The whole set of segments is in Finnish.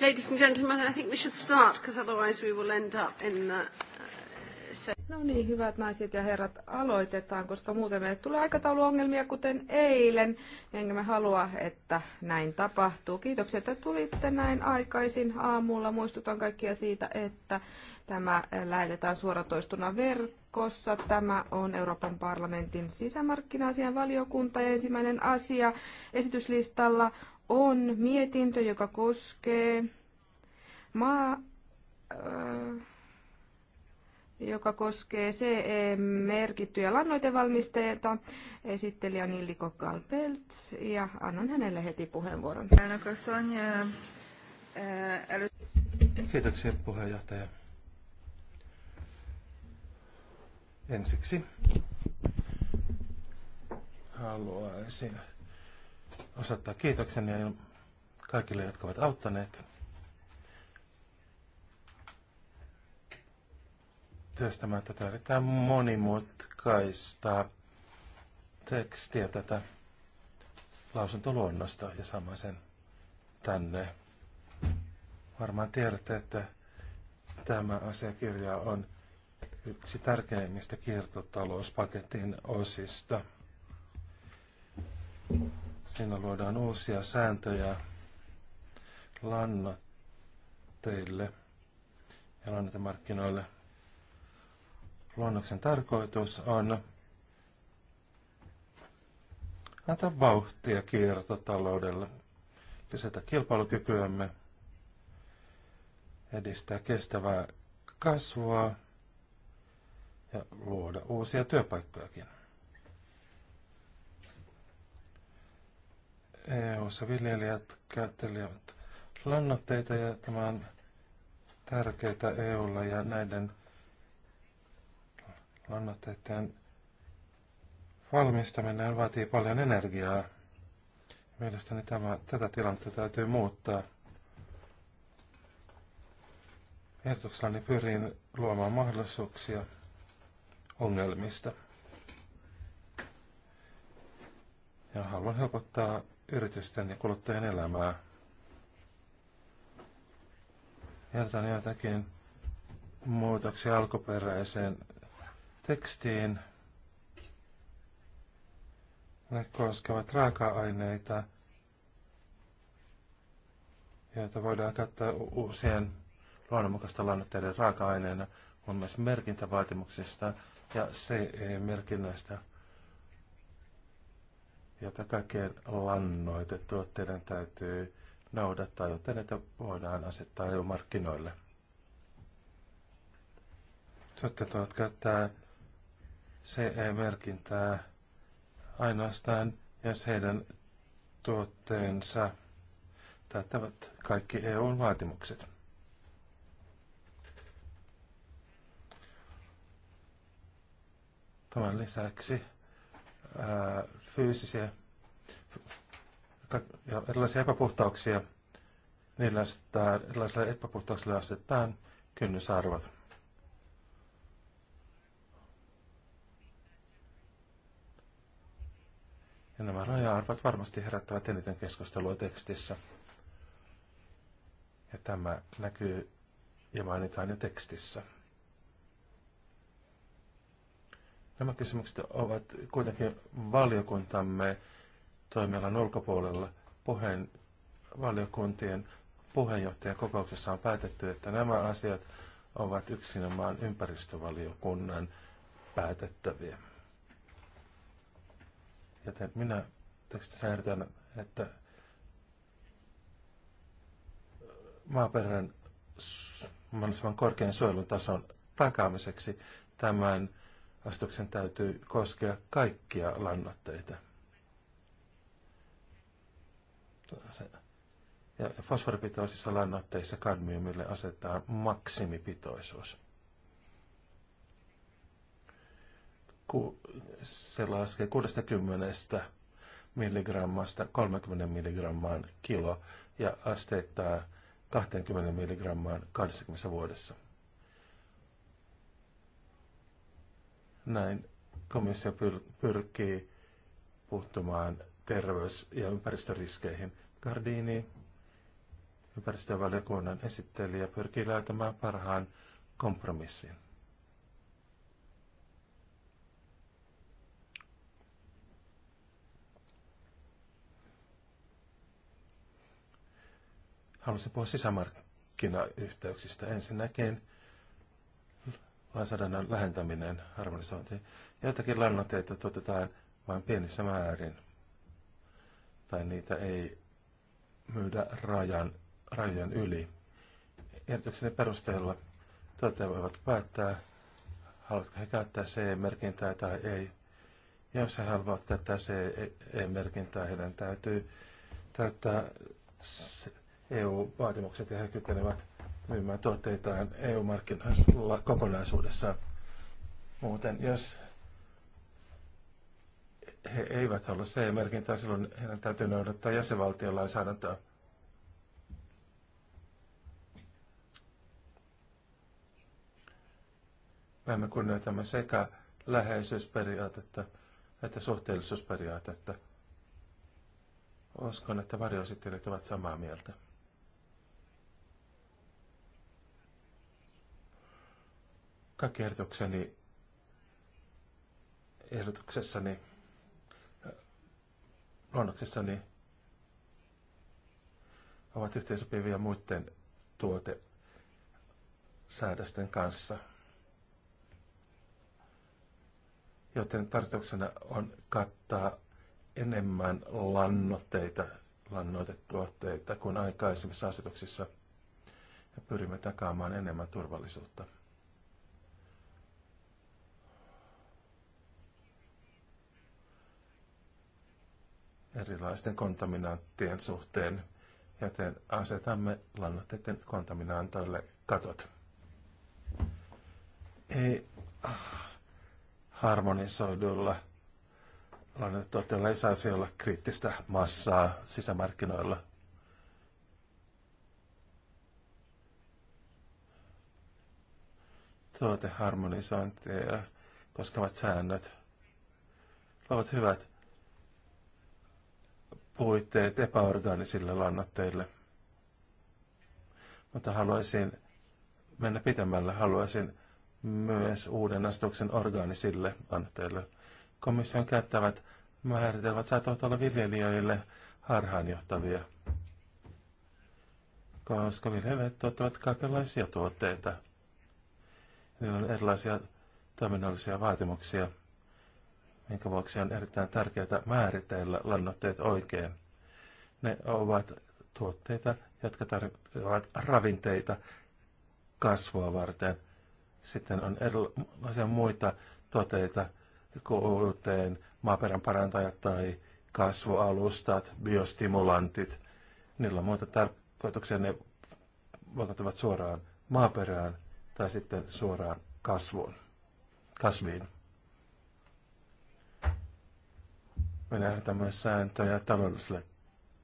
Ladies and gentlemen, I think we should start, because otherwise we will end up in the... Uh, no niin, hyvät naiset ja herrat, aloitetaan, koska muuten meille tulee aikatauluongelmia, kuten eilen. Enkä me halua, että näin tapahtuu. Kiitoksia, että tulitte näin aikaisin aamulla. Muistutan kaikkia siitä, että tämä lähetetään suoratoistuna verkossa. Tämä on Euroopan parlamentin sisämarkkina-asian valiokunta ja ensimmäinen asia esityslistalla on mietintö, joka koskee maa, äh, joka koskee CE-merkittyjä lannoitevalmisteita. Esittelijä on Illiko Kalpelts ja annan hänelle heti puheenvuoron. Kiitoksia puheenjohtaja. Ensiksi haluaisin osoittaa kiitokseni kaikille, jotka ovat auttaneet työstämään tätä erittäin monimutkaista tekstiä tätä lausuntoluonnosta ja saamaan sen tänne. Varmaan tiedätte, että tämä asiakirja on yksi tärkeimmistä kiertotalouspaketin osista. Siinä luodaan uusia sääntöjä lannoitteille ja lannoitemarkkinoille. Luonnoksen tarkoitus on antaa vauhtia kiertotaloudelle, lisätä kilpailukykyämme, edistää kestävää kasvua ja luoda uusia työpaikkojakin. EU-ssa viljelijät käyttelevät lannoitteita ja tämä on tärkeää EUlla ja näiden lannoitteiden valmistaminen vaatii paljon energiaa. Mielestäni tämä, tätä tilannetta täytyy muuttaa. Ehdotuksellani pyrin luomaan mahdollisuuksia ongelmista. Ja haluan helpottaa yritysten ja kuluttajien elämää. Jätän jotakin muutoksia alkuperäiseen tekstiin. Ne koskevat raaka-aineita, joita voidaan käyttää uusien luonnonmukaisten lannoitteiden raaka-aineena, on myös merkintävaatimuksista ja CE-merkinnästä jota kaikkien lannoitetuotteiden täytyy noudattaa, jotta näitä voidaan asettaa jo markkinoille Tuotteet voivat käyttää CE-merkintää ainoastaan, jos heidän tuotteensa täyttävät kaikki EUn vaatimukset. Tämän lisäksi fyysisiä ja erilaisia epäpuhtauksia, niillä sitten erilaisilla epäpuhtauksilla asetetaan kynnysarvot. Ja nämä raja-arvot varmasti herättävät eniten keskustelua tekstissä. Ja tämä näkyy ja mainitaan jo tekstissä. Nämä kysymykset ovat kuitenkin valiokuntamme toimialan ulkopuolella. Puheen, valiokuntien puheenjohtajan kokouksessa on päätetty, että nämä asiat ovat yksinomaan ympäristövaliokunnan päätettäviä. Joten minä tekstissä säädän, että maaperän mahdollisimman korkean suojelun tason takaamiseksi tämän Asetuksen täytyy koskea kaikkia lannoitteita. Ja fosforipitoisissa lannoitteissa kadmiumille asetetaan maksimipitoisuus. Ku, se laskee 60 milligrammasta 30 milligrammaan kilo ja asteittaa 20 milligrammaan 20 vuodessa. Näin komissio pyrkii puuttumaan terveys- ja ympäristöriskeihin. Gardini, ympäristövaliokunnan esittelijä, pyrkii löytämään parhaan kompromissin. Haluaisin puhua sisämarkkinayhteyksistä ensinnäkin lainsäädännön lähentäminen harmonisointi, Joitakin lannoitteita tuotetaan vain pienissä määrin, tai niitä ei myydä rajan, rajan yli. Ehdotukseni perusteella tuottajat voivat päättää, haluatko he käyttää CE-merkintää tai ei. Ja jos he haluavat käyttää CE-merkintää, heidän täytyy täyttää EU-vaatimukset ja he kykenevät myymään tuotteitaan EU-markkinoilla kokonaisuudessaan. Muuten, jos he eivät halua CE-merkintää, silloin heidän täytyy noudattaa jäsenvaltion lainsäädäntöä. Me kunnioitamme sekä läheisyysperiaatetta että suhteellisuusperiaatetta. Uskon, että varjoesittelijät ovat samaa mieltä. Kaikki ehdotukseni, ehdotuksessani, luonnoksessani ovat yhteensopivia muiden tuotesäädösten kanssa. Joten tarkoituksena on kattaa enemmän lannoitteita, lannoitetuotteita kuin aikaisemmissa asetuksissa ja pyrimme takaamaan enemmän turvallisuutta. erilaisten kontaminanttien suhteen, joten asetamme lannoitteiden kontaminaantoille katot. Ei ah, harmonisoidulla lannoitteella ei saisi olla kriittistä massaa sisämarkkinoilla. Tuoteharmonisointia koskevat säännöt luovat hyvät puitteet epäorgaanisille lannoitteille. Mutta haluaisin mennä pitemmälle, haluaisin myös uuden astuksen orgaanisille lannoitteille. Komission käyttävät määritelmät saattavat olla viljelijöille harhaanjohtavia, koska viljelijät tuottavat kaikenlaisia tuotteita. Niillä on erilaisia toiminnallisia vaatimuksia minkä vuoksi on erittäin tärkeää määritellä lannoitteet oikein. Ne ovat tuotteita, jotka tarvitsevat ravinteita kasvua varten. Sitten on erilaisia muita tuotteita, kuten maaperän parantajat tai kasvualustat, biostimulantit. Niillä on muita tarkoituksia, ne vaikuttavat suoraan maaperään tai sitten suoraan kasvuun, kasviin. Me ehdotan myös sääntöjä taloudellisille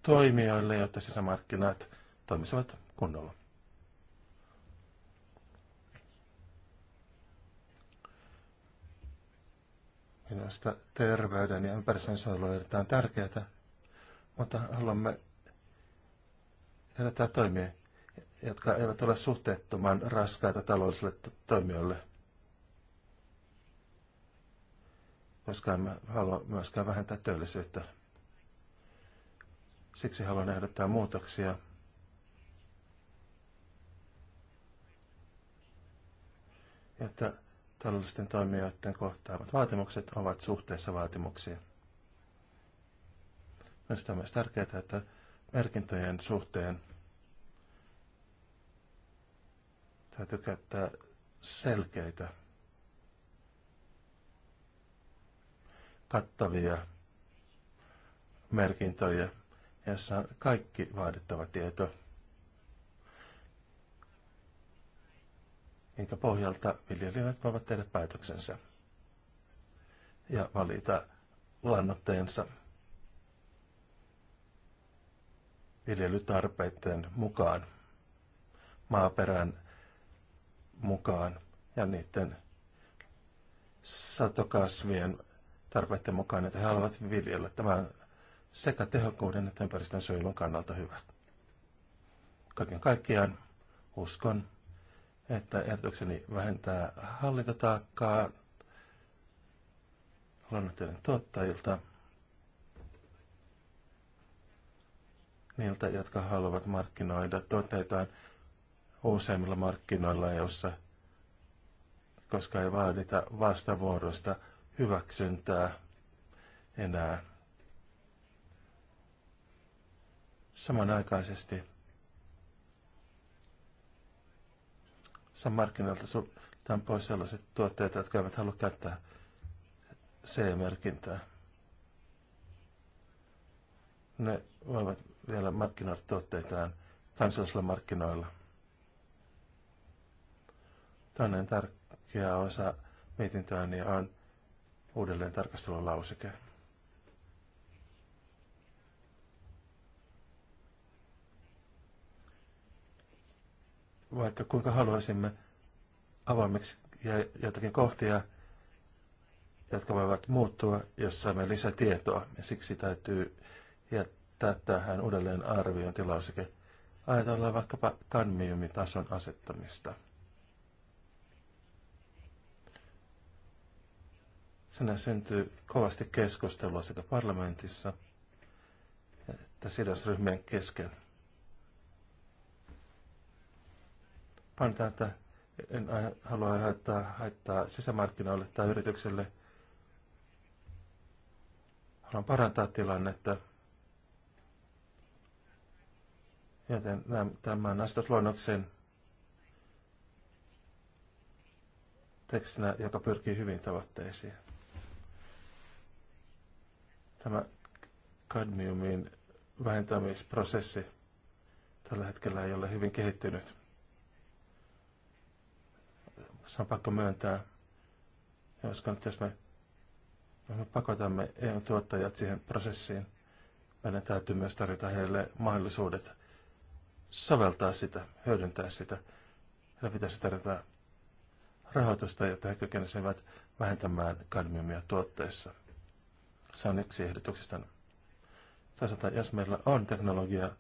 toimijoille, jotta sisämarkkinat toimisivat kunnolla. Minusta terveyden ja ympäristön suojelu on erittäin tärkeää, mutta haluamme edetä toimia, jotka eivät ole suhteettoman raskaita taloudellisille toimijoille – koska emme halua myöskään vähentää työllisyyttä. Siksi haluan ehdottaa muutoksia. Jotta taloudellisten toimijoiden kohtaamat vaatimukset ovat suhteessa vaatimuksia. Minusta on myös tärkeää, että merkintöjen suhteen täytyy käyttää selkeitä kattavia merkintöjä, jossa on kaikki vaadittava tieto, minkä pohjalta viljelijät voivat tehdä päätöksensä ja valita lannoitteensa viljelytarpeiden mukaan, maaperän mukaan ja niiden satokasvien tarpeiden mukaan, että he haluavat viljellä. Tämä sekä tehokkuuden että ympäristön suojelun kannalta hyvä. Kaiken kaikkiaan uskon, että ehdotukseni vähentää hallintotaakkaa luonnontieden tuottajilta, niiltä, jotka haluavat markkinoida tuotteitaan useimmilla markkinoilla, jossa koska ei vaadita vastavuoroista hyväksyntää enää. Samanaikaisesti Sam markkinoilta suljetaan pois sellaiset tuotteet, jotka eivät halua käyttää C-merkintää. Ne voivat vielä markkinoida tuotteitaan kansallisilla markkinoilla. Toinen tärkeä osa mietintöäni on uudelleen tarkastella lauseke. Vaikka kuinka haluaisimme avoimeksi ja jotakin kohtia, jotka voivat muuttua, jos saamme lisätietoa. Ja siksi täytyy jättää tähän uudelleen arviointilauseke. Ajatellaan vaikkapa kadmiumitason asettamista. Sinä syntyi kovasti keskustelua sekä parlamentissa että sidosryhmien kesken. Painetaan, että en halua haittaa, haittaa sisämarkkinoille tai yritykselle. Haluan parantaa tilannetta. Joten tämän asetusluonnoksen tekstinä, joka pyrkii hyvin tavoitteisiin. Tämä kadmiumin vähentämisprosessi tällä hetkellä ei ole hyvin kehittynyt. Se on pakko myöntää. Ja jos, jos me, jos me pakotamme EU-tuottajat siihen prosessiin, meidän täytyy myös tarjota heille mahdollisuudet soveltaa sitä, hyödyntää sitä. Heillä pitäisi tarjota rahoitusta, jotta he kykenisivät vähentämään kadmiumia tuotteissa. Se on yksi ehdotuksista. Toisaalta, jos meillä on teknologia,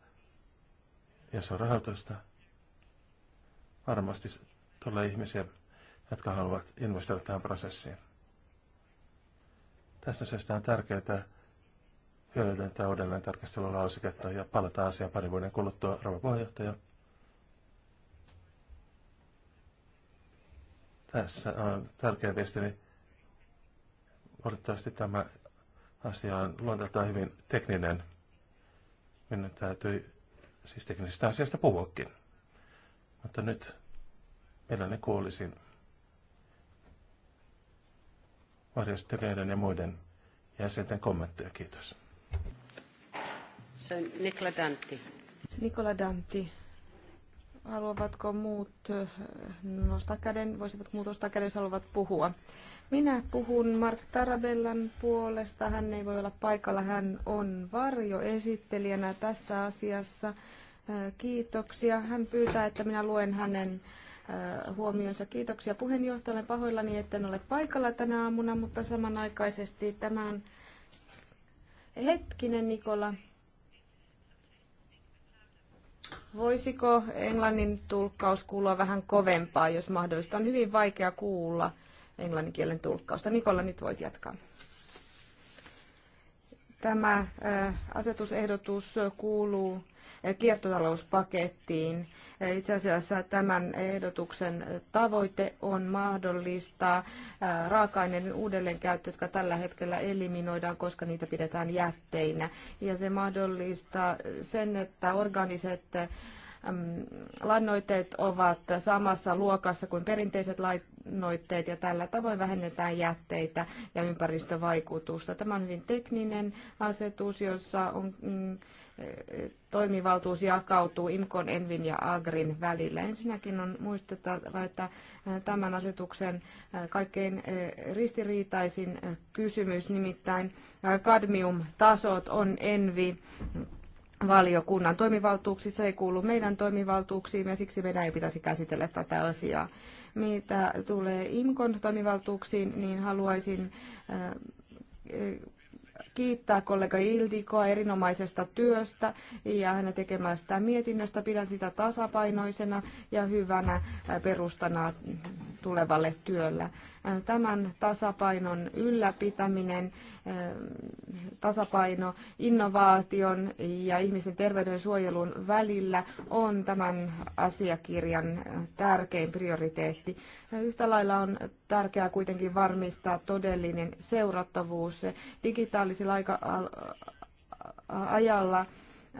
jos on rahoitusta, varmasti tulee ihmisiä, jotka haluavat investoida tähän prosessiin. Tästä syystä on tärkeää hyödyntää uudelleen tarkastelulauseketta ja palata asiaan parin vuoden kuluttua, rouva puheenjohtaja. Tässä on tärkeä viestini. valitettavasti tämä Asia on luonteeltaan hyvin tekninen. Minun täytyy siis teknisestä asiasta puhuakin. Mutta nyt mielelläni kuulisin varjostelijoiden ja muiden jäsenten kommentteja. Kiitos. Se on Nikola Dantti. Nikola Dantti. Haluavatko muut nostaa käden? voisivat muut nostaa käden, jos haluavat puhua? Minä puhun Mark Tarabellan puolesta. Hän ei voi olla paikalla. Hän on varjoesittelijänä tässä asiassa. Kiitoksia. Hän pyytää, että minä luen hänen huomionsa. Kiitoksia puheenjohtajalle pahoillani, en ole paikalla tänä aamuna, mutta samanaikaisesti tämän hetkinen Nikola Voisiko englannin tulkkaus kuulua vähän kovempaa, jos mahdollista? On hyvin vaikea kuulla englannin kielen tulkkausta. Nikola, nyt voit jatkaa. Tämä asetusehdotus kuuluu kiertotalouspakettiin. Itse asiassa tämän ehdotuksen tavoite on mahdollistaa raaka-aineiden uudelleenkäyttö, jotka tällä hetkellä eliminoidaan, koska niitä pidetään jätteinä. Ja se mahdollistaa sen, että organiset lannoitteet ovat samassa luokassa kuin perinteiset lannoitteet ja tällä tavoin vähennetään jätteitä ja ympäristövaikutusta. Tämä on hyvin tekninen asetus, jossa on mm, toimivaltuus jakautuu IMKON, ENVIN ja AGRIN välillä. Ensinnäkin on muistettava, että tämän asetuksen kaikkein ristiriitaisin kysymys, nimittäin kadmiumtasot on ENVI valiokunnan toimivaltuuksissa, ei kuulu meidän toimivaltuuksiin ja siksi meidän ei pitäisi käsitellä tätä asiaa. Mitä tulee IMKON toimivaltuuksiin, niin haluaisin kiittää kollega Ildikoa erinomaisesta työstä ja hänen tekemästä mietinnöstä. Pidän sitä tasapainoisena ja hyvänä perustana tulevalle työllä. Tämän tasapainon ylläpitäminen, tasapaino innovaation ja ihmisen terveyden suojelun välillä on tämän asiakirjan tärkein prioriteetti. Yhtä lailla on tärkeää kuitenkin varmistaa todellinen seurattavuus. Digitaali- reaalisilla aika, ajalla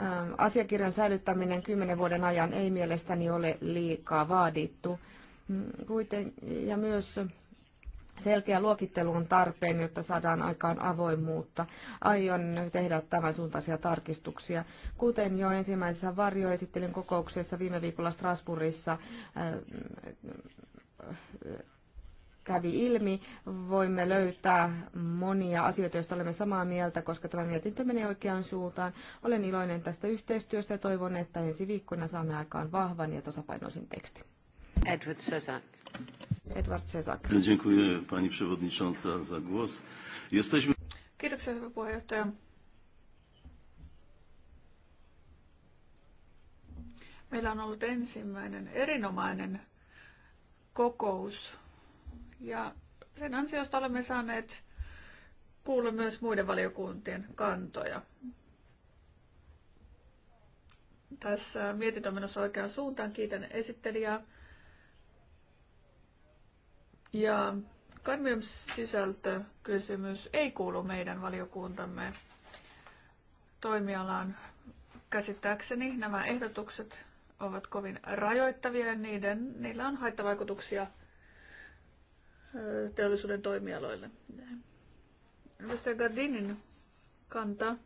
ähm, asiakirjan säilyttäminen kymmenen vuoden ajan ei mielestäni ole liikaa vaadittu. Mm, kuiten, ja myös selkeä luokittelu on tarpeen, jotta saadaan aikaan avoimuutta. Aion tehdä tämän suuntaisia tarkistuksia. Kuten jo ensimmäisessä varjoesittelyn kokouksessa viime viikolla Strasbourgissa ähm, kävi ilmi, voimme löytää monia asioita, joista olemme samaa mieltä, koska tämä mietintö menee oikeaan suuntaan. Olen iloinen tästä yhteistyöstä ja toivon, että ensi viikkona saamme aikaan vahvan ja tasapainoisen tekstin. Edward Cezak. Edward Cezak. pani Kiitoksia hyvä puheenjohtaja. Meillä on ollut ensimmäinen erinomainen kokous ja sen ansiosta olemme saaneet kuulla myös muiden valiokuntien kantoja. Tässä mietintö on menossa oikeaan suuntaan. Kiitän esittelijää. Ja kadmium sisältökysymys ei kuulu meidän valiokuntamme toimialaan. Käsittääkseni nämä ehdotukset ovat kovin rajoittavia ja niiden, niillä on haittavaikutuksia teollisuuden toimialoille. Edustaja Gardinin kanta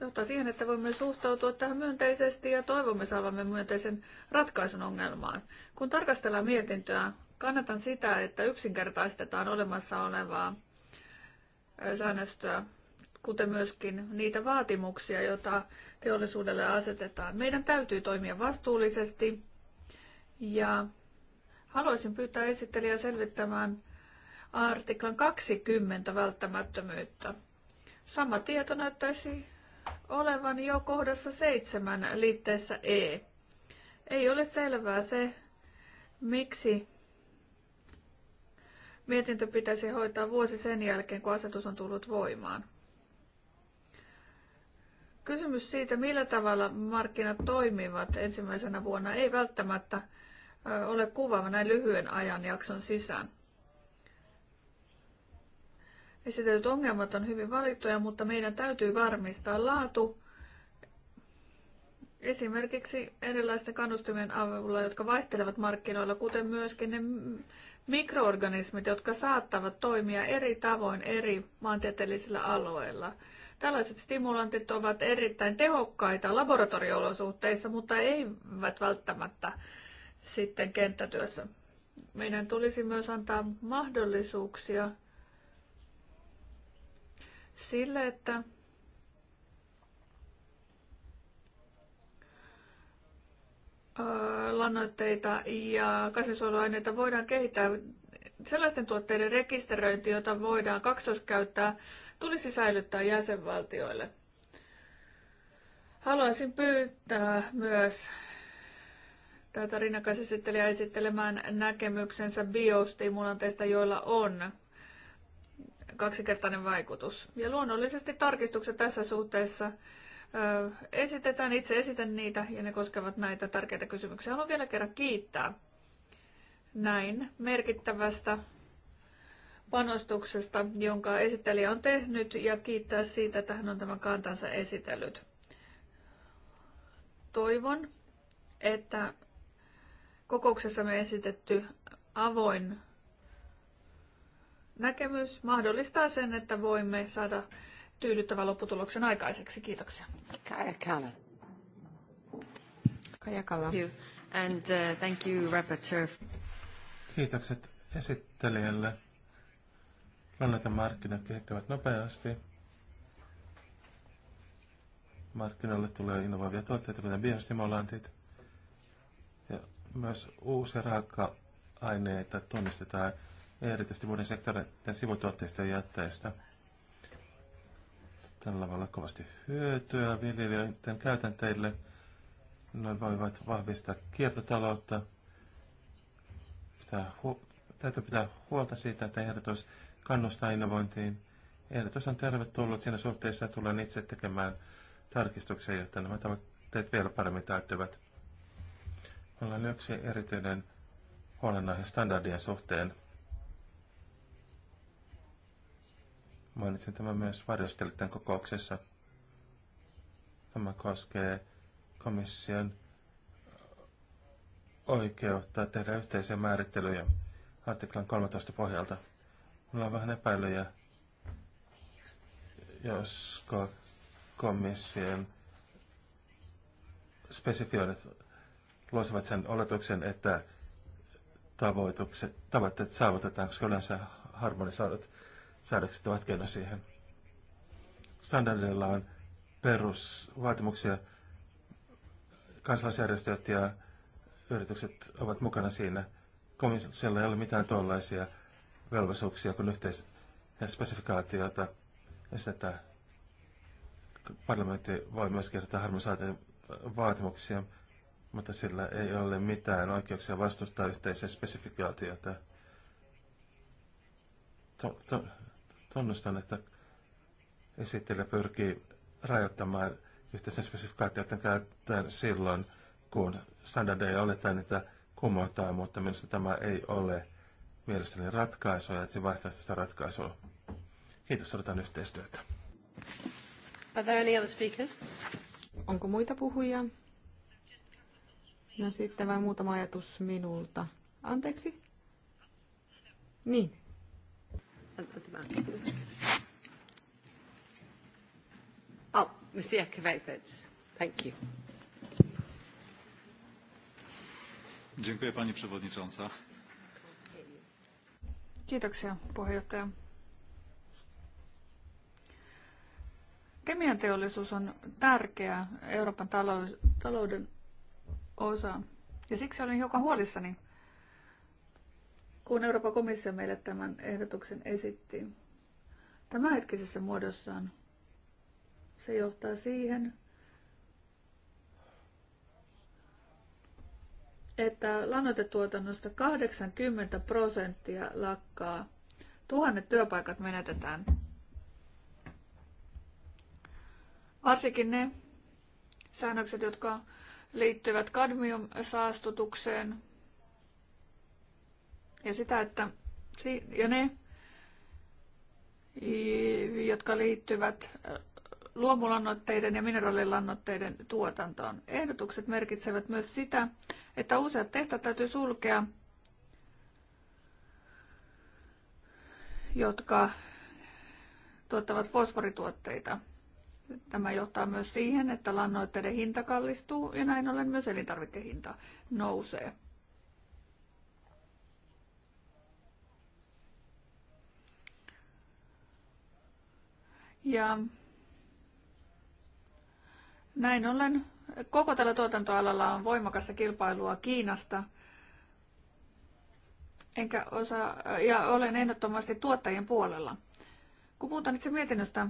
johtaa siihen, että voimme suhtautua tähän myönteisesti ja toivomme saavamme myönteisen ratkaisun ongelmaan. Kun tarkastellaan mietintöä, kannatan sitä, että yksinkertaistetaan olemassa olevaa säännöstöä, kuten myöskin niitä vaatimuksia, joita teollisuudelle asetetaan. Meidän täytyy toimia vastuullisesti ja Haluaisin pyytää esittelijää selvittämään artiklan 20 välttämättömyyttä. Sama tieto näyttäisi olevan jo kohdassa 7 liitteessä E. Ei ole selvää se, miksi mietintö pitäisi hoitaa vuosi sen jälkeen, kun asetus on tullut voimaan. Kysymys siitä, millä tavalla markkinat toimivat ensimmäisenä vuonna, ei välttämättä ole kuvaava näin lyhyen ajanjakson sisään. Esitetyt ongelmat on hyvin valittuja, mutta meidän täytyy varmistaa laatu esimerkiksi erilaisten kannustimien avulla, jotka vaihtelevat markkinoilla, kuten myöskin ne mikroorganismit, jotka saattavat toimia eri tavoin eri maantieteellisillä alueilla. Tällaiset stimulantit ovat erittäin tehokkaita laboratorioolosuhteissa, mutta eivät välttämättä sitten kenttätyössä. Meidän tulisi myös antaa mahdollisuuksia sille, että lannoitteita ja kasvinsuojeluaineita voidaan kehittää sellaisten tuotteiden rekisteröinti, jota voidaan kaksoskäyttää tulisi säilyttää jäsenvaltioille. Haluaisin pyytää myös tätä rinnakkaisesittelijää esittelemään näkemyksensä biostimulanteista, joilla on kaksikertainen vaikutus. Ja luonnollisesti tarkistukset tässä suhteessa ö, esitetään, itse esitän niitä ja ne koskevat näitä tärkeitä kysymyksiä. Haluan vielä kerran kiittää näin merkittävästä panostuksesta, jonka esittelijä on tehnyt ja kiittää siitä, että hän on tämän kantansa esitellyt. Toivon, että me esitetty avoin näkemys mahdollistaa sen, että voimme saada tyydyttävän lopputuloksen aikaiseksi. Kiitoksia. Kajakala. Kajakala. And uh, thank you, Rapporteur. Kiitokset esittelijälle. Planeetan markkinat kehittyvät nopeasti. Markkinoille tulee innovaavia tuotteita, kuten biostimulantit. Myös uusia raaka-aineita tunnistetaan erityisesti muiden sektoreiden sivutuotteista ja jätteistä. Tällä voi olla kovasti hyötyä viljelijöiden käytänteille. Noin voivat vahvistaa kiertotaloutta. Pitää hu- täytyy pitää huolta siitä, että ehdotus kannustaa innovointiin. Ehdotus on tervetullut siinä suhteessa, tulen itse tekemään tarkistuksia, jotta nämä tavoitteet vielä paremmin täyttyvät. Meillä on yksi erityinen huolenaihe standardien suhteen. Mainitsin tämän myös varjostelitten kokouksessa. Tämä koskee komission oikeutta tehdä yhteisiä määrittelyjä artiklan 13 pohjalta. Mulla on vähän epäilyjä, josko komission spesifioidut loisivat sen oletuksen, että tavoitteet saavutetaan, koska yleensä harmonisoidut säädökset ovat keino siihen. Standardilla on perusvaatimuksia. Kansalaisjärjestöt ja yritykset ovat mukana siinä. Komissiolla ei ole mitään tuollaisia velvollisuuksia, kun yhteis- ja spesifikaatiota esitetään. Parlamentti voi myös kertoa harmonisaation vaatimuksia mutta sillä ei ole mitään oikeuksia vastustaa yhteisiä spesifikaatioita. To, to, tunnustan, että esittelijä pyrkii rajoittamaan yhteisen spesifikaatioiden käyttöön silloin, kun standardeja oletaan niitä kumotaan, mutta minusta tämä ei ole mielestäni ratkaisu ja etsin vaihtoehtoista ratkaisua. Kiitos, odotan yhteistyötä. Are there any other speakers? Onko muita puhujia? No sitten vain muutama ajatus minulta. Anteeksi? Niin. Oh, Monsieur Kvepets. Thank you. Dziękuję Pani Przewodnicząca. Kiitoksia puheenjohtaja. Kemianteollisuus on tärkeä Euroopan talouden osaa. Ja siksi olin hiukan huolissani, kun Euroopan komissio meille tämän ehdotuksen esitti. Tämänhetkisessä muodossaan se johtaa siihen, että lannoitetuotannosta 80 prosenttia lakkaa. Tuhannet työpaikat menetetään. Varsinkin ne säännökset, jotka liittyvät kadmiumsaastutukseen ja sitä, että ja ne, jotka liittyvät luomulannoitteiden ja mineraalilannoitteiden tuotantoon. Ehdotukset merkitsevät myös sitä, että useat tehtaat täytyy sulkea, jotka tuottavat fosforituotteita – Tämä johtaa myös siihen, että lannoitteiden hinta kallistuu ja näin ollen myös elintarvikehinta nousee. Ja näin ollen koko tällä tuotantoalalla on voimakasta kilpailua Kiinasta. Enkä osaa, ja olen ehdottomasti tuottajien puolella. Kun puhutaan itse mietinnöstä,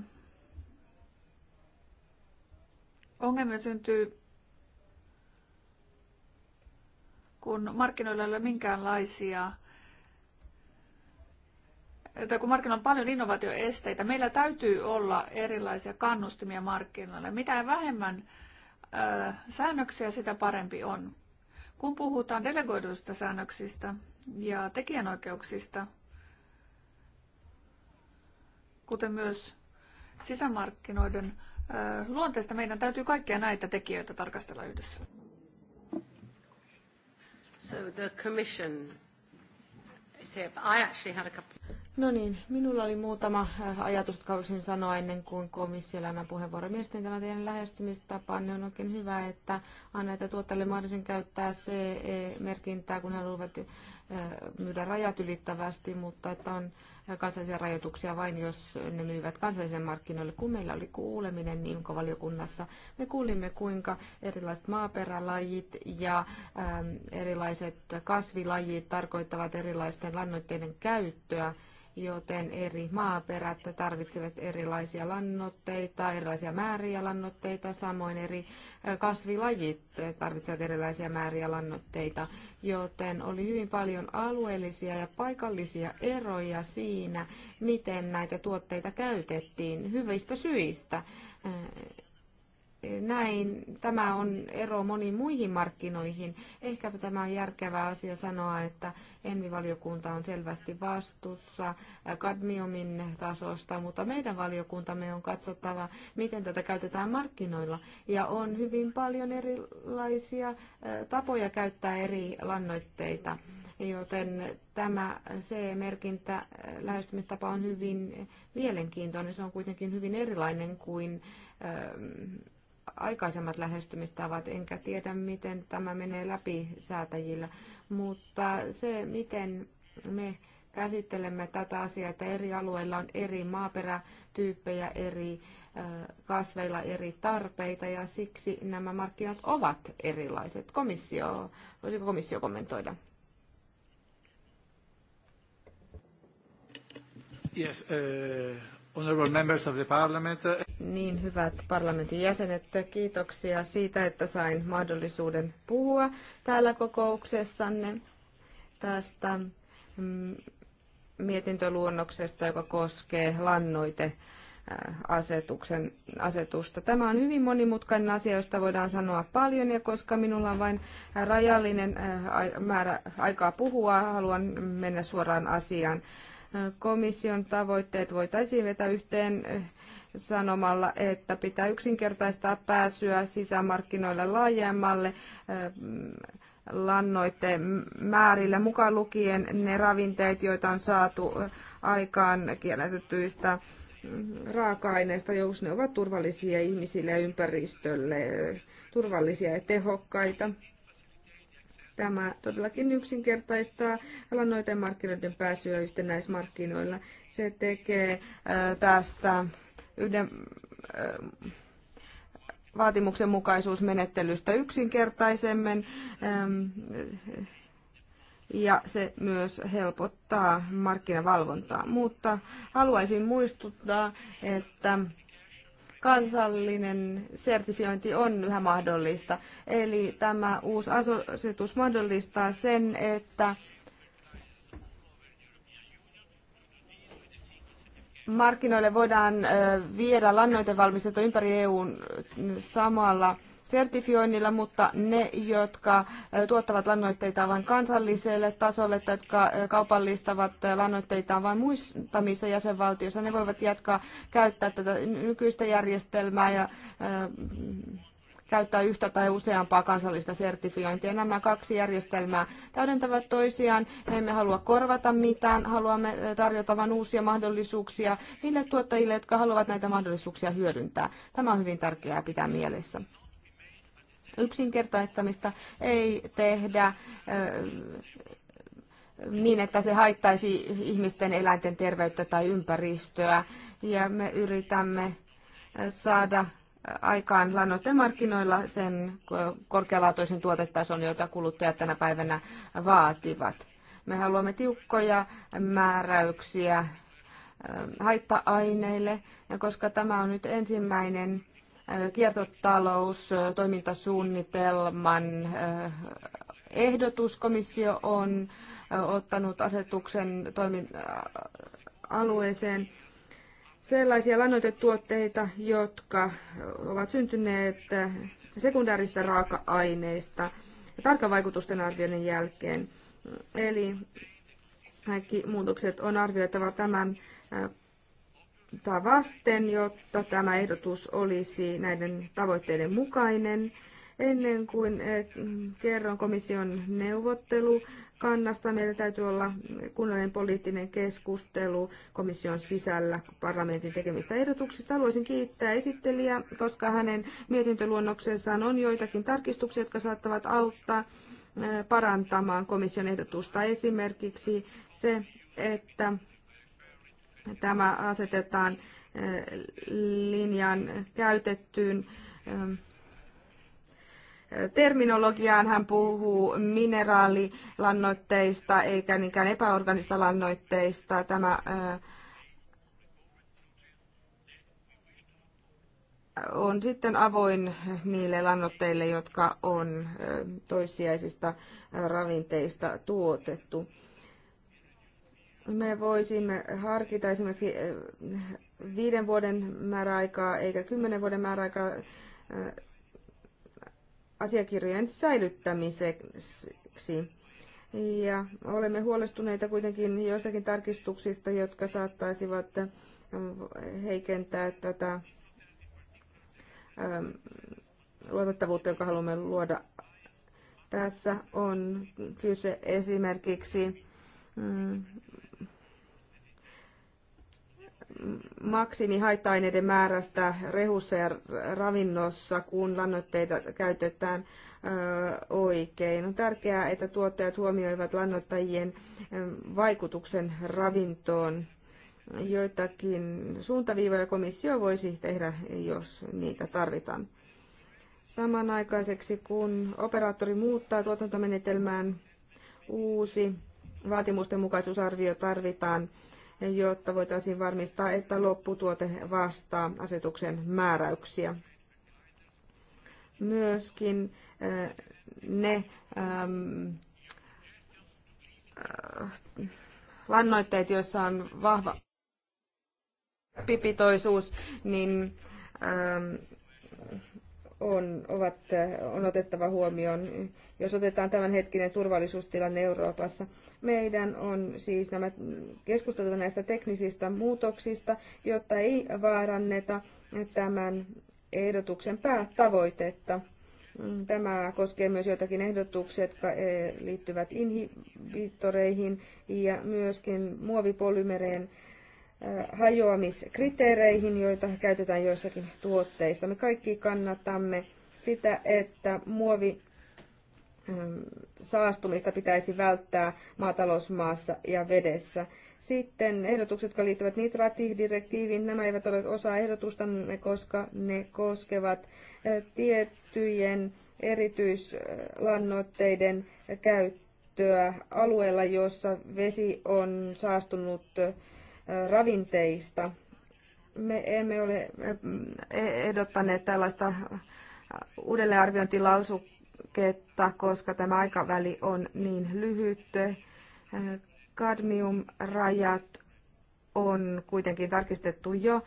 Ongelmia syntyy, kun markkinoilla ei ole minkäänlaisia että kun markkinoilla on paljon innovaatioesteitä, meillä täytyy olla erilaisia kannustimia markkinoille. Mitä vähemmän ö, äh, säännöksiä, sitä parempi on. Kun puhutaan delegoiduista säännöksistä ja tekijänoikeuksista, kuten myös sisämarkkinoiden Äh, luonteesta meidän täytyy kaikkia näitä tekijöitä tarkastella yhdessä. So the commission No niin, minulla oli muutama äh, ajatus, jotka haluaisin sanoa ennen kuin komissiolla annan puheenvuoro. Mielestäni tämä teidän lähestymistapanne niin on oikein hyvä, että annetaan tuotteelle mahdollisen käyttää se merkintää kun he haluavat äh, myydä rajat ylittävästi, mutta että on kansallisia rajoituksia vain, jos ne myyvät kansallisen markkinoille. Kun meillä oli kuuleminen IMCO-valiokunnassa, me kuulimme, kuinka erilaiset maaperälajit ja ähm, erilaiset kasvilajit tarkoittavat erilaisten lannoitteiden käyttöä joten eri maaperät tarvitsevat erilaisia lannoitteita, erilaisia määriä lannoitteita, samoin eri kasvilajit tarvitsevat erilaisia määriä lannoitteita, joten oli hyvin paljon alueellisia ja paikallisia eroja siinä, miten näitä tuotteita käytettiin hyvistä syistä näin tämä on ero moniin muihin markkinoihin. Ehkäpä tämä on järkevä asia sanoa, että Envi-valiokunta on selvästi vastuussa kadmiumin tasosta, mutta meidän valiokuntamme on katsottava, miten tätä käytetään markkinoilla. Ja on hyvin paljon erilaisia tapoja käyttää eri lannoitteita. Joten tämä C-merkintä lähestymistapa on hyvin mielenkiintoinen. Se on kuitenkin hyvin erilainen kuin aikaisemmat lähestymistavat, enkä tiedä miten tämä menee läpi säätäjillä, mutta se miten me käsittelemme tätä asiaa, että eri alueilla on eri maaperätyyppejä, eri kasveilla eri tarpeita ja siksi nämä markkinat ovat erilaiset. Komissio, voisiko komissio kommentoida? Yes, uh, niin, hyvät parlamentin jäsenet, kiitoksia siitä, että sain mahdollisuuden puhua täällä kokouksessanne tästä mm, mietintöluonnoksesta, joka koskee lannoite äh, asetuksen, asetusta. Tämä on hyvin monimutkainen asia, josta voidaan sanoa paljon, ja koska minulla on vain rajallinen äh, määrä aikaa puhua, haluan mennä suoraan asiaan komission tavoitteet voitaisiin vetää yhteen eh, sanomalla, että pitää yksinkertaistaa pääsyä sisämarkkinoille laajemmalle eh, lannoitteen määrillä, mukaan lukien ne ravinteet, joita on saatu eh, aikaan kierrätetyistä mm, raaka-aineista, jos ne ovat turvallisia ihmisille ja ympäristölle, turvallisia ja tehokkaita. Tämä todellakin yksinkertaistaa lannoiteen markkinoiden pääsyä yhtenäismarkkinoilla. Se tekee tästä yhden vaatimuksenmukaisuusmenettelystä yksinkertaisemmin ja se myös helpottaa markkinavalvontaa. Mutta haluaisin muistuttaa, että kansallinen sertifiointi on yhä mahdollista. Eli tämä uusi asetus mahdollistaa sen, että markkinoille voidaan viedä lannoitevalmistetta ympäri EUn samalla – sertifioinnilla, mutta ne, jotka tuottavat lannoitteita vain kansalliselle tasolle tai jotka kaupallistavat lannoitteita vain muistamissa jäsenvaltioissa, ne voivat jatkaa käyttää tätä nykyistä järjestelmää ja käyttää yhtä tai useampaa kansallista sertifiointia. Nämä kaksi järjestelmää täydentävät toisiaan. Me emme halua korvata mitään, haluamme tarjota vain uusia mahdollisuuksia niille tuottajille, jotka haluavat näitä mahdollisuuksia hyödyntää. Tämä on hyvin tärkeää pitää mielessä yksinkertaistamista ei tehdä niin, että se haittaisi ihmisten eläinten terveyttä tai ympäristöä. Ja me yritämme saada aikaan lannoitemarkkinoilla sen korkealaatuisen tuotetason, jota kuluttajat tänä päivänä vaativat. Me haluamme tiukkoja määräyksiä haitta-aineille, koska tämä on nyt ensimmäinen Kiertotaloustoimintasuunnitelman eh, ehdotus. Komissio on eh, ottanut asetuksen eh, alueeseen sellaisia lannoitetuotteita, jotka ovat syntyneet sekundaarista raaka-aineista tarkan vaikutusten arvioinnin jälkeen. Eli kaikki muutokset on arvioitava tämän tätä vasten, jotta tämä ehdotus olisi näiden tavoitteiden mukainen. Ennen kuin eh, kerron komission neuvottelu kannasta, meillä täytyy olla kunnallinen poliittinen keskustelu komission sisällä parlamentin tekemistä ehdotuksista. Haluaisin kiittää esittelijää, koska hänen mietintöluonnoksessaan on joitakin tarkistuksia, jotka saattavat auttaa eh, parantamaan komission ehdotusta. Esimerkiksi se, että tämä asetetaan eh, linjan käytettyyn eh, terminologiaan. Hän puhuu mineraalilannoitteista eikä niinkään epäorganista lannoitteista. Tämä eh, on sitten avoin niille lannoitteille, jotka on toissijaisista ravinteista tuotettu me voisimme harkita esimerkiksi eh, viiden vuoden määräaikaa eikä kymmenen vuoden määräaikaa eh, asiakirjojen säilyttämiseksi. Ja olemme huolestuneita kuitenkin joistakin tarkistuksista, jotka saattaisivat eh, heikentää tätä luotettavuutta, jonka haluamme luoda. Tässä on kyse esimerkiksi mm, maksimi haitta-aineiden määrästä rehussa ja ravinnossa, kun lannoitteita käytetään oikein. On tärkeää, että tuottajat huomioivat lannoittajien vaikutuksen ravintoon. Joitakin suuntaviivoja komissio voisi tehdä, jos niitä tarvitaan. Samanaikaiseksi, kun operaattori muuttaa tuotantomenetelmään, uusi vaatimusten mukaisuusarvio tarvitaan jotta voitaisiin varmistaa, että lopputuote vastaa asetuksen määräyksiä. Myöskin eh, ne ehm, eh, lannoitteet, joissa on vahva pipitoisuus, niin ehm, on, ovat, on otettava huomioon, jos otetaan tämänhetkinen turvallisuustilanne Euroopassa. Meidän on siis nämä keskusteltava näistä teknisistä muutoksista, jotta ei vaaranneta tämän ehdotuksen päätavoitetta. Tämä koskee myös joitakin ehdotuksia, jotka eh, liittyvät inhibitoreihin ja myöskin muovipolymereen hajoamiskriteereihin, joita käytetään joissakin tuotteista. Me kaikki kannatamme sitä, että muovi saastumista pitäisi välttää maatalousmaassa ja vedessä. Sitten ehdotukset, jotka liittyvät nitraattidirektiiviin, nämä eivät ole osa ehdotusta, koska ne koskevat tiettyjen erityislannoitteiden käyttöä alueella, jossa vesi on saastunut ravinteista. Me emme ole eh, ehdottaneet tällaista uudelleenarviointilausuketta, koska tämä aikaväli on niin lyhyt. Eh, kadmiumrajat on kuitenkin tarkistettu jo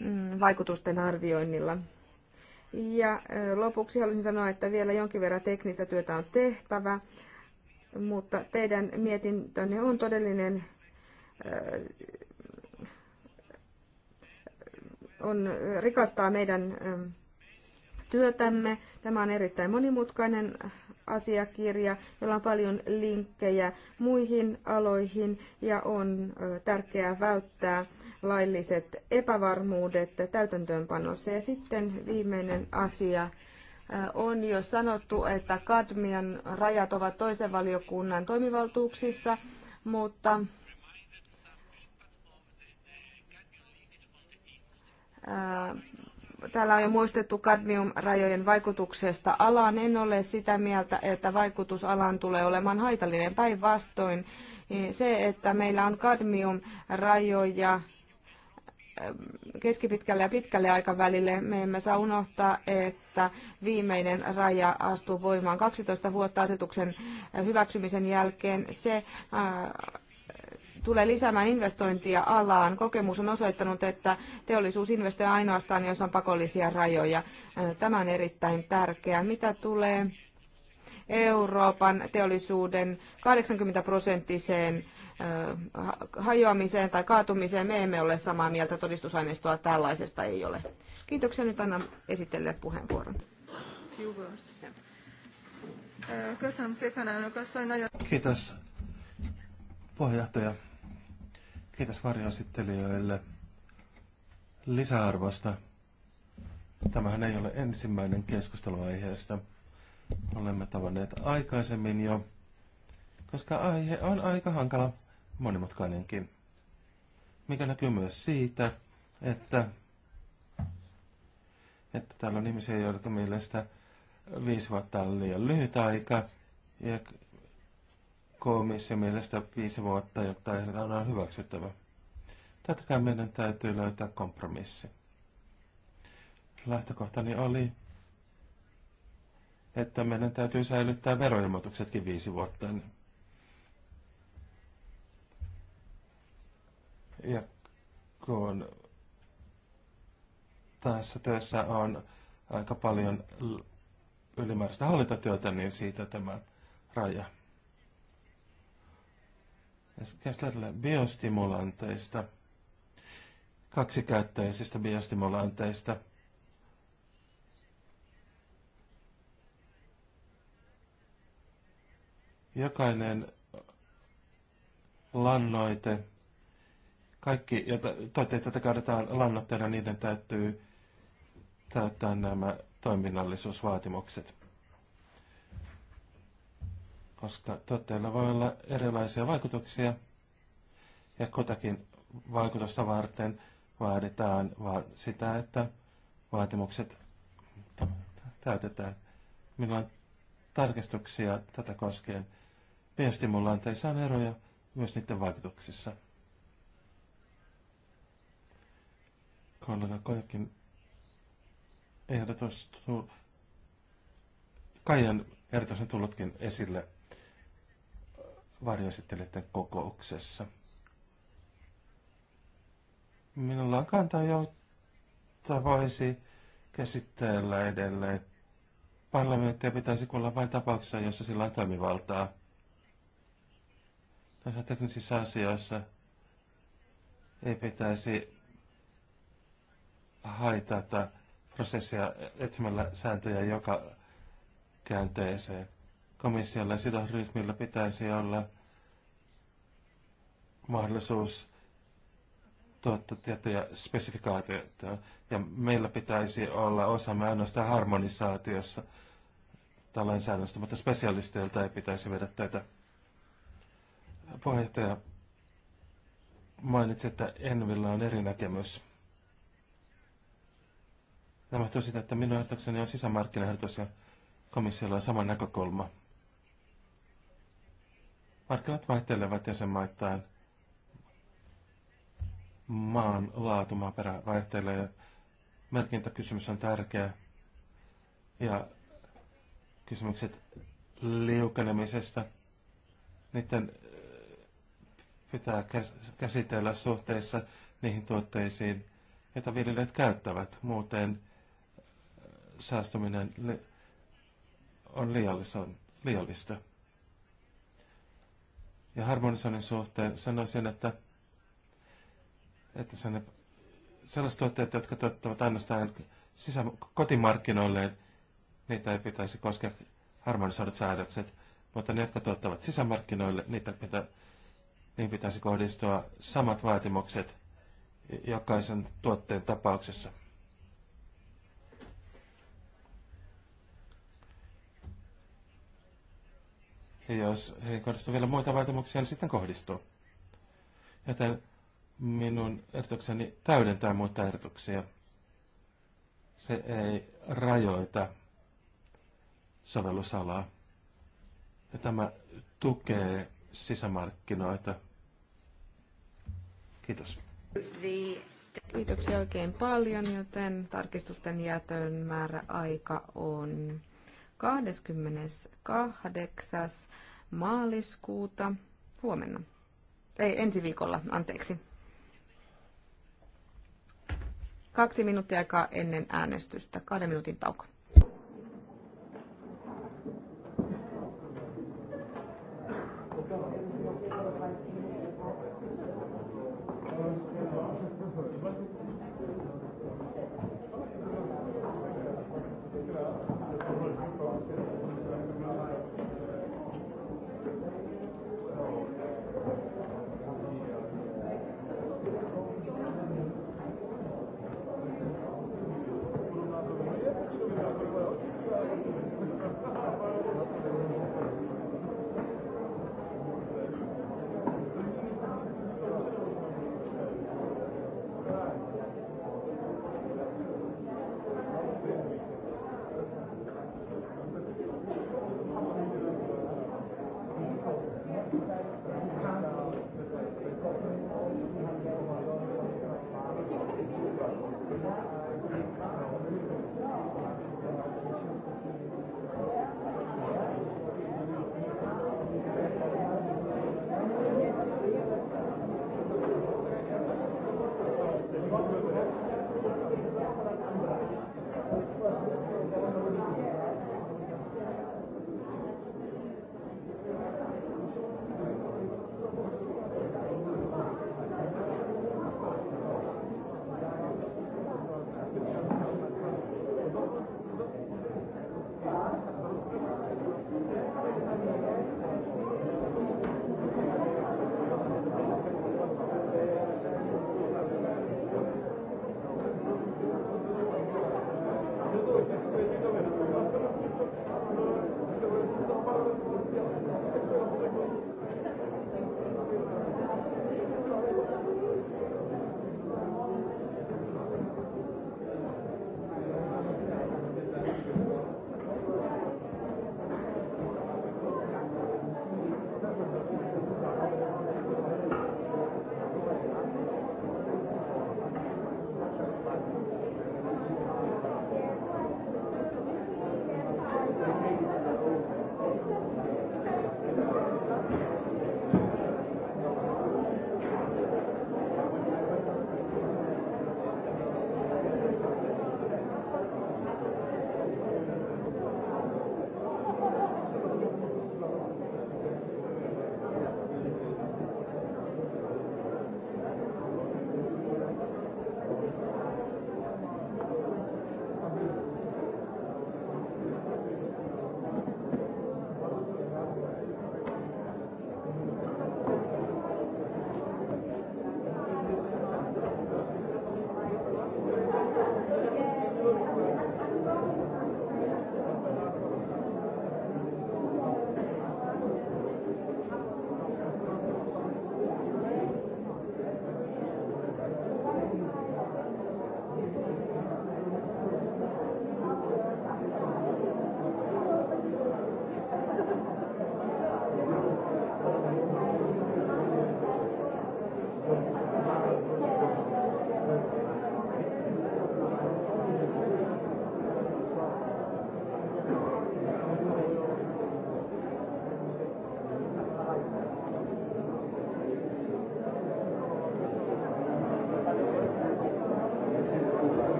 mm, vaikutusten arvioinnilla. Ja eh, lopuksi haluaisin sanoa, että vielä jonkin verran teknistä työtä on tehtävä, mutta teidän mietintönne on todellinen on, rikastaa meidän työtämme. Tämä on erittäin monimutkainen asiakirja, jolla on paljon linkkejä muihin aloihin ja on tärkeää välttää lailliset epävarmuudet täytäntöönpanossa. Ja sitten viimeinen asia on jo sanottu, että kadmian rajat ovat toisen valiokunnan toimivaltuuksissa, mutta Täällä on jo muistettu kadmiumrajojen vaikutuksesta alaan. En ole sitä mieltä, että vaikutus alaan tulee olemaan haitallinen. Päinvastoin niin se, että meillä on kadmiumrajoja keskipitkälle ja pitkälle aikavälille me emme saa unohtaa, että viimeinen raja astuu voimaan 12 vuotta asetuksen hyväksymisen jälkeen. Se tulee lisäämään investointia alaan. Kokemus on osoittanut, että teollisuus investoi ainoastaan, jos on pakollisia rajoja. Tämä on erittäin tärkeää. Mitä tulee Euroopan teollisuuden 80 prosenttiseen hajoamiseen tai kaatumiseen, me emme ole samaa mieltä. Todistusaineistoa tällaisesta ei ole. Kiitoksia. Nyt annan esittelijälle puheenvuoron. Köszönöm Kiitos, puheenjohtaja. Kiitos varjoesittelijöille lisäarvosta. Tämähän ei ole ensimmäinen keskustelu aiheesta. Olemme tavanneet aikaisemmin jo, koska aihe on aika hankala, monimutkainenkin. Mikä näkyy myös siitä, että, että täällä on ihmisiä, joiden mielestä viisi vuotta on liian lyhyt aika, ja komission mielestä viisi vuotta, jotta ehdotan on hyväksyttävä. Tätäkään meidän täytyy löytää kompromissi. Lähtökohtani oli, että meidän täytyy säilyttää veroilmoituksetkin viisi vuotta. Ja kun tässä työssä on aika paljon ylimääräistä hallintotyötä, niin siitä tämä raja käsitellään biostimulanteista, kaksikäyttäisistä biostimulanteista. Jokainen lannoite, kaikki jota, tuotteet, joita käytetään lannoitteena, niiden täytyy täyttää nämä toiminnallisuusvaatimukset koska tuotteilla voi olla erilaisia vaikutuksia ja kutakin vaikutusta varten vaaditaan vaan sitä, että vaatimukset täytetään. Minulla on tarkistuksia tätä koskien. Biostimulanteissa on eroja myös niiden vaikutuksissa. Kollega Kojakin ehdotus, Kaijan ehdotus on tullutkin esille varjoesittelijöiden kokouksessa. Minulla on kantaa, jo voisi käsitellä edelleen. Parlamenttia pitäisi kuulla vain tapauksessa, jossa sillä on toimivaltaa. Näissä teknisissä asioissa ei pitäisi haitata prosessia etsimällä sääntöjä joka käänteeseen komissiolla ja sidosryhmillä pitäisi olla mahdollisuus tuottaa tiettyjä spesifikaatioita. Ja meillä pitäisi olla osamme ainoastaan harmonisaatiossa tällainen lainsäädännöstä, mutta spesialisteilta ei pitäisi viedä tätä. Puheenjohtaja mainitsi, että Envillä on eri näkemys. Tämä tosiaan, että minun ehdotukseni on sisämarkkinaehdotus ja komissiolla on sama näkökulma. Markkinat vaihtelevat jäsenmaittain. Maan laatumaperä vaihtelee. Merkintäkysymys on tärkeä. Ja kysymykset liukenemisesta, niiden äh, pitää käsitellä suhteessa niihin tuotteisiin, joita viljelijät käyttävät. Muuten äh, säästäminen on liiallista ja harmonisoinnin suhteen sanoisin, että, että sen, sellaiset tuotteet, jotka tuottavat ainoastaan sisä, kotimarkkinoille, niitä ei pitäisi koskea harmonisoidut säädökset, mutta ne, jotka tuottavat sisämarkkinoille, niitä pitä, niin pitäisi kohdistua samat vaatimukset jokaisen tuotteen tapauksessa. Ja jos heihin kohdistuu vielä muita vaatimuksia, niin sitten kohdistuu. Joten minun ehdotukseni täydentää muita ehdotuksia. Se ei rajoita sovellusalaa. Ja tämä tukee sisämarkkinoita. Kiitos. Kiitoksia oikein paljon, joten tarkistusten jätön määräaika on 28. maaliskuuta huomenna. Ei, ensi viikolla, anteeksi. Kaksi minuuttia aikaa ennen äänestystä. Kahden minuutin tauko.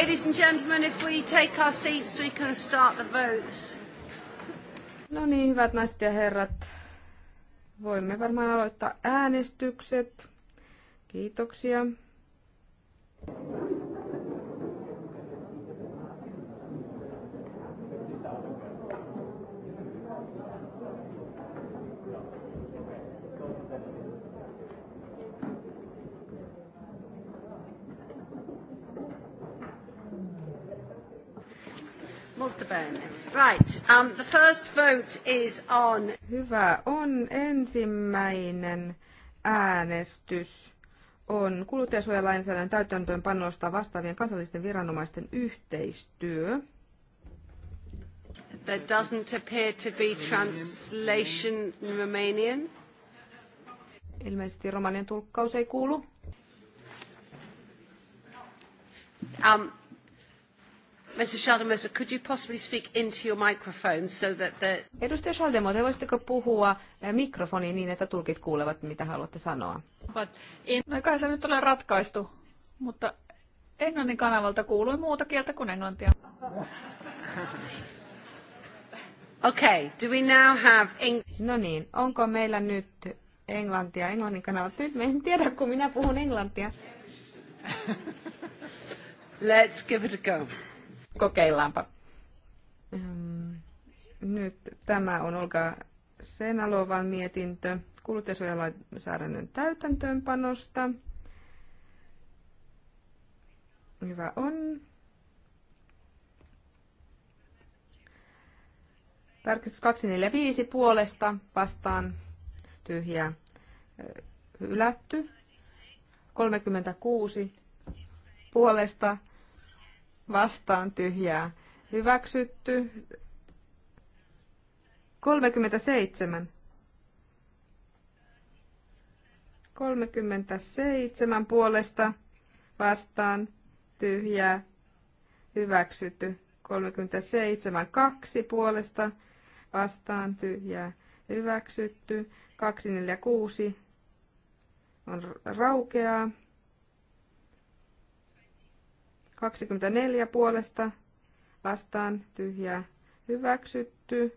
Ladies and gentlemen, if we take our seats, we can start the votes. No niin, hyvät naiset ja herrat. Voimme varmaan aloittaa äänestykset. Kiitoksia. Right. Um, the first vote is on... Hyvä on ensimmäinen äänestys on kuluttajasuojalainsäädännön täytäntöönpanosta vastaavien kansallisten viranomaisten yhteistyö. There doesn't appear to be translation Romanian. Ilmeisesti romanian tulkkaus ei kuulu. Um, Mr. Schaldemose, could you possibly speak into your microphone so that the... Edustaja Schaldemose, voisitteko puhua eh, mikrofoniin niin, että tulkit kuulevat, mitä haluatte sanoa? But in... No kai se nyt ole ratkaistu, mutta englannin kanavalta kuului muuta kieltä kuin englantia. Okay, do we now have... Eng- no niin, onko meillä nyt englantia englannin kanavalta? Nyt me en tiedä, kun minä puhun englantia. Let's give it a go kokeillaanpa. Ehm, nyt tämä on Olga Senalovan mietintö kuluttajasuojalainsäädännön täytäntöönpanosta. Hyvä on. Tarkistus 245 puolesta vastaan tyhjä hylätty. 36 puolesta vastaan tyhjää hyväksytty. 37. 37 puolesta vastaan tyhjää hyväksytty. 37 2 puolesta vastaan tyhjää hyväksytty. 246 on raukeaa. 24 puolesta vastaan tyhjää hyväksytty.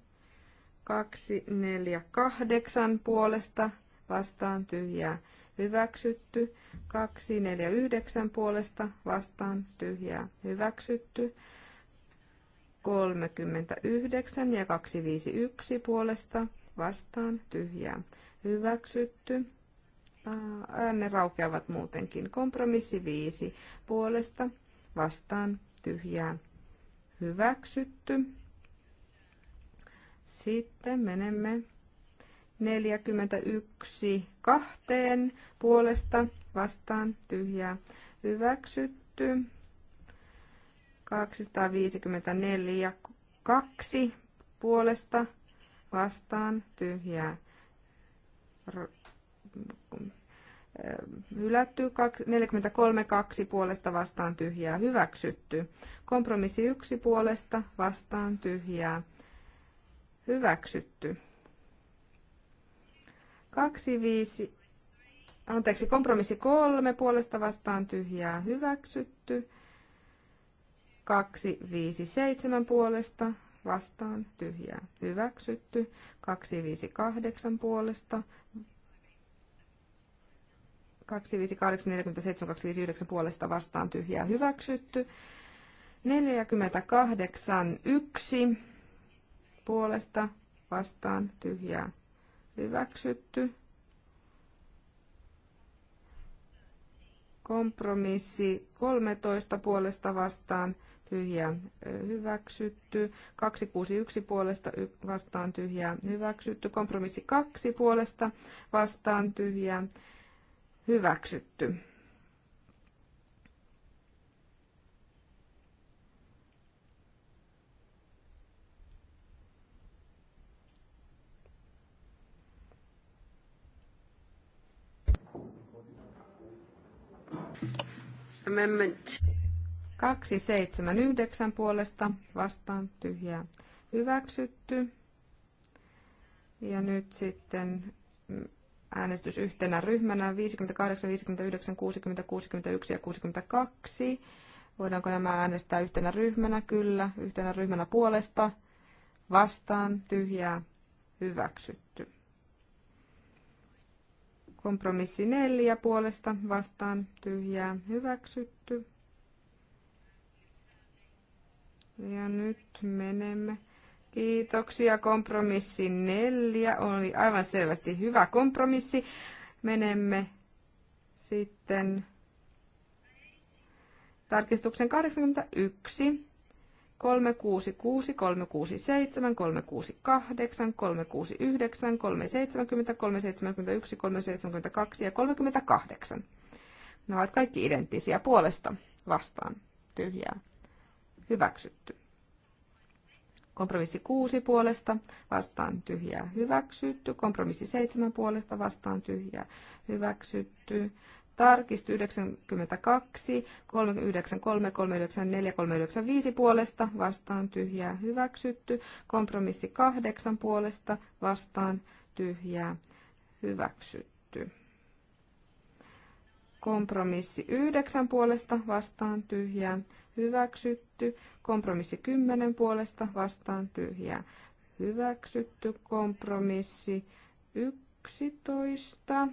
248 puolesta vastaan tyhjää hyväksytty. 249 puolesta vastaan tyhjää hyväksytty. 39 ja 251 puolesta vastaan tyhjää hyväksytty. Ne raukeavat muutenkin. Kompromissi 5 puolesta vastaan tyhjää hyväksytty. Sitten menemme 41 kahteen puolesta vastaan tyhjää hyväksytty. 254 2 puolesta vastaan tyhjää hylätty, 43-2 puolesta vastaan tyhjää hyväksytty. Kompromissi 1 puolesta vastaan tyhjää hyväksytty. 25, anteeksi, kompromissi 3 puolesta vastaan tyhjää hyväksytty. 257 puolesta vastaan tyhjää hyväksytty. 258 puolesta 258, puolesta vastaan tyhjää hyväksytty. 48, 1 puolesta vastaan tyhjää hyväksytty. Kompromissi 13 puolesta vastaan tyhjää hyväksytty. 261 puolesta vastaan tyhjää hyväksytty. Kompromissi 2 puolesta vastaan tyhjää hyväksytty. Amendment. 279 puolesta vastaan tyhjää hyväksytty. Ja nyt sitten äänestys yhtenä ryhmänä 58, 59, 60, 61 ja 62. Voidaanko nämä äänestää yhtenä ryhmänä? Kyllä. Yhtenä ryhmänä puolesta. Vastaan. Tyhjää. Hyväksytty. Kompromissi neljä puolesta. Vastaan. Tyhjää. Hyväksytty. Ja nyt menemme Kiitoksia. Kompromissi neljä oli aivan selvästi hyvä kompromissi. Menemme sitten tarkistuksen 81, 366, 367, 368, 369, 370, 371, 372 ja 38. Ne ovat kaikki identtisiä puolesta vastaan tyhjää hyväksytty. Kompromissi 6 puolesta vastaan tyhjää hyväksytty. Kompromissi 7 puolesta vastaan tyhjää hyväksytty. Tarkist 92, 393, 394, 395 puolesta vastaan tyhjää hyväksytty. Kompromissi 8 puolesta vastaan tyhjää hyväksytty. Kompromissi 9 puolesta vastaan tyhjää hyväksytty hyväksytty. Kompromissi 10 puolesta vastaan tyhjää hyväksytty. Kompromissi 11.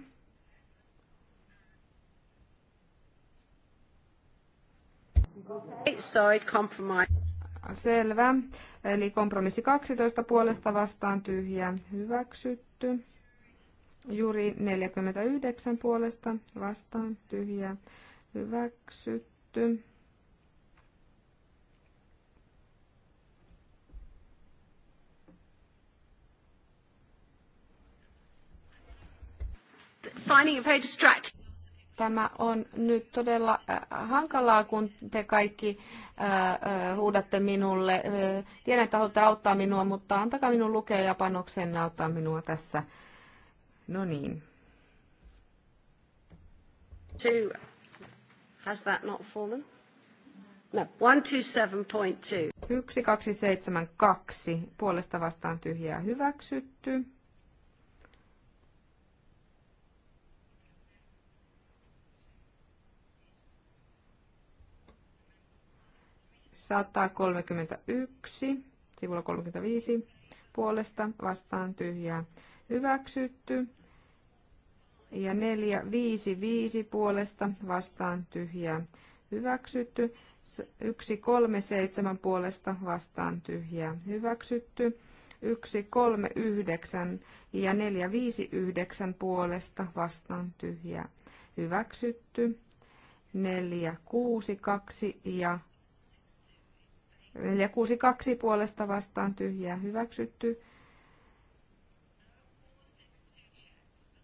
Selvä. Eli kompromissi 12 puolesta vastaan tyhjä. hyväksytty. Juri 49 puolesta vastaan tyhjä. hyväksytty. finding it very distracting tämä on nyt todella äh, hankalaa, kun te kaikki äh, äh, huudatte minulle. Tiedän, että haluatte auttaa minua, mutta antakaa minun lukea ja panoksen auttaa minua tässä. No niin. Two. Has that not fallen? No, 127.2. 1272. Puolesta vastaan tyhjää hyväksytty. 131, sivulla 35 puolesta vastaan tyhjää hyväksytty. Ja 455 puolesta vastaan tyhjää hyväksytty. 137 puolesta vastaan tyhjää hyväksytty. 139 ja 459 puolesta vastaan tyhjää hyväksytty. 462 ja 462 puolesta vastaan tyhjää hyväksytty.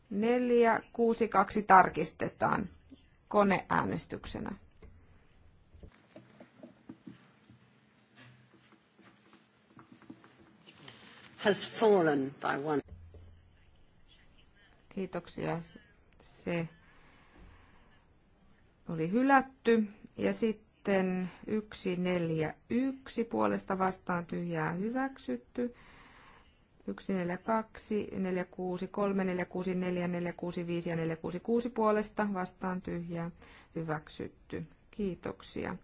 462 tarkistetaan koneäänestyksenä. Has fallen by one. Kiitoksia. Se oli hylätty. Ja sitten sitten 141 puolesta vastaan tyhjää hyväksytty. 142, 463, 464, 465 ja 466 puolesta vastaan tyhjää hyväksytty. Kiitoksia.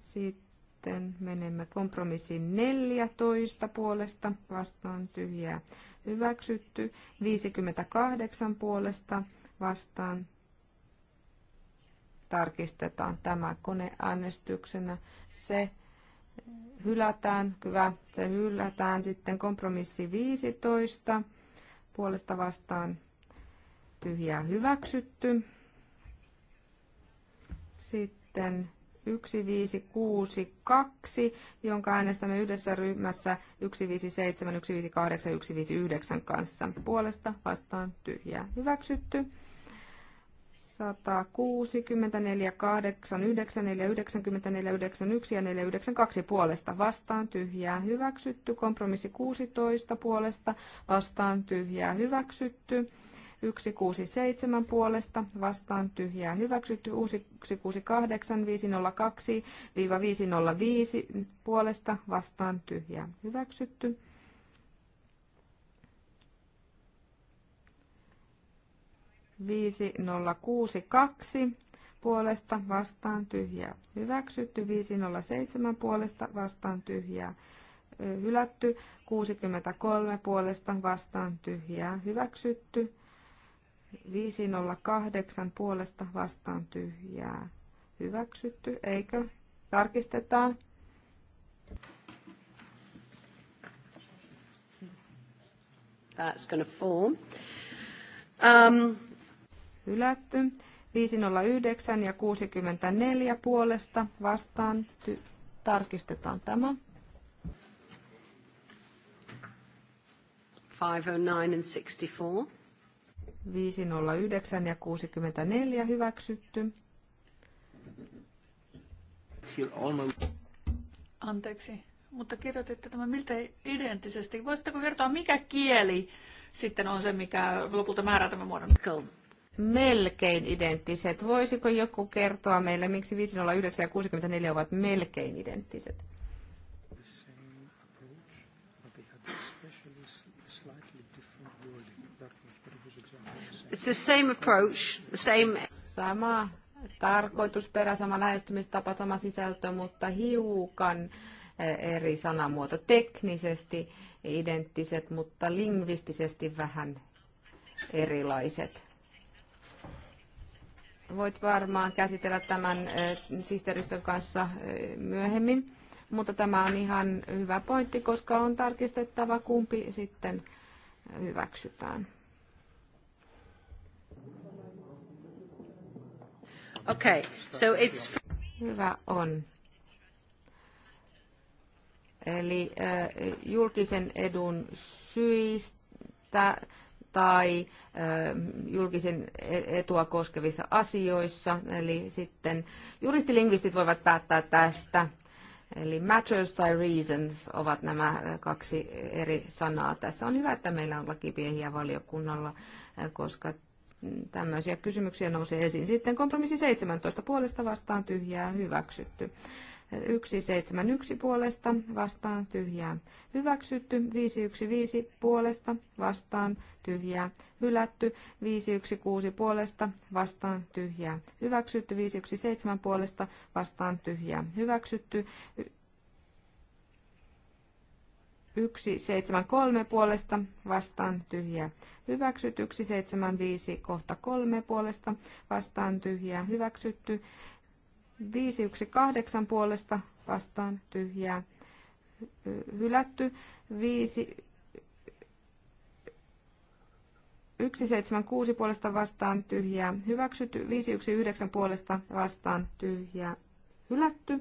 Sitten menemme kompromissiin 14 puolesta vastaan tyhjää hyväksytty. 58 puolesta vastaan tarkistetaan tämä koneäänestyksenä. Se hylätään, hyvä, se hylätään sitten kompromissi 15, puolesta vastaan tyhjää hyväksytty. Sitten 1562, jonka äänestämme yhdessä ryhmässä 157, 158, 159 kanssa. Puolesta vastaan tyhjää hyväksytty. 164, 8, 9, 4, 90, 91 ja 492 puolesta vastaan tyhjää hyväksytty. Kompromissi 16 puolesta vastaan tyhjää hyväksytty. 167 puolesta vastaan tyhjää hyväksytty. 168 502-505 puolesta vastaan tyhjää hyväksytty. 5062 puolesta vastaan tyhjää. Hyväksytty 507 puolesta vastaan tyhjää. Hylätty 63 puolesta vastaan tyhjää. Hyväksytty 508 puolesta vastaan tyhjää. Hyväksytty, eikö? Tarkistetaan. That's going to form. Um, hylätty. 509 ja 64 puolesta vastaan. Ty- tarkistetaan tämä. 509 ja 64 hyväksytty. Anteeksi, mutta kirjoititte tämän miltei identtisesti. Voisitteko kertoa, mikä kieli sitten on se, mikä lopulta määrää tämän muodon? melkein identtiset. Voisiko joku kertoa meille, miksi 509 ja 64 ovat melkein identtiset? It's the same approach, the same... Sama tarkoitusperä, sama lähestymistapa, sama sisältö, mutta hiukan eh, eri sanamuoto. Teknisesti identtiset, mutta lingvistisesti vähän erilaiset voit varmaan käsitellä tämän sihteeristön kanssa myöhemmin. Mutta tämä on ihan hyvä pointti, koska on tarkistettava, kumpi sitten hyväksytään. Okay, so it's... Hyvä on. Eli julkisen edun syistä tai julkisen e-, etua koskevissa asioissa. Eli sitten juristilingvistit voivat päättää tästä. Eli matters tai reasons ovat nämä kaksi eri sanaa. Tässä on hyvä, että meillä on lakipiehiä valiokunnalla, koska tämmöisiä kysymyksiä nousee esiin. Sitten kompromissi 17 puolesta vastaan tyhjää hyväksytty. 171 puolesta vastaan tyhjää hyväksytty, 515 puolesta vastaan tyhjää hylätty, 516 puolesta vastaan tyhjää hyväksytty, 517 puolesta vastaan tyhjää hyväksytty, 173 puolesta vastaan tyhjää hyväksytty, 175 kohta 3 puolesta vastaan tyhjää hyväksytty, 518 puolesta vastaan tyhjää hylätty. 5 176 puolesta vastaan tyhjää hyväksytty, 519 puolesta vastaan tyhjää hylätty,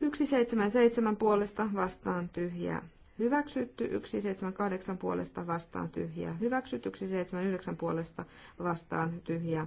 177 puolesta vastaan tyhjää hyväksytty, 178 puolesta vastaan tyhjää hyväksytty, 179 puolesta vastaan tyhjää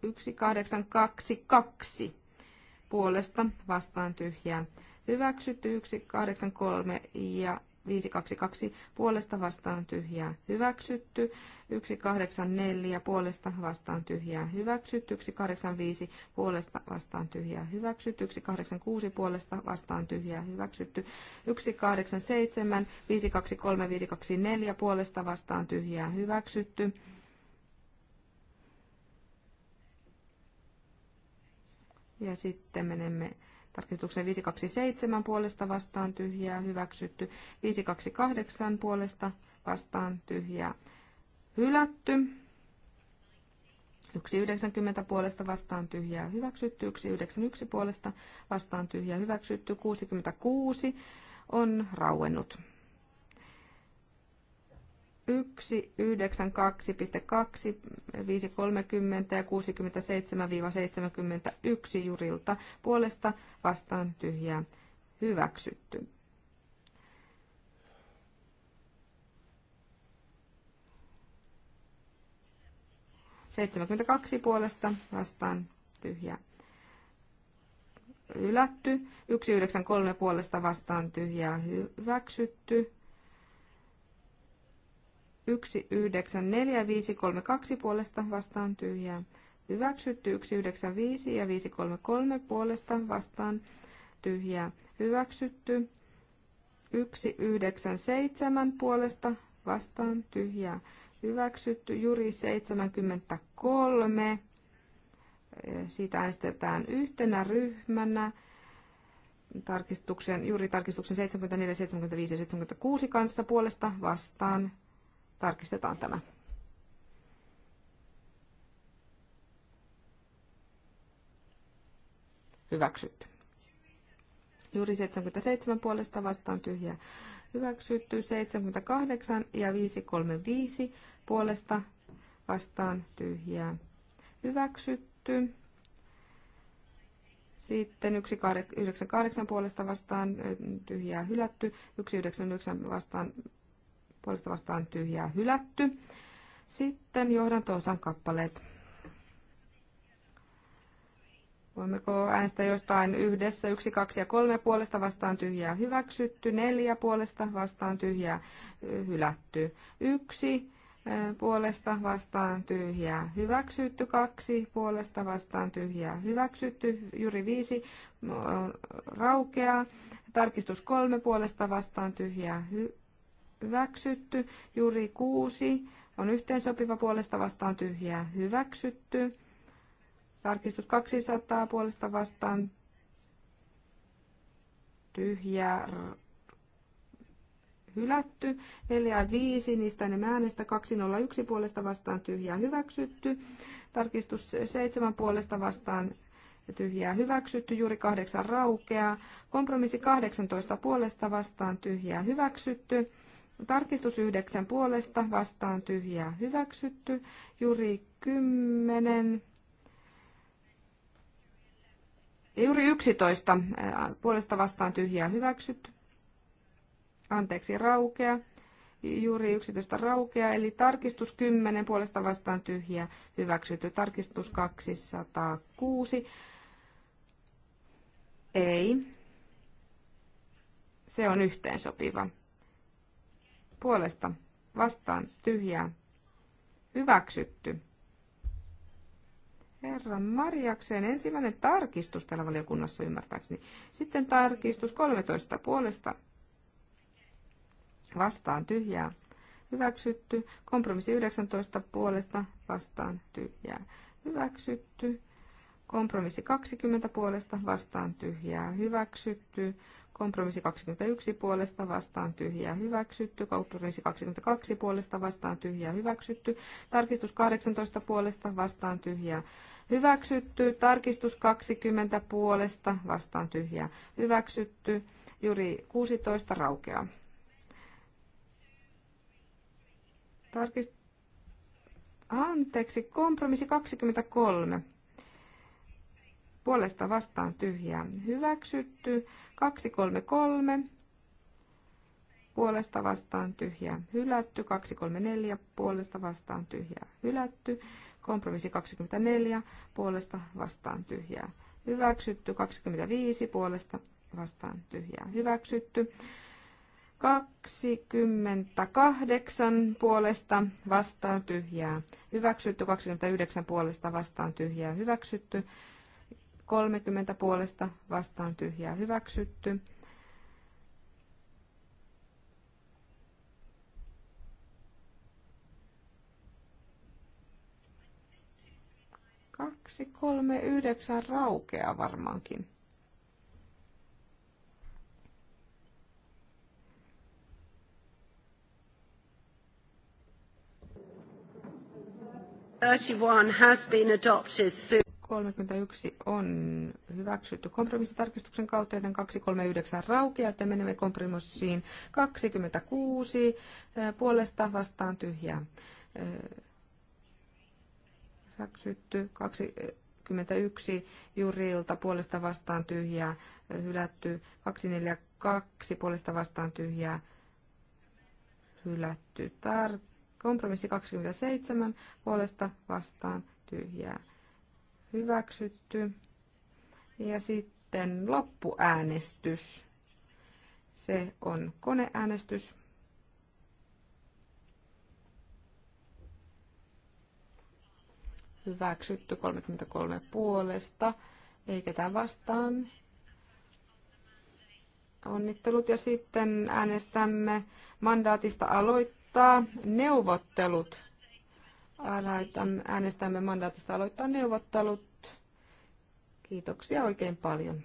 1822 puolesta vastaan tyhjää hyväksytty 183 ja 522 puolesta vastaan tyhjää hyväksytty, 184 puolesta vastaan tyhjää hyväksytty, 185 puolesta vastaan tyhjää hyväksytty, 186 puolesta vastaan tyhjää hyväksytty, 187, 523, 524 puolesta vastaan tyhjää hyväksytty. Ja sitten menemme tarkistuksen 527 puolesta vastaan tyhjää hyväksytty, 528 puolesta vastaan tyhjää hylätty, 190 puolesta vastaan tyhjää hyväksytty, 191 puolesta vastaan tyhjää hyväksytty, 66 on rauennut. 1, 92.2, ja 67-71 jurilta puolesta vastaan tyhjää hyväksytty. Seitsemänkymmentäkaksi puolesta vastaan tyhjää hylätty. Yksi yhdeksän kolme puolesta vastaan tyhjää hyväksytty. 194532 puolesta vastaan tyhjää. Hyväksytty 195 ja 533 puolesta vastaan tyhjää. Hyväksytty 197 puolesta vastaan tyhjää. Hyväksytty Juri 73. Siitä äänestetään yhtenä ryhmänä tarkistuksen, juuri tarkistuksen 74, 75 ja 76 kanssa puolesta vastaan tarkistetaan tämä. Hyväksytty. Juuri 77 puolesta vastaan tyhjä. Hyväksytty 78 ja 535 puolesta vastaan tyhjää. Hyväksytty. Sitten 198 puolesta vastaan tyhjää hylätty, 199 vastaan puolesta vastaan tyhjää hylätty. Sitten johdantoosan kappaleet. Voimmeko äänestää jostain yhdessä? Yksi, kaksi ja kolme puolesta vastaan tyhjää hyväksytty. Neljä puolesta vastaan tyhjää hylätty. Yksi puolesta vastaan tyhjää hyväksytty. Kaksi puolesta vastaan tyhjää hyväksytty. Juri viisi raukeaa. Tarkistus kolme puolesta vastaan tyhjää hy- hyväksytty. Juri 6 on yhteensopiva puolesta vastaan tyhjää hyväksytty. Tarkistus 200 puolesta vastaan tyhjää hylätty. 4 ja 5, niistä ne äänestä 201 puolesta vastaan tyhjää hyväksytty. Tarkistus 7 puolesta vastaan tyhjää hyväksytty, juuri 8 raukeaa. Kompromissi 18 puolesta vastaan tyhjää hyväksytty. Tarkistus yhdeksän puolesta vastaan tyhjää hyväksytty. Juri kymmenen. Juri 11 puolesta vastaan tyhjää hyväksytty. Anteeksi, raukea. Juuri 11 raukea, eli tarkistus 10 puolesta vastaan tyhjää hyväksytty. Tarkistus 206. Ei. Se on yhteensopiva puolesta vastaan tyhjää hyväksytty. Herran Marjakseen ensimmäinen tarkistus täällä valiokunnassa ymmärtääkseni. Sitten tarkistus 13 puolesta vastaan tyhjää hyväksytty. Kompromissi 19 puolesta vastaan tyhjää hyväksytty. Kompromissi 20 puolesta vastaan tyhjää hyväksytty. Kompromissi 21 puolesta vastaan tyhjää hyväksytty. Kompromissi 22 puolesta vastaan tyhjää hyväksytty. Tarkistus 18 puolesta vastaan tyhjää hyväksytty. Tarkistus 20 puolesta vastaan tyhjää hyväksytty. Juri 16 raukeaa. Tarkist... Anteeksi, kompromissi 23 puolesta vastaan tyhjää hyväksytty. 233 puolesta vastaan tyhjää hylätty. 234 puolesta vastaan tyhjää hylätty. Kompromissi 24 puolesta vastaan tyhjää hyväksytty. 25 puolesta vastaan tyhjää hyväksytty. 28 puolesta vastaan tyhjää hyväksytty. 29 puolesta vastaan tyhjää hyväksytty. 30 puolesta vastaan tyhjää hyväksytty. Kaksi, kolme, yhdeksän raukeaa varmaankin. Thirty one has been adopted through 31 on hyväksytty kompromissitarkistuksen kautta, joten 239 raukeaa, joten menemme kompromissiin 26 puolesta vastaan tyhjää. Hyväksytty 21 jurilta puolesta vastaan tyhjää, hylätty 242 puolesta vastaan tyhjää, hylätty tar- kompromissi 27 puolesta vastaan tyhjää hyväksytty. Ja sitten loppuäänestys. Se on koneäänestys. Hyväksytty 33 puolesta, ei ketään vastaan. Onnittelut ja sitten äänestämme mandaatista aloittaa neuvottelut äänestämme mandaatista aloittaa neuvottelut. Kiitoksia oikein paljon.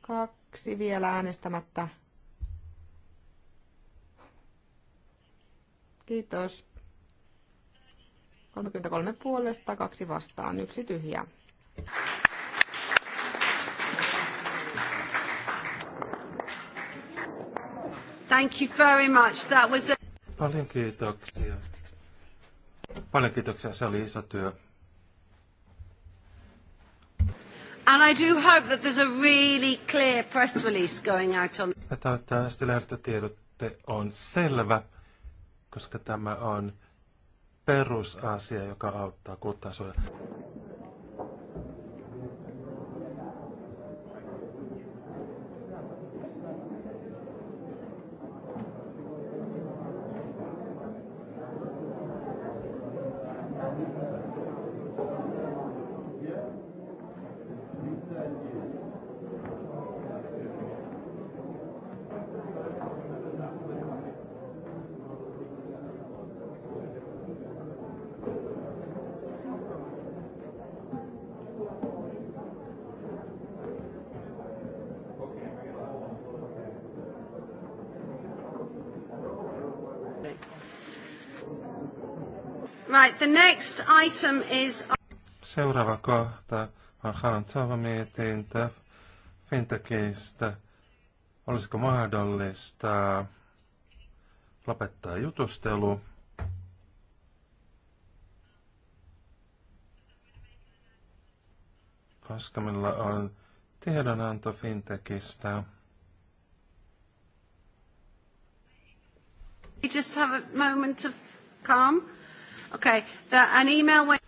Kaksi vielä äänestämättä. Kiitos. 33 puolesta, kaksi vastaan, yksi tyhjä. Thank you very much. That was a... Paljon kiitoksia. Paljon kiitoksia, se oli iso työ. And I do hope that there's a really clear press release going out on... Toivottavasti lehdistötiedotte on selvä, koska tämä on perusasia, joka auttaa kuluttajasuojaa. the next item is... Seuraava kohta on Hanan mietintö Fintechistä. Olisiko mahdollista lopettaa jutustelu? Koska meillä on tiedonanto Fintechistä. just have a moment of calm. Okay. The, an email went...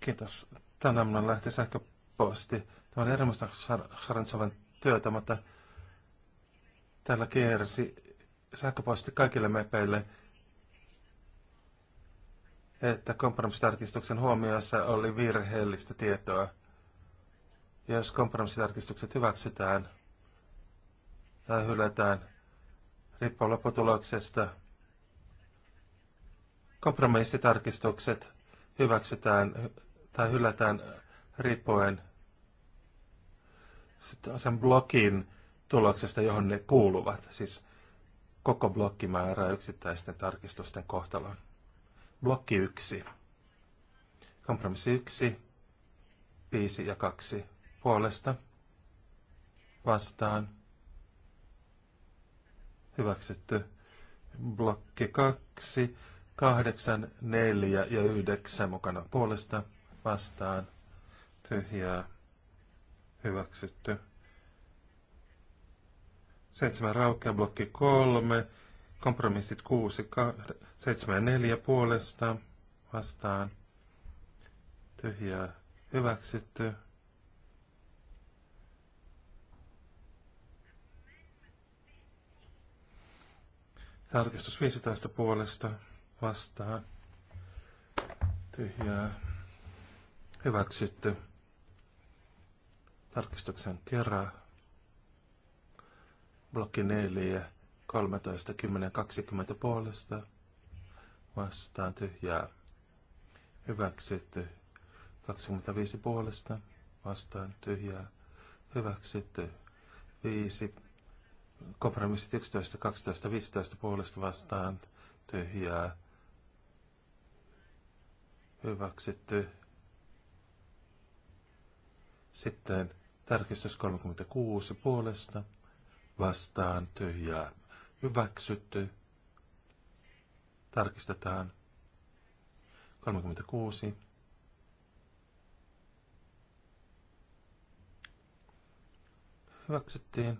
Kiitos. Tänä minulla lähti sähköposti. Tämä oli Ermosta Harantsovan työtä, mutta täällä kiersi sähköposti kaikille mepeille, että kompromissitarkistuksen huomioissa oli virheellistä tietoa. Ja jos kompromissitarkistukset hyväksytään tai hylätään, riippuu lopputuloksesta – Kompromissitarkistukset hyväksytään tai hylätään riippuen sen blokin tuloksesta, johon ne kuuluvat. Siis koko blokki määrää yksittäisten tarkistusten kohtalon. Blokki 1. Kompromissi 1, 5 ja 2. Puolesta. Vastaan. Hyväksytty. Blokki 2, kahdeksan, neljä ja 9 mukana puolesta vastaan. Tyhjää. Hyväksytty. Seitsemän raukea blokki kolme. Kompromissit 6, seitsemän ja neljä puolesta vastaan. Tyhjää. Hyväksytty. Tarkistus 15 puolesta vastaan tyhjää hyväksytty tarkistuksen kerran blokki 4 13 10 20 puolesta vastaan tyhjää hyväksytty 25 puolesta vastaan tyhjää hyväksytty 5 kompromissit 11 12 15 puolesta vastaan tyhjää Hyväksytty. Sitten tarkistus 36 puolesta. Vastaan tyhjää. Hyväksytty. Tarkistetaan. 36. Hyväksyttiin.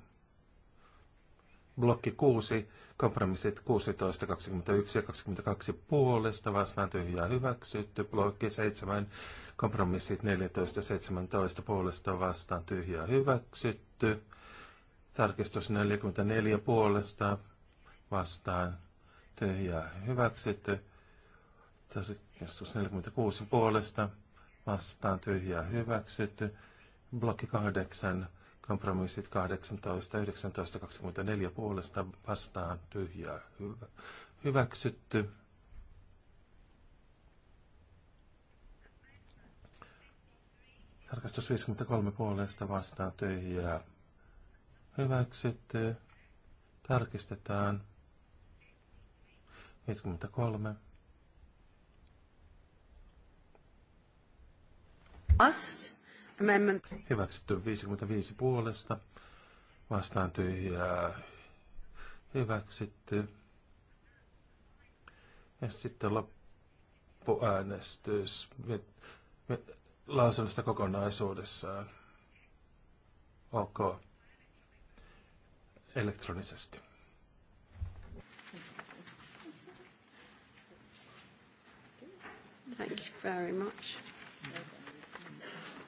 Blokki 6, kompromissit 16, 21 ja 22 puolesta, vastaan tyhjää hyväksytty. Blokki 7, kompromissit 14, 17 puolesta, vastaan tyhjää hyväksytty. Tarkistus 44 puolesta, vastaan tyhjää hyväksytty. Tarkistus 46 puolesta, vastaan tyhjää hyväksytty. Blokki 8, Kompromissit 18, 19, 24 puolesta vastaan tyhjää hyvä, hyväksytty. Tarkastus 53 puolesta vastaan tyhjää hyväksytty. Tarkistetaan. 53. Must. Amendment. Hyväksytty 55 puolesta. Vastaan tyhjää. Hyväksytty. Ja sitten loppuäänestys me, me, lausunnosta kokonaisuudessaan. Ok. Elektronisesti. Thank you very much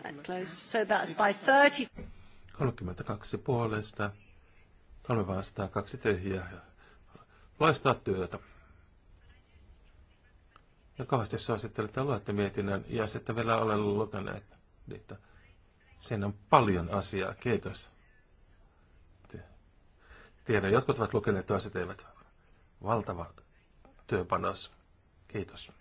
that close. So that's by 30. 32 puolesta, kolme vastaa, kaksi tyhjää. Loistaa työtä. Ja kovasti suosittelen, että luette mietinnän ja sitten vielä olen lukenut, niitä. sen on paljon asiaa. Kiitos. Tiedän, jotkut ovat lukeneet, toiset eivät. Valtava työpanos. Kiitos.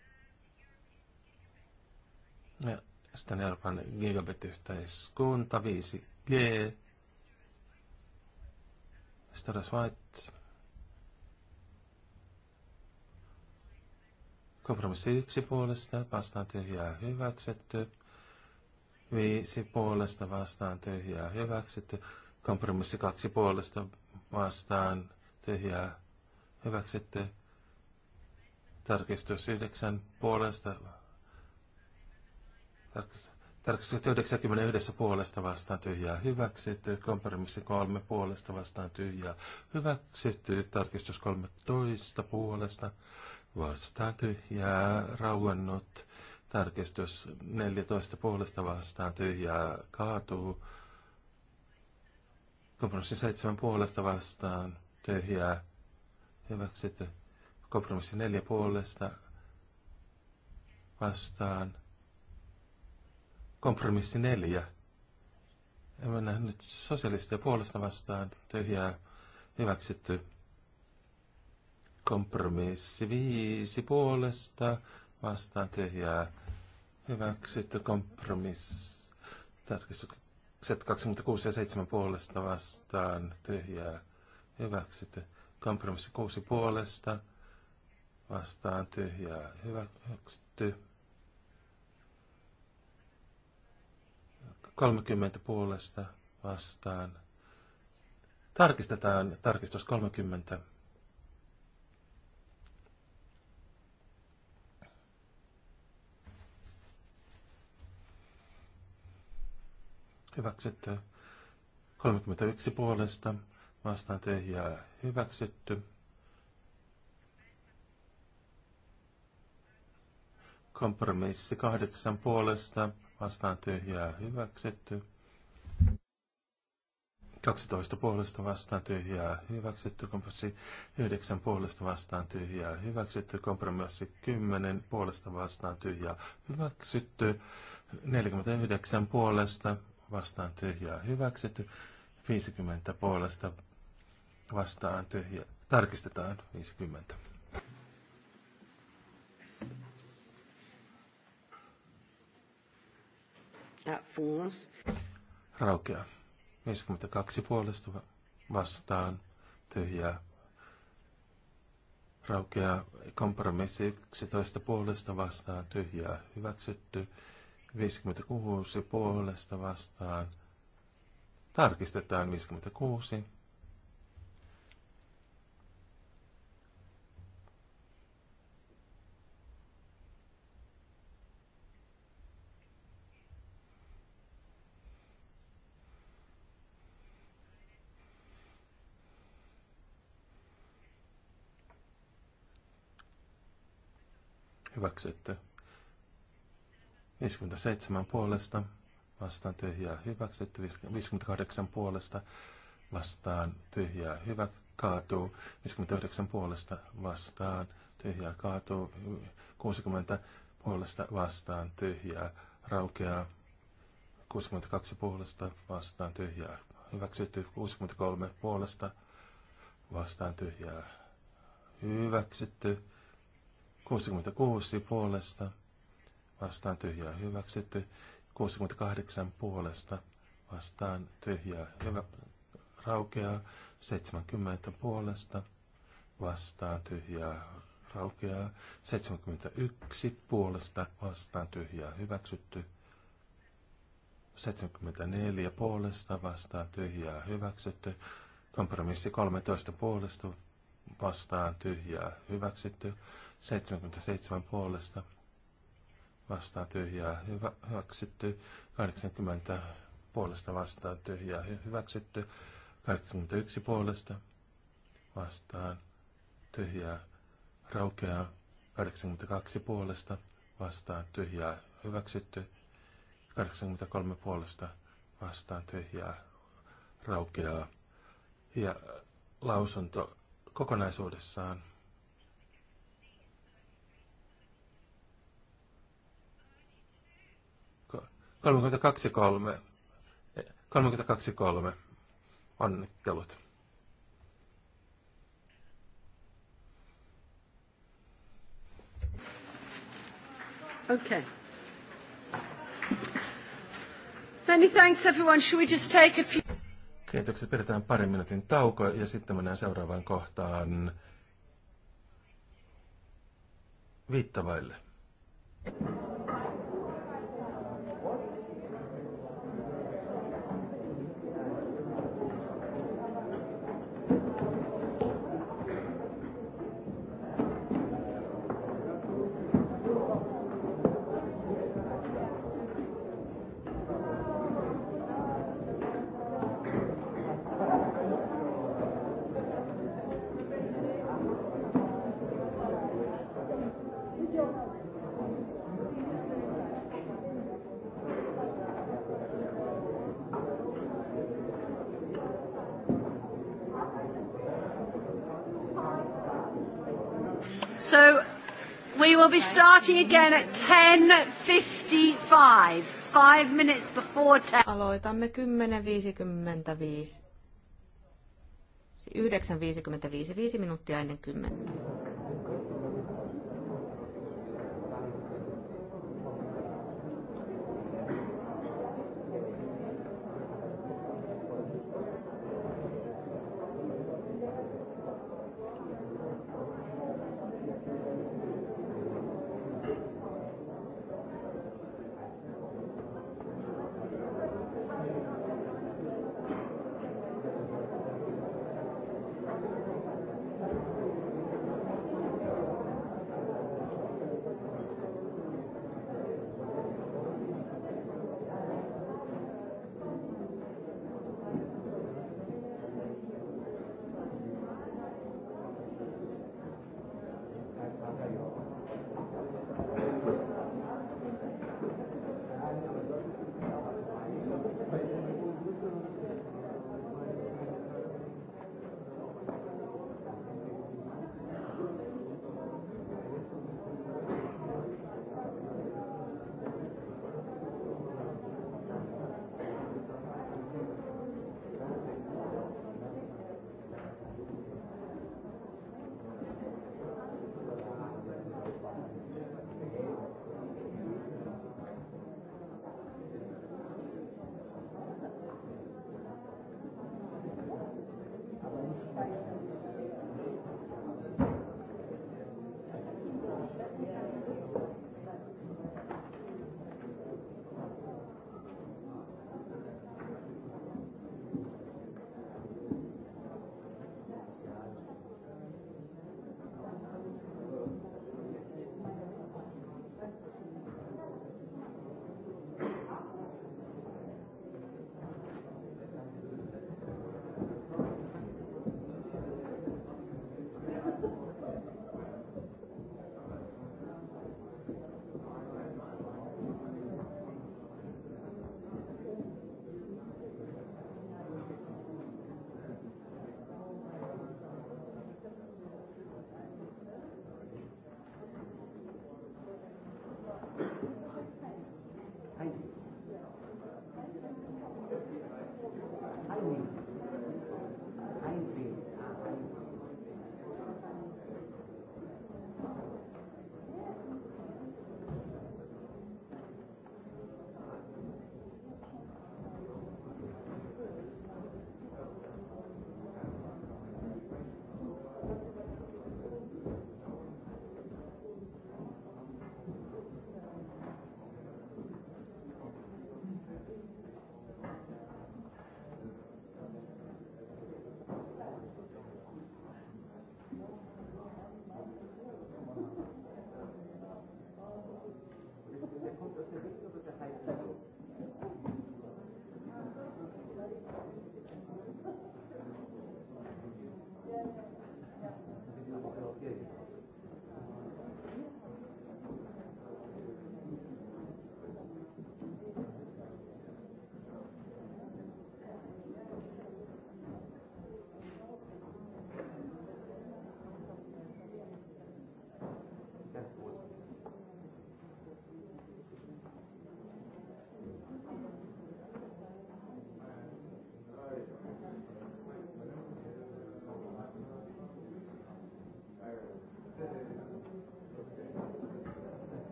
Ja sitten Euroopan gigabit-yhteiskunta 5G. Sitten White. Kompromissi yksi puolesta, vastaan tyhjää hyväksytty. Viisi puolesta, vastaan tyhjää hyväksytty. Kompromissi kaksi puolesta, vastaan tyhjää hyväksytty. Tarkistus yhdeksän puolesta, Tarkistus 91 puolesta vastaan tyhjää hyväksytty. Kompromissi 3 puolesta vastaan tyhjää hyväksytty. Tarkistus 13 puolesta vastaan tyhjää rauennut. Tarkistus 14 puolesta vastaan tyhjää kaatuu. Kompromissi 7 puolesta vastaan tyhjää hyväksytty. Kompromissi 4 puolesta vastaan kompromissi neljä. En mä nähnyt sosialistia puolesta vastaan tyhjää hyväksytty. Kompromissi viisi puolesta vastaan tyhjää hyväksytty. Kompromissi tarkistukset 26 ja 7 puolesta vastaan tyhjää hyväksytty. Kompromissi kuusi puolesta vastaan tyhjää hyväksytty. 30 puolesta vastaan. Tarkistetaan tarkistus 30. Hyväksytty. 31 puolesta vastaan tyhjää hyväksytty. 8 puolesta vastaan tyhjää hyväksytty. 12 puolesta vastaan tyhjää hyväksytty kompromissi, 9 puolesta vastaan tyhjää hyväksytty kompromissi, 10 puolesta vastaan tyhjää hyväksytty, 49 puolesta vastaan tyhjää hyväksytty, 50 puolesta vastaan tyhjää, tarkistetaan 50. Fools. Raukea. 52 puolesta vastaan. Tyhjää. Raukea. Kompromissi 11 puolesta vastaan. Tyhjää. Hyväksytty. 56 puolesta vastaan. Tarkistetaan 56. hyväksytty. 57 puolesta vastaan tyhjää hyväksytty. 58 puolesta vastaan tyhjää hyvä kaatuu. 59 puolesta vastaan tyhjää kaatuu. 60 puolesta vastaan tyhjää raukeaa. 62 puolesta vastaan tyhjää hyväksytty. 63 puolesta vastaan tyhjää hyväksytty. 66 puolesta vastaan tyhjää hyväksytty. 68 puolesta vastaan tyhjää hyvä, raukeaa. 70 puolesta vastaan tyhjää raukeaa. 71 puolesta vastaan tyhjää hyväksytty. 74 puolesta vastaan tyhjää hyväksytty. Kompromissi 13 puolesta vastaan tyhjää hyväksytty. 77 puolesta vastaan tyhjää hyvä, hyväksytty, 80 puolesta vastaan tyhjää hyväksytty, 81 puolesta vastaan tyhjää raukeaa, 82 puolesta vastaan tyhjää hyväksytty, 83 puolesta vastaan tyhjää raukeaa. Ja lausunto kokonaisuudessaan 32.3. Onnittelut. Okay. Many thanks everyone. Should we just take a few... Kiitokset. Pidetään parin minuutin tauko ja sitten mennään seuraavaan kohtaan viittavaille. starting again at 10.55. Five minutes before 10. Aloitamme 10.55. 9.55, 5 minuuttia ennen 10.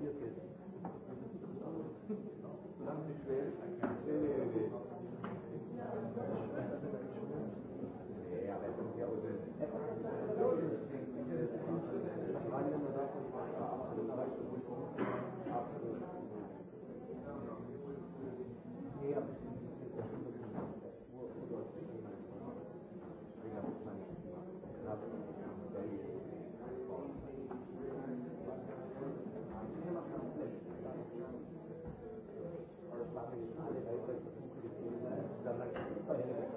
Ja, aber das ist ja auch Gracias.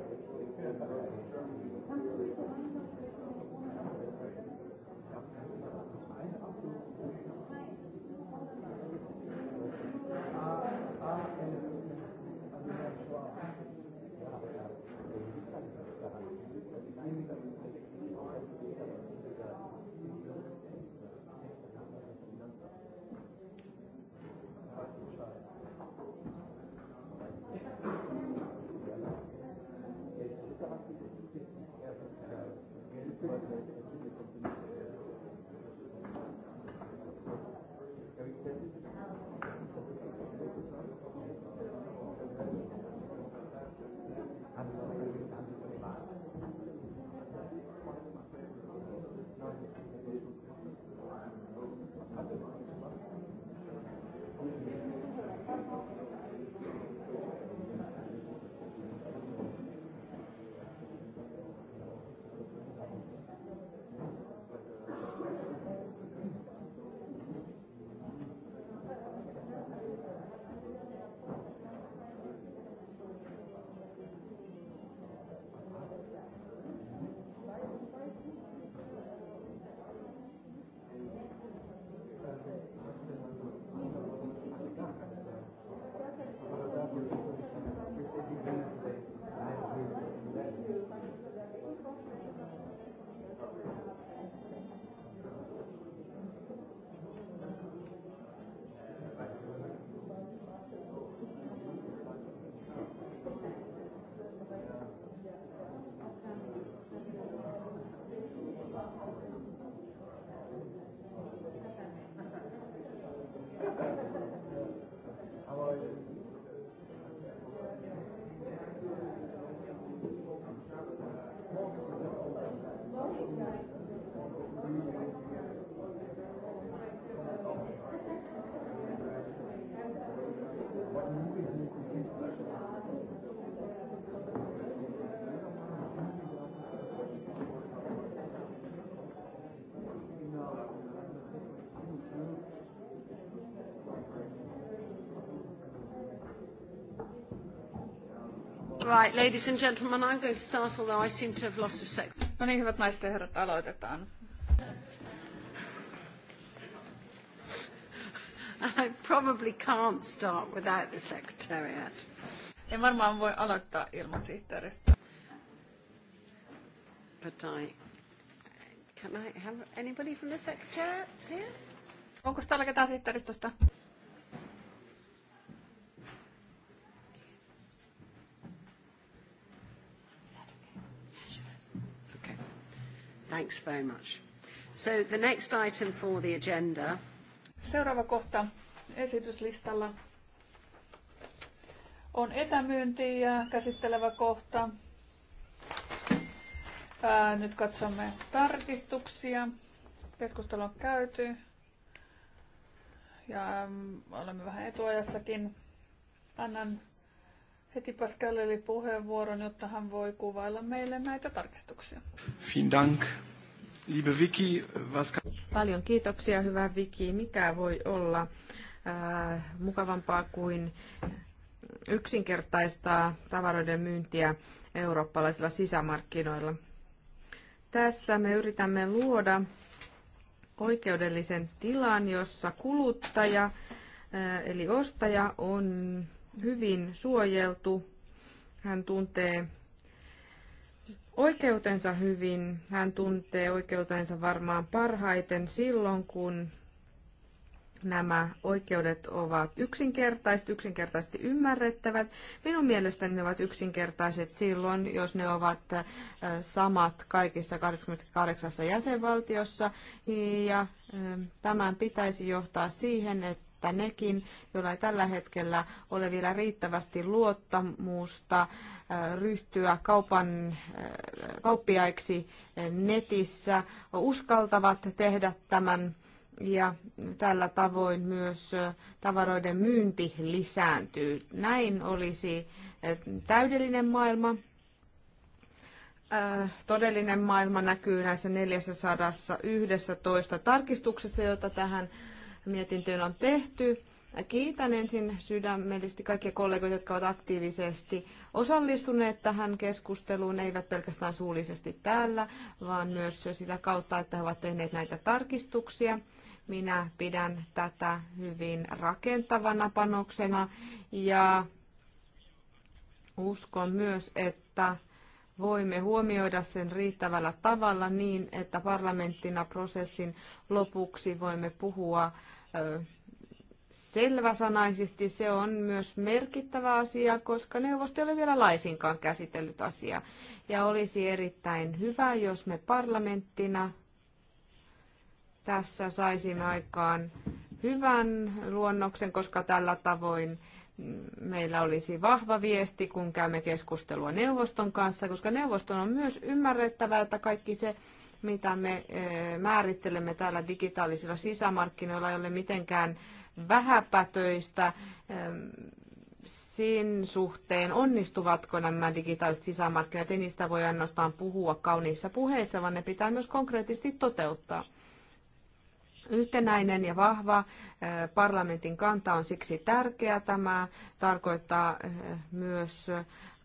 Right, ladies and gentlemen, I'm going to start, although I seem to have lost a sec. No niin, hyvät naiset ja herrat, aloitetaan. I probably can't start without the secretariat. En varmaan voi aloittaa ilman sihteeristä. But I... Can I have anybody from the secretariat here? Onko täällä ketään sihteeristöstä? Thanks very much. So the next item for the agenda. Seuraava kohta esityslistalla on etämyyntiä käsittelevä kohta. Ää, nyt katsomme tarkistuksia. Keskustelu on käyty ja mm, olemme vähän etuajassakin. Annan heti Pascalille puheenvuoron, jotta hän voi kuvailla meille näitä tarkistuksia. Vielen Dank. Liebe Vicky, was... Paljon kiitoksia, hyvä Viki. Mikä voi olla äh, mukavampaa kuin yksinkertaistaa tavaroiden myyntiä eurooppalaisilla sisämarkkinoilla? Tässä me yritämme luoda oikeudellisen tilan, jossa kuluttaja äh, eli ostaja on hyvin suojeltu. Hän tuntee oikeutensa hyvin. Hän tuntee oikeutensa varmaan parhaiten silloin, kun nämä oikeudet ovat yksinkertaiset, yksinkertaisesti ymmärrettävät. Minun mielestäni ne ovat yksinkertaiset silloin, jos ne ovat äh, samat kaikissa 28 jäsenvaltiossa. Ja äh, tämän pitäisi johtaa siihen, että että nekin, joilla ei tällä hetkellä ole vielä riittävästi luottamusta ryhtyä kaupan, kauppiaiksi netissä, uskaltavat tehdä tämän ja tällä tavoin myös tavaroiden myynti lisääntyy. Näin olisi täydellinen maailma. Todellinen maailma näkyy näissä 411 tarkistuksessa, joita tähän mietintöön on tehty. Kiitän ensin sydämellisesti kaikkia kollegoita, jotka ovat aktiivisesti osallistuneet tähän keskusteluun, eivät pelkästään suullisesti täällä, vaan myös sitä kautta, että he ovat tehneet näitä tarkistuksia. Minä pidän tätä hyvin rakentavana panoksena ja uskon myös, että voimme huomioida sen riittävällä tavalla niin, että parlamenttina prosessin lopuksi voimme puhua selväsanaisesti. Se on myös merkittävä asia, koska neuvosto ei ole vielä laisinkaan käsitellyt asiaa. Ja olisi erittäin hyvä, jos me parlamenttina tässä saisimme aikaan hyvän luonnoksen, koska tällä tavoin meillä olisi vahva viesti, kun käymme keskustelua neuvoston kanssa, koska neuvoston on myös ymmärrettävä, että kaikki se, mitä me eh, määrittelemme täällä digitaalisilla sisämarkkinoilla, ei ole mitenkään vähäpätöistä eh, sen suhteen, onnistuvatko nämä digitaaliset sisämarkkinat, ei niistä voi ainoastaan puhua kauniissa puheissa, vaan ne pitää myös konkreettisesti toteuttaa. Yhtenäinen ja vahva eh, parlamentin kanta on siksi tärkeä. Tämä tarkoittaa myös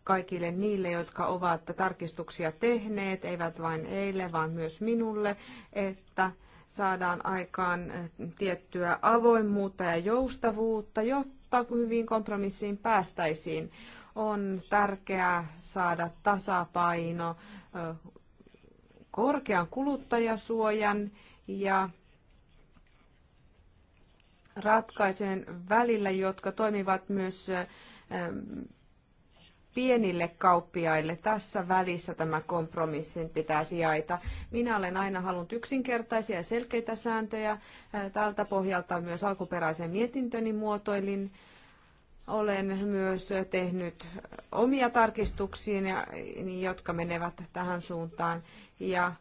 kaikille niille, jotka ovat tarkistuksia tehneet, eivät vain eille, vaan myös minulle, että saadaan aikaan eh, tiettyä avoimuutta ja joustavuutta, jotta hyvin kompromissiin päästäisiin. On tärkeää saada tasapaino eh, korkean kuluttajasuojan ja ratkaisujen välillä, jotka toimivat myös eh, pienille kauppiaille tässä välissä tämä kompromissin pitää sijaita. Minä olen aina halunnut yksinkertaisia ja selkeitä sääntöjä. Tältä pohjalta myös alkuperäisen mietintöni muotoilin. Olen myös tehnyt omia tarkistuksia, jotka menevät tähän suuntaan. Ja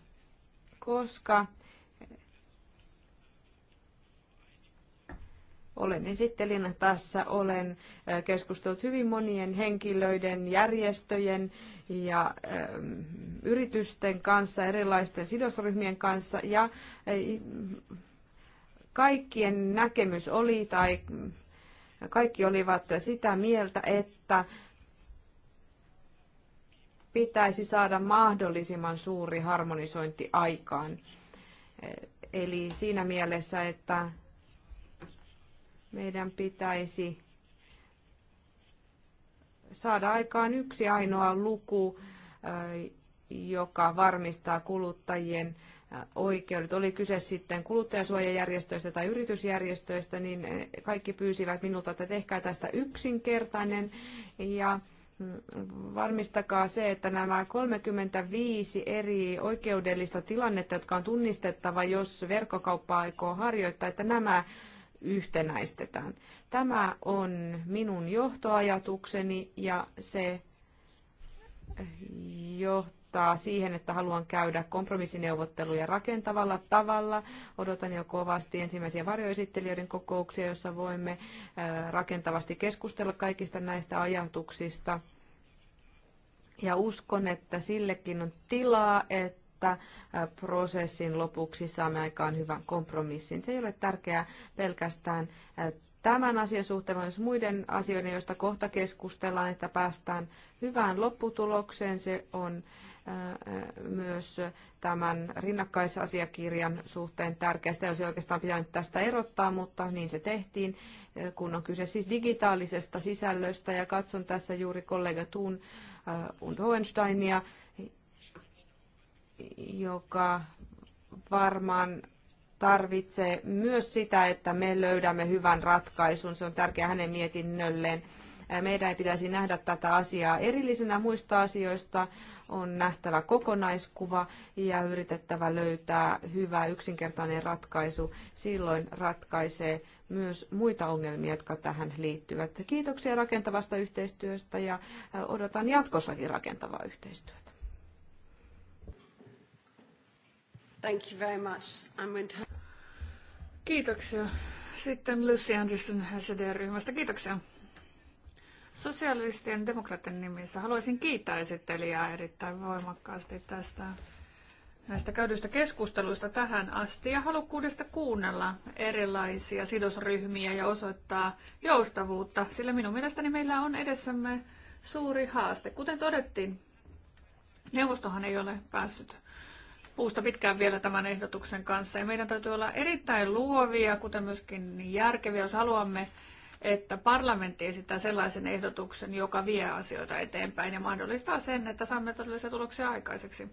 koska Olen esittelijänä tässä, olen keskustellut hyvin monien henkilöiden, järjestöjen ja yritysten kanssa, erilaisten sidosryhmien kanssa ja kaikkien näkemys oli tai kaikki olivat sitä mieltä, että pitäisi saada mahdollisimman suuri harmonisointi aikaan. Eli siinä mielessä, että meidän pitäisi saada aikaan yksi ainoa luku, joka varmistaa kuluttajien oikeudet. Oli kyse sitten kuluttajasuojajärjestöistä tai yritysjärjestöistä, niin kaikki pyysivät minulta, että tehkää tästä yksinkertainen ja mm, varmistakaa se, että nämä 35 eri oikeudellista tilannetta, jotka on tunnistettava, jos verkkokauppa aikoo harjoittaa, että nämä yhtenäistetään. Tämä on minun johtoajatukseni ja se johtaa siihen, että haluan käydä kompromissineuvotteluja rakentavalla tavalla. Odotan jo kovasti ensimmäisiä varjoesittelijöiden kokouksia, joissa voimme rakentavasti keskustella kaikista näistä ajatuksista. Ja uskon, että sillekin on tilaa, että että prosessin lopuksi saamme aikaan hyvän kompromissin. Se ei ole tärkeää pelkästään tämän asian suhteen, vaan myös muiden asioiden, joista kohta keskustellaan, että päästään hyvään lopputulokseen. Se on myös tämän rinnakkaisasiakirjan suhteen tärkeä. Sitä olisi oikeastaan pitänyt tästä erottaa, mutta niin se tehtiin, kun on kyse siis digitaalisesta sisällöstä. Ja katson tässä juuri kollega Thun und Hohensteinia, joka varmaan tarvitsee myös sitä, että me löydämme hyvän ratkaisun. Se on tärkeää hänen mietinnölleen. Meidän ei pitäisi nähdä tätä asiaa erillisenä muista asioista. On nähtävä kokonaiskuva ja yritettävä löytää hyvä yksinkertainen ratkaisu. Silloin ratkaisee myös muita ongelmia, jotka tähän liittyvät. Kiitoksia rakentavasta yhteistyöstä ja odotan jatkossakin rakentavaa yhteistyötä. Thank you very much. I'm going to... Kiitoksia. Sitten Lucy Anderson SED-ryhmästä. Kiitoksia. Sosialistien demokraattien nimissä haluaisin kiittää esittelijää erittäin voimakkaasti tästä näistä käydyistä keskusteluista tähän asti ja halukkuudesta kuunnella erilaisia sidosryhmiä ja osoittaa joustavuutta, sillä minun mielestäni meillä on edessämme suuri haaste. Kuten todettiin, neuvostohan ei ole päässyt puusta pitkään vielä tämän ehdotuksen kanssa. Ja meidän täytyy olla erittäin luovia, kuten myöskin järkeviä, jos haluamme, että parlamentti esittää sellaisen ehdotuksen, joka vie asioita eteenpäin ja mahdollistaa sen, että saamme todellisia tuloksia aikaiseksi.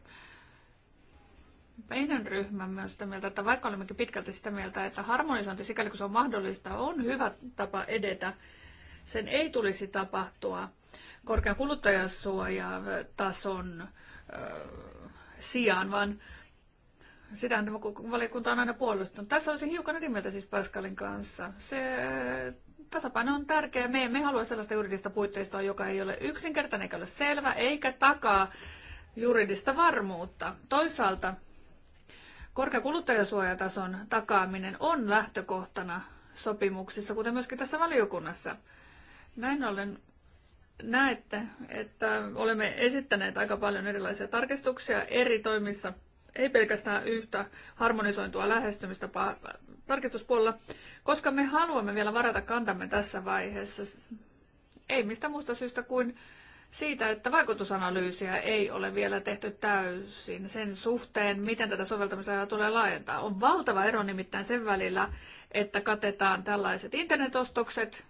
Meidän ryhmämme on sitä mieltä, että vaikka olemmekin pitkälti sitä mieltä, että harmonisointi, sikäli kun se on mahdollista, on hyvä tapa edetä, sen ei tulisi tapahtua korkean kuluttajasuojatason sijaan, vaan sitä tämä valiokunta on aina puolustanut. Tässä olisi hiukan eri mieltä siis Pascalin kanssa. Se eh, tasapaino on tärkeä. Me emme halua sellaista juridista puitteistoa, joka ei ole yksinkertainen, eikä ole selvä, eikä takaa juridista varmuutta. Toisaalta korkea kuluttajasuojatason takaaminen on lähtökohtana sopimuksissa, kuten myöskin tässä valiokunnassa. Näin ollen näette, että olemme esittäneet aika paljon erilaisia tarkistuksia eri toimissa – ei pelkästään yhtä harmonisointua lähestymistä tarkistuspuolella, koska me haluamme vielä varata kantamme tässä vaiheessa. Ei mistä muusta syystä kuin siitä, että vaikutusanalyysiä ei ole vielä tehty täysin sen suhteen, miten tätä soveltamista tulee laajentaa. On valtava ero nimittäin sen välillä, että katetaan tällaiset internetostokset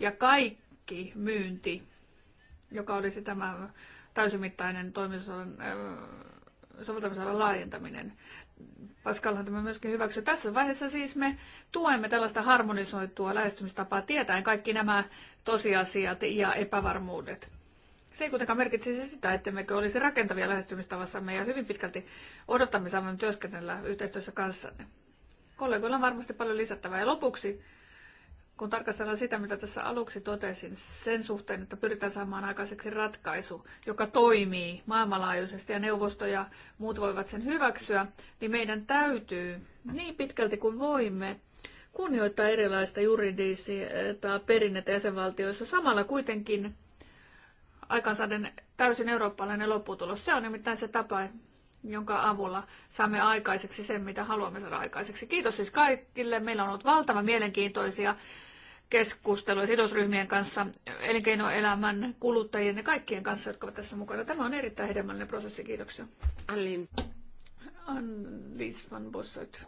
ja kaikki myynti, joka olisi tämä täysimittainen toimistosan soveltamisalan laajentaminen. Pascalhan tämä myöskin hyväksyy Tässä vaiheessa siis me tuemme tällaista harmonisoitua lähestymistapaa tietäen kaikki nämä tosiasiat ja epävarmuudet. Se ei kuitenkaan merkitsisi sitä, ettemmekö olisi rakentavia lähestymistavassamme ja hyvin pitkälti odottamisaamme työskennellä yhteistyössä kanssanne. Kollegoilla on varmasti paljon lisättävää. Ja lopuksi kun tarkastellaan sitä, mitä tässä aluksi totesin, sen suhteen, että pyritään saamaan aikaiseksi ratkaisu, joka toimii maailmanlaajuisesti ja neuvosto ja muut voivat sen hyväksyä, niin meidän täytyy niin pitkälti kuin voimme kunnioittaa erilaista juridista perinnettä jäsenvaltioissa samalla kuitenkin aikansaiden täysin eurooppalainen lopputulos. Se on nimittäin se tapa, jonka avulla saamme aikaiseksi sen, mitä haluamme saada aikaiseksi. Kiitos siis kaikille. Meillä on ollut valtava mielenkiintoisia keskustelua sidosryhmien kanssa, elinkeinoelämän, kuluttajien ja kaikkien kanssa, jotka ovat tässä mukana. Tämä on erittäin hedelmällinen prosessi. Kiitoksia. Alin. van Bossert.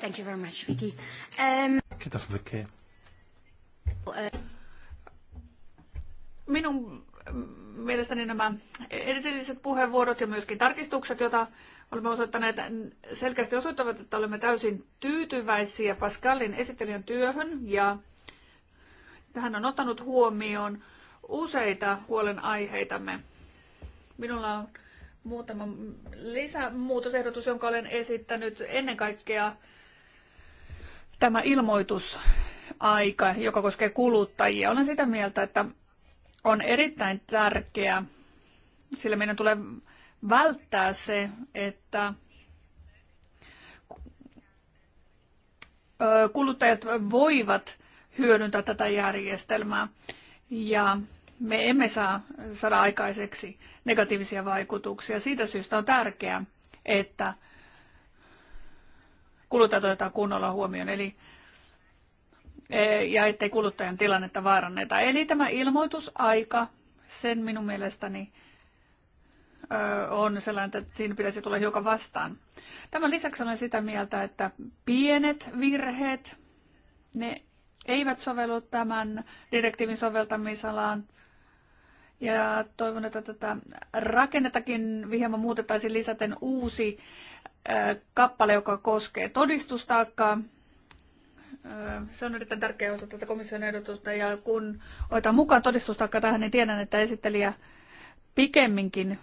Thank you very much, Vicky. Um... Kiitos, Vicky. Uh, minun mielestäni nämä erityiset puheenvuorot ja myöskin tarkistukset, joita olemme osoittaneet, selkeästi osoittavat, että olemme täysin tyytyväisiä Pascalin esittelijän työhön ja hän on ottanut huomioon useita huolenaiheitamme. Minulla on muutama lisämuutosehdotus, jonka olen esittänyt ennen kaikkea tämä ilmoitusaika, joka koskee kuluttajia. Olen sitä mieltä, että on erittäin tärkeää, sillä meidän tulee välttää se, että kuluttajat voivat hyödyntää tätä järjestelmää ja me emme saa saada aikaiseksi negatiivisia vaikutuksia. Siitä syystä on tärkeää, että kuluttajat otetaan kunnolla huomioon eli, e, ja ettei kuluttajan tilannetta vaaranneta. Eli tämä ilmoitusaika, sen minun mielestäni on sellainen, että siinä pitäisi tulla hiukan vastaan. Tämän lisäksi olen sitä mieltä, että pienet virheet, ne eivät sovellu tämän direktiivin soveltamisalaan. Ja toivon, että tätä rakennettakin hieman muutettaisiin lisäten uusi kappale, joka koskee todistustaakkaa. Se on erittäin tärkeä osa tätä komission ehdotusta ja kun otetaan mukaan todistustaakka tähän, niin tiedän, että esittelijä pikemminkin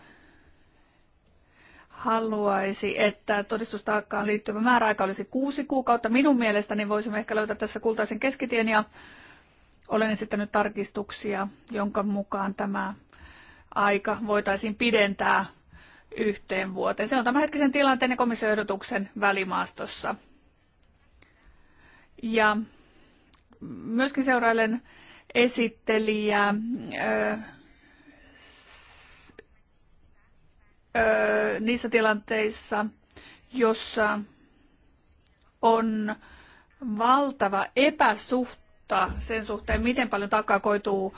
haluaisi, että todistustaakkaan liittyvä määräaika olisi kuusi kuukautta. Minun mielestäni voisimme ehkä löytää tässä kultaisen keskitien ja olen esittänyt tarkistuksia, jonka mukaan tämä aika voitaisiin pidentää yhteen vuoteen. Se on tämänhetkisen tilanteen ja komission ehdotuksen välimaastossa. Ja myöskin seurailen esittelijää niissä tilanteissa, jossa on valtava epäsuhta sen suhteen, miten paljon takaa koituu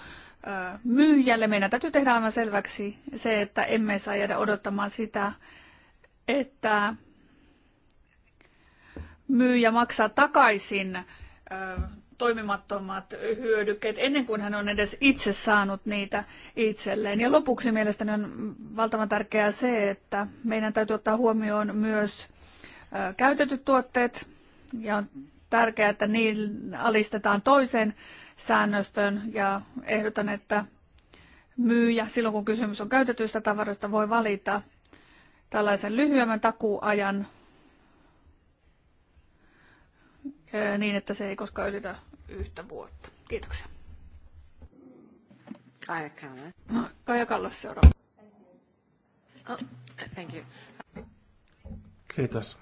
myyjälle. Meidän täytyy tehdä aivan selväksi se, että emme saa jäädä odottamaan sitä, että myyjä maksaa takaisin toimimattomat hyödykkeet ennen kuin hän on edes itse saanut niitä itselleen. Ja lopuksi mielestäni on valtavan tärkeää se, että meidän täytyy ottaa huomioon myös käytetyt tuotteet ja on tärkeää, että niin alistetaan toisen säännöstön ja ehdotan, että myyjä silloin kun kysymys on käytetyistä tavaroista voi valita tällaisen lyhyemmän takuuajan niin, että se ei koskaan ylitä yhtä vuotta. Kiitoksia. Kaija Kallas. No, Kaija Kallas seuraava. Oh, thank you. Kiitos.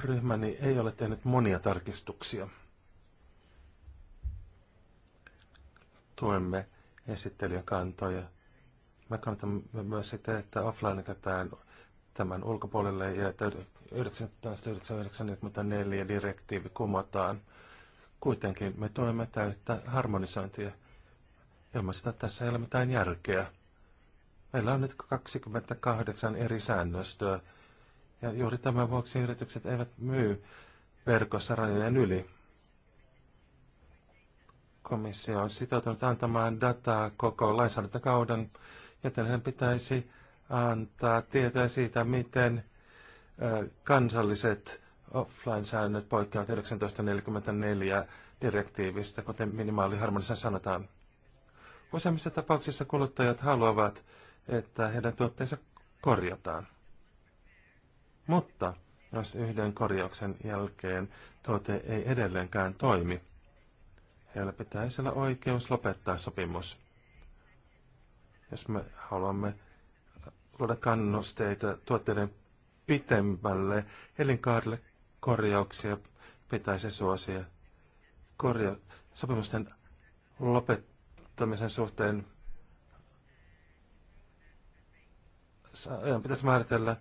Ryhmäni ei ole tehnyt monia tarkistuksia. Tuemme esittelijäkantoja. Me kannatamme myös sitä, että offline tätään tämän ulkopuolelle ja että 1994 direktiivi kumotaan. Kuitenkin me tuemme täyttä harmonisointia. Ilman sitä tässä ei ole mitään järkeä. Meillä on nyt 28 eri säännöstöä, ja juuri tämän vuoksi yritykset eivät myy verkossa rajojen yli. Komissio on sitoutunut antamaan dataa koko lainsäädäntökauden, joten hän pitäisi antaa tietoa siitä, miten kansalliset offline-säännöt poikkeavat 1944 direktiivistä, kuten minimaaliharmonissa sanotaan. Useimmissa tapauksissa kuluttajat haluavat, että heidän tuotteensa korjataan. Mutta jos yhden korjauksen jälkeen tuote ei edelleenkään toimi, heillä pitäisi olla oikeus lopettaa sopimus. Jos me haluamme luoda kannusteita tuotteiden pitemmälle elinkaarelle, korjauksia pitäisi suosia. Korja- sopimusten lopettamisen suhteen pitäisi määritellä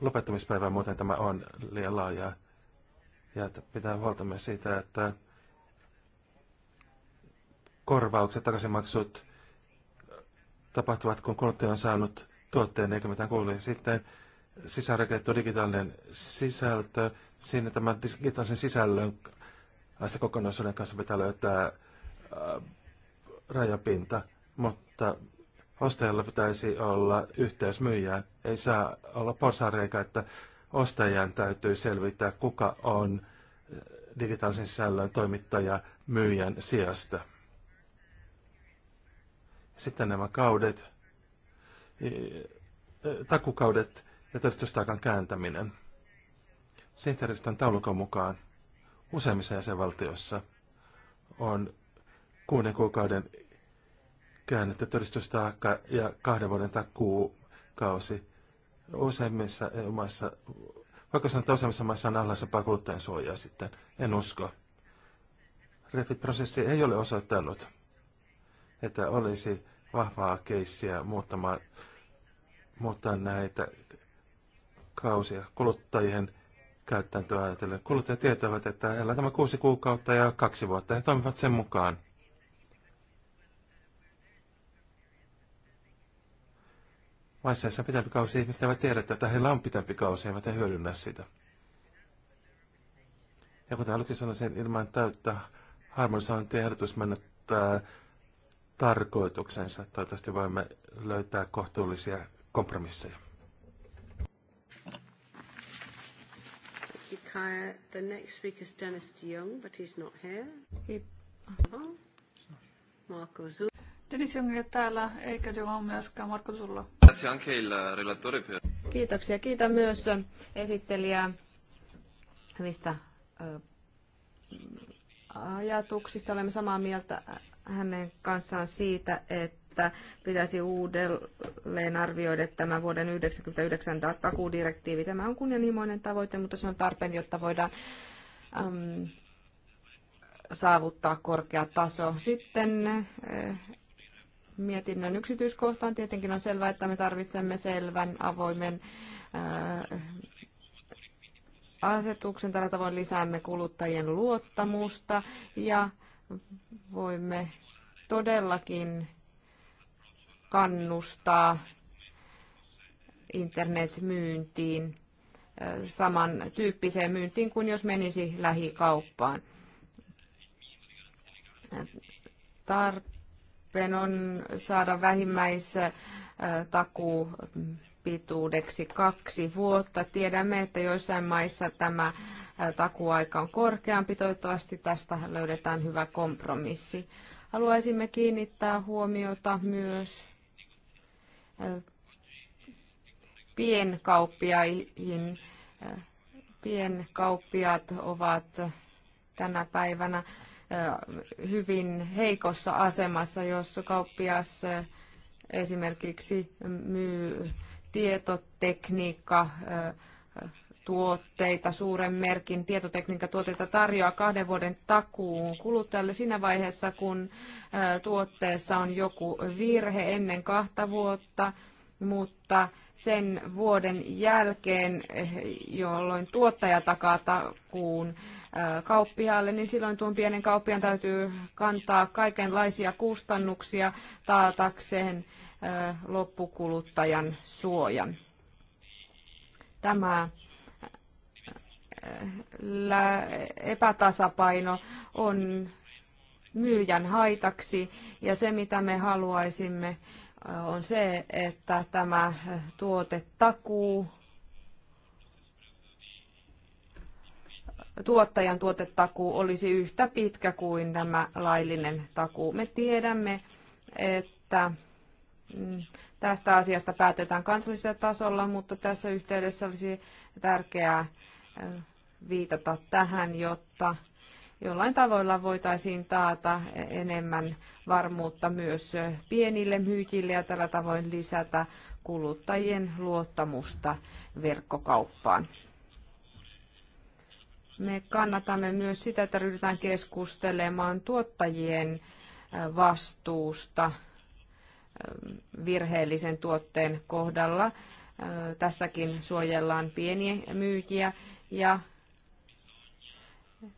lopettamispäivää, muuten tämä on liian laajaa. Ja pitää huolta myös siitä, että korvaukset, takaisinmaksut tapahtuvat, kun kuluttaja on saanut tuotteen eikä mitään kuulu. sitten sisäänrakennettu digitaalinen sisältö. Siinä tämän digitaalisen sisällön kokonaisuuden kanssa pitää löytää ää, äh, rajapinta, mutta ostajalla pitäisi olla yhteys myyjään. Ei saa olla porsareika, että ostajan täytyy selvittää, kuka on äh, digitaalisen sisällön toimittaja myyjän sijasta. Sitten nämä kaudet, äh, takukaudet ja todistustaakan kääntäminen. Sihteeristön taulukon mukaan useimmissa jäsenvaltioissa on kuuden kuukauden käännetty todistustaakka ja kahden vuoden takuukausi. Useimmissa maissa, vaikka sanotaan, että useimmissa maissa on alhaisempaa kuluttajan suojaa sitten, en usko. Refit-prosessi ei ole osoittanut, että olisi vahvaa keissiä muuttamaan, muuttaa näitä kausia kuluttajien käyttäntöä ajatellen. Kuluttajat tietävät, että heillä tämä kuusi kuukautta ja kaksi vuotta. He toimivat sen mukaan. Maissa pitempi kausi ihmiset eivät tiedä, että heillä on pitempi kausi, eivät he hyödynnä sitä. Ja kuten aluksi sanoisin, ilman täyttä harmonisointiehdotus menettää tarkoituksensa. Toivottavasti voimme löytää kohtuullisia kompromisseja. hire. The next speaker is Dennis de Jong, but he's not here. uh Marco Zulu. Dennis Jong ei täällä, eikä Johan myöskään. Marko Zulla. Kiitoksia. Kiitän myös esittelijää hyvistä ajatuksista. Olemme samaa mieltä hänen kanssaan siitä, että että pitäisi uudelleen arvioida tämä vuoden 1999 takuudirektiivi. Tämä on kunnianhimoinen tavoite, mutta se on tarpeen, jotta voidaan äm, saavuttaa korkea taso. Sitten äh, mietinnön yksityiskohtaan tietenkin on selvää, että me tarvitsemme selvän, avoimen äh, asetuksen. Tällä tavoin lisäämme kuluttajien luottamusta ja voimme todellakin kannustaa internetmyyntiin, samantyyppiseen myyntiin kuin jos menisi lähikauppaan. Tarpeen on saada vähimmäistakuu pituudeksi kaksi vuotta. Tiedämme, että joissain maissa tämä takuaika on korkeampi. Toivottavasti tästä löydetään hyvä kompromissi. Haluaisimme kiinnittää huomiota myös pienkauppiaihin. Pienkauppiaat ovat tänä päivänä hyvin heikossa asemassa, jos kauppias esimerkiksi myy tietotekniikka tuotteita, suuren merkin tietotekniikkatuotteita tarjoaa kahden vuoden takuun kuluttajalle siinä vaiheessa, kun tuotteessa on joku virhe ennen kahta vuotta, mutta sen vuoden jälkeen, eh, jolloin tuottaja takaa takuun kauppiaalle, niin silloin tuon pienen kauppian täytyy kantaa kaikenlaisia kustannuksia taatakseen loppukuluttajan suojan. Tämä epätasapaino on myyjän haitaksi ja se mitä me haluaisimme on se, että tämä tuote takuu tuottajan tuotetakuu olisi yhtä pitkä kuin tämä laillinen takuu. Me tiedämme, että mm, tästä asiasta päätetään kansallisella tasolla, mutta tässä yhteydessä olisi tärkeää viitata tähän, jotta jollain tavoilla voitaisiin taata enemmän varmuutta myös pienille myyjille ja tällä tavoin lisätä kuluttajien luottamusta verkkokauppaan. Me kannatamme myös sitä, että ryhdytään keskustelemaan tuottajien vastuusta virheellisen tuotteen kohdalla. Tässäkin suojellaan pieniä myyjiä ja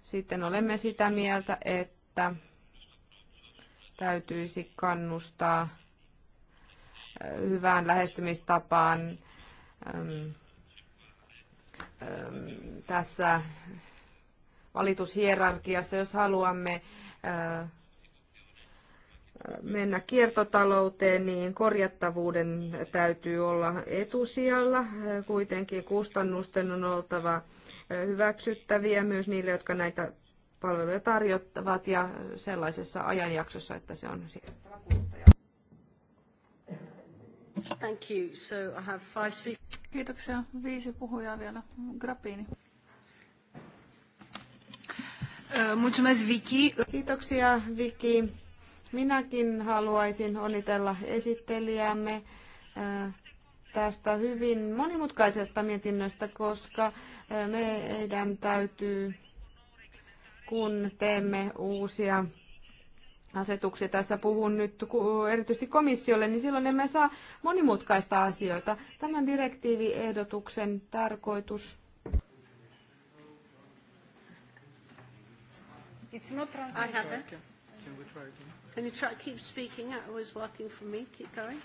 sitten olemme sitä mieltä, että täytyisi kannustaa hyvään lähestymistapaan tässä valitushierarkiassa, jos haluamme mennä kiertotalouteen, niin korjattavuuden täytyy olla etusijalla. Kuitenkin kustannusten on oltava hyväksyttäviä myös niille, jotka näitä palveluja tarjottavat ja sellaisessa ajanjaksossa, että se on siedettävä kuluttaja. Thank you. So I have five speakers. Kiitoksia. Viisi puhujaa vielä. Grappini. Mulțumesc, Viki. Kiitoksia, Viki. Minäkin haluaisin onnitella esittelijämme tästä hyvin monimutkaisesta mietinnöstä, koska eh, meidän täytyy, kun teemme uusia asetuksia, tässä puhun nyt erityisesti komissiolle, niin silloin emme saa monimutkaista asioita. Tämän direktiiviehdotuksen tarkoitus It's not translated. I have it. Can we try again? Can you try? Keep speaking. It was working for me. Keep going.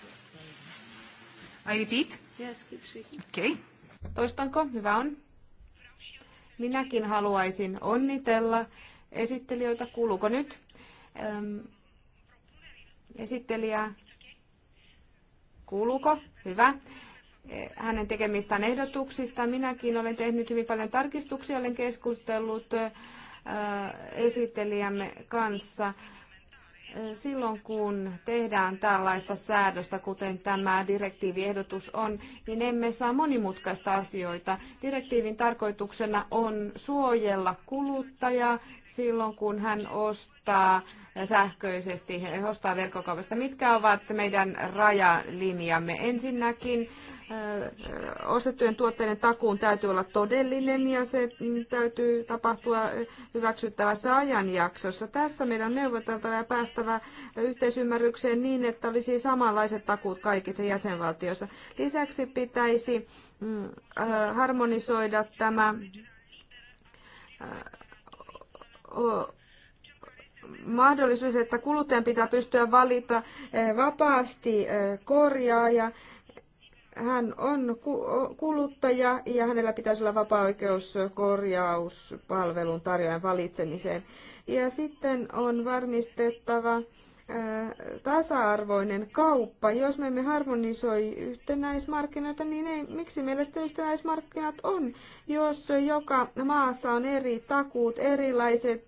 I repeat? Yes, keep speaking. Okay. Toistanko? Hyvä on. Minäkin haluaisin onnitella esittelijöitä. Kuuluuko nyt? esittelijä. Kuuluuko? Hyvä. E, hänen tekemistään ehdotuksista. Minäkin olen tehnyt hyvin paljon tarkistuksia, olen keskustellut esittelijämme kanssa silloin kun tehdään tällaista säädöstä, kuten tämä direktiiviehdotus on, niin emme saa monimutkaista asioita. Direktiivin tarkoituksena on suojella kuluttajaa silloin, kun hän ostaa sähköisesti, ostaa verkkokaupasta. Mitkä ovat meidän rajalinjamme? Ensinnäkin ostettujen tuotteiden takuun täytyy olla todellinen ja se täytyy tapahtua hyväksyttävässä ajanjaksossa. Tässä meidän on neuvoteltava ja päästävä yhteisymmärrykseen niin, että olisi samanlaiset takuut kaikissa jäsenvaltioissa. Lisäksi pitäisi mm, harmonisoida tämä mahdollisuus, että kuluttajan pitää pystyä valita vapaasti korjaaja hän on kuluttaja ja hänellä pitäisi olla vapaa oikeus korjauspalvelun tarjoajan valitsemiseen. Ja sitten on varmistettava tasa-arvoinen kauppa. Jos me emme harmonisoi yhtenäismarkkinoita, niin ei, miksi meillä sitten yhtenäismarkkinat on, jos joka maassa on eri takuut, erilaiset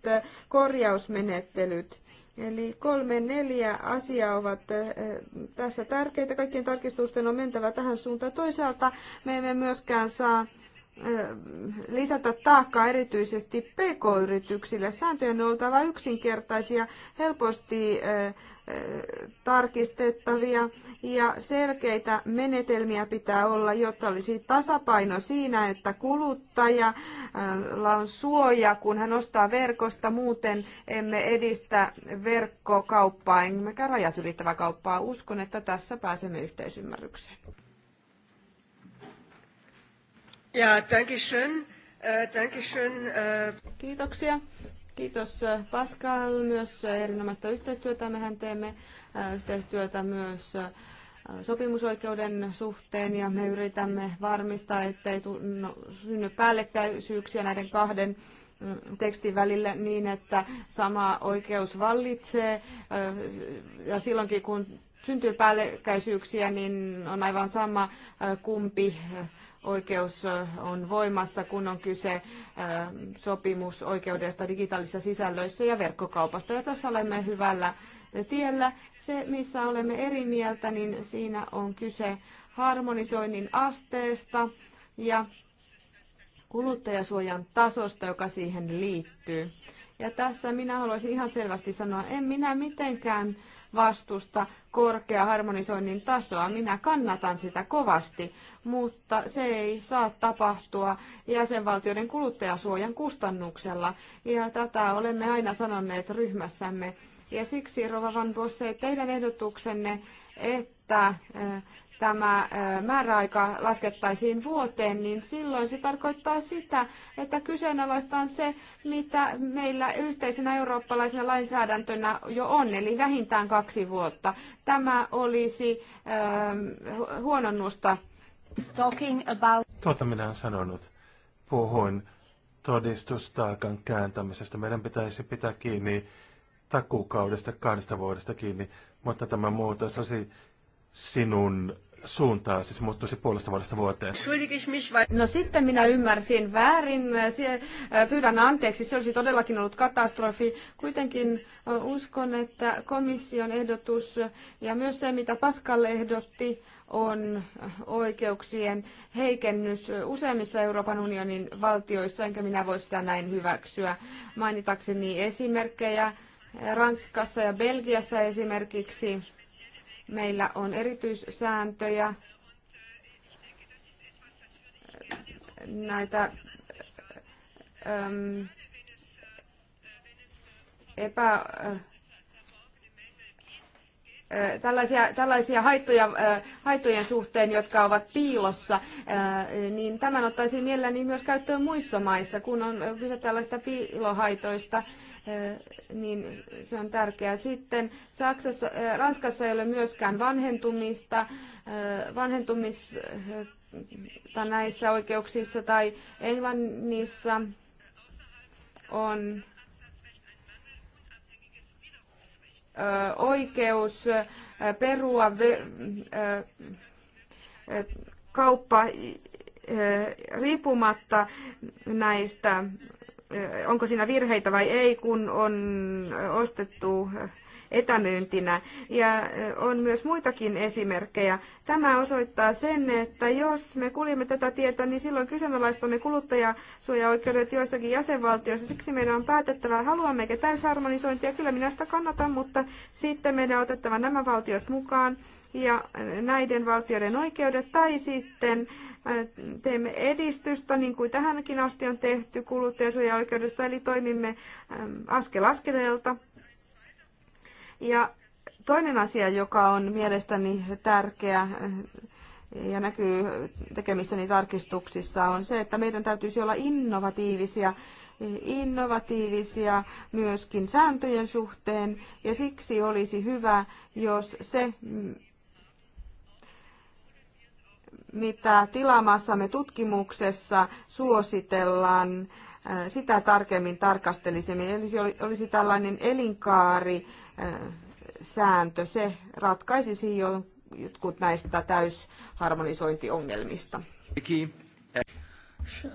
korjausmenettelyt? Eli kolme neljä asiaa ovat eh, tässä tärkeitä. Kaikkien tarkistusten on mentävä tähän suuntaan. Toisaalta me emme myöskään saa lisätä taakkaa erityisesti pk-yrityksille. Sääntöjen on oltava yksinkertaisia, helposti tarkistettavia ja selkeitä menetelmiä pitää olla, jotta olisi tasapaino siinä, että kuluttajalla on suoja, kun hän ostaa verkosta. Muuten emme edistä verkkokauppaa, emmekä rajat ylittävää kauppaa. Uskon, että tässä pääsemme yhteisymmärrykseen. Ja, danke schön. Äh, danke schön. Äh. Kiitoksia. Kiitos äh, Pascal myös erinomaista yhteistyötä. Mehän teemme yhteistyötä myös sopimusoikeuden suhteen ja me yritämme varmistaa, ettei no, synny päällekkäisyyksiä näiden kahden tekstin välillä niin, että sama oikeus vallitsee ja silloinkin kun syntyy päällekkäisyyksiä, niin on aivan sama kumpi oikeus äh, on voimassa, kun on kyse äh, sopimusoikeudesta digitaalisissa sisällöissä ja verkkokaupasta. Ja tässä olemme hyvällä tiellä. Se, missä olemme eri mieltä, niin siinä on kyse harmonisoinnin asteesta ja kuluttajasuojan tasosta, joka siihen liittyy. Ja tässä minä haluaisin ihan selvästi sanoa, en minä mitenkään vastusta korkea harmonisoinnin tasoa. Minä kannatan sitä kovasti, mutta se ei saa tapahtua jäsenvaltioiden kuluttajasuojan kustannuksella. Ja tätä olemme aina sanoneet ryhmässämme. Ja siksi, Rova Van Bosse, teidän ehdotuksenne, että eh, tämä määräaika laskettaisiin vuoteen, niin silloin se tarkoittaa sitä, että kyseenalaistaan se, mitä meillä yhteisenä eurooppalaisena lainsäädäntönä jo on, eli vähintään kaksi vuotta. Tämä olisi äh, huononnusta. about... Tuota minä olen sanonut. Puhuin todistustaakan kääntämisestä. Meidän pitäisi pitää kiinni takuukaudesta kahdesta vuodesta kiinni, mutta tämä muutos olisi sinun suuntaasi, se muuttuisi puolesta vuodesta vuoteen. No sitten minä ymmärsin väärin. Äh, pyydän anteeksi, se olisi todellakin ollut katastrofi. Kuitenkin äh, uskon, että komission ehdotus ja myös se, mitä Pascal ehdotti, on äh, oikeuksien heikennys useimmissa Euroopan unionin valtioissa, enkä minä voi sitä näin hyväksyä. Mainitakseni esimerkkejä Ranskassa ja Belgiassa esimerkiksi Meillä on erityissääntöjä näitä äm, epä... Äh, äh, tällaisia, tällaisia haittoja, äh, haittojen suhteen, jotka ovat piilossa, äh, niin tämän ottaisin mielelläni myös käyttöön muissa maissa, kun on kyse tällaista piilohaitoista niin se on tärkeää. Sitten Saksassa, Ranskassa ei ole myöskään vanhentumista, vanhentumis näissä oikeuksissa tai Englannissa on oikeus perua kauppa riippumatta näistä onko siinä virheitä vai ei, kun on ostettu etämyyntinä. Ja on myös muitakin esimerkkejä. Tämä osoittaa sen, että jos me kuljemme tätä tietä, niin silloin kyseenalaistamme kuluttajasuojaoikeudet joissakin jäsenvaltioissa. Siksi meidän on päätettävä, haluammeko täysharmonisointia. Kyllä minä sitä kannatan, mutta sitten meidän on otettava nämä valtiot mukaan ja näiden valtioiden oikeudet, tai sitten äh, teemme edistystä, niin kuin tähänkin asti on tehty kuluttajasuoja-oikeudesta, eli toimimme ähm, askel askeleelta. Ja toinen asia, joka on mielestäni tärkeä äh, ja näkyy tekemissäni tarkistuksissa, on se, että meidän täytyisi olla innovatiivisia innovatiivisia myöskin sääntöjen suhteen, ja siksi olisi hyvä, jos se, mm, mitä tilaamassamme tutkimuksessa suositellaan, äh, sitä tarkemmin tarkastelisimme. Eli olisi tällainen elinkaari äh, sääntö, se ratkaisisi jo jotkut näistä täysharmonisointiongelmista.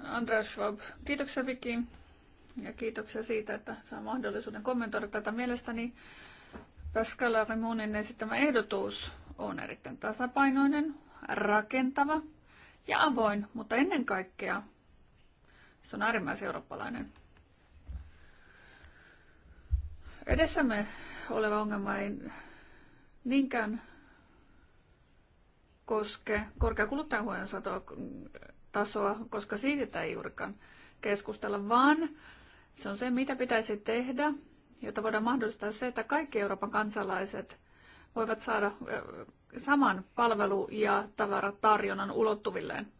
Andreas Schwab, kiitoksia Viki ja kiitoksia siitä, että saa mahdollisuuden kommentoida tätä. Mielestäni Pascal Rimunin esittämä ehdotus on erittäin tasapainoinen, rakentava ja avoin, mutta ennen kaikkea se on äärimmäisen eurooppalainen. Edessämme oleva ongelma ei niinkään koske korkeakuluttajahuojan tasoa, koska siitä ei juurikaan keskustella, vaan se on se, mitä pitäisi tehdä, jotta voidaan mahdollistaa se, että kaikki Euroopan kansalaiset – voivat saada eh, saman palvelu- ja tavaratarjonnan ulottuvilleen.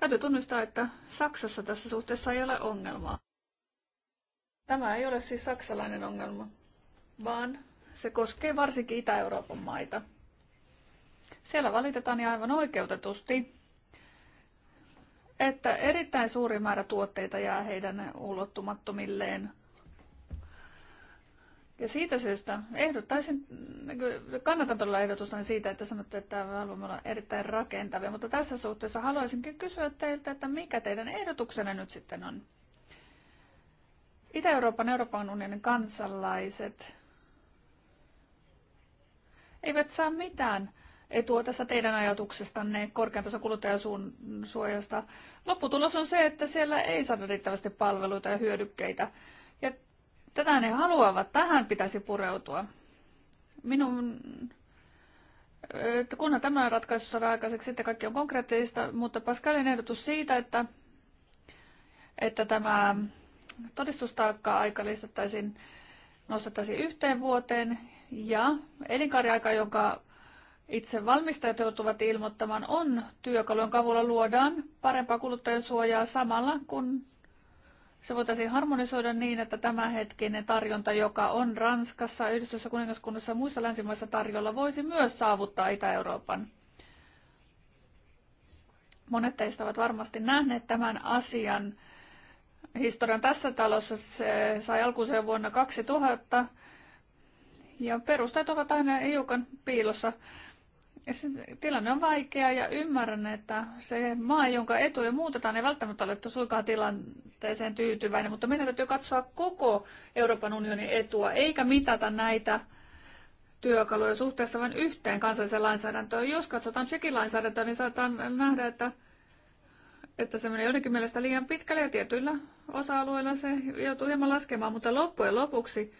Täytyy tunnustaa, että Saksassa tässä suhteessa ei ole ongelmaa. Tämä ei ole siis saksalainen ongelma, vaan se koskee varsinkin Itä-Euroopan maita. Siellä valitetaan ja aivan oikeutetusti, että erittäin suuri määrä tuotteita jää heidän ulottumattomilleen – ja siitä syystä ehdottaisin, niinku, kannatan todella ehdotusta siitä, että sanotte, että haluamme olla erittäin rakentavia, mutta tässä suhteessa haluaisinkin kysyä teiltä, että mikä teidän ehdotuksenne nyt sitten on? Itä-Euroopan Euroopan unionin kansalaiset eivät saa mitään etua tässä teidän ajatuksestanne korkean tason kuluttajasuojasta. Lopputulos on se, että siellä ei saada riittävästi palveluita ja hyödykkeitä Tätä ne haluavat, tähän pitäisi pureutua. Minun, kunhan tämä ratkaisu saadaan aikaiseksi, sitten kaikki on konkreettista, mutta Pascalin ehdotus siitä, että, että tämä todistustaakkaa aika lisättäisiin, nostettaisiin yhteen vuoteen ja elinkaariaika, jonka itse valmistajat joutuvat ilmoittamaan, on työkalu, jonka avulla luodaan parempaa kuluttajansuojaa samalla, kun se voitaisiin harmonisoida niin, että tämänhetkinen tarjonta, joka on Ranskassa, Yhdistyssä kuningaskunnassa ja muissa länsimaissa tarjolla, voisi myös saavuttaa Itä-Euroopan. Monet teistä ovat varmasti nähneet tämän asian. Historian tässä talossa se sai alkuunsa vuonna 2000 ja perusteet ovat aina hiukan piilossa. Se tilanne on vaikea ja ymmärrän, että se maa, jonka etuja muutetaan, ei välttämättä ole suinkaan tilanteeseen tyytyväinen, mutta meidän täytyy katsoa koko Euroopan unionin etua, eikä mitata näitä työkaluja suhteessa vain yhteen kansalliseen lainsäädäntöön. Jos katsotaan tsekin lainsäädäntöä, niin saataan nähdä, että, että se menee joidenkin mielestä liian pitkälle ja tietyillä osa-alueilla se joutuu hieman laskemaan, mutta loppujen lopuksi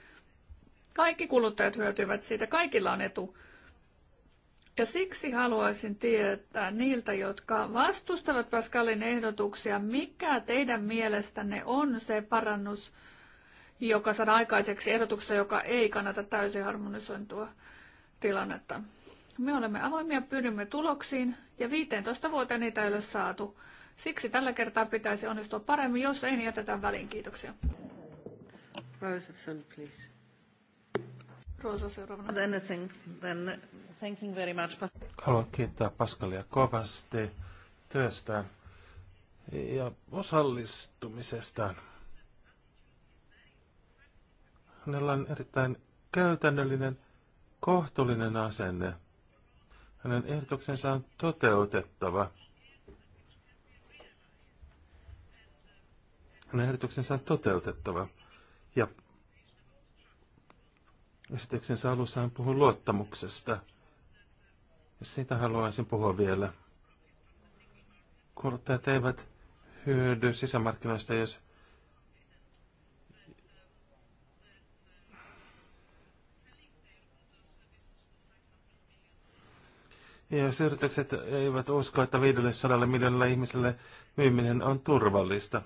kaikki kuluttajat hyötyvät siitä, kaikilla on etu ja siksi haluaisin tietää niiltä, jotka vastustavat Pascalin ehdotuksia, mikä teidän mielestänne on se parannus, joka saa aikaiseksi ehdotuksessa, joka ei kannata täysin harmonisointua tilannetta. Me olemme avoimia, pyrimme tuloksiin ja 15 vuotta niitä ei ole saatu. Siksi tällä kertaa pitäisi onnistua paremmin, jos ei, niin jätetään väliin. Kiitoksia. Rosa, please. Rosa seuraavana. Anything, then Thanking very much. Haluan kiittää Paskalia kovasti työstään ja osallistumisestaan. Hänellä on erittäin käytännöllinen, kohtuullinen asenne. Hänen ehdotuksensa on toteutettava. Hänen ehdotuksensa on toteutettava. Ja esityksensä alussa hän puhui luottamuksesta – siitä haluaisin puhua vielä. Kuluttajat eivät hyödy sisämarkkinoista, jos Ja jos yritykset eivät usko, että 500 miljoonalla ihmiselle myyminen on turvallista,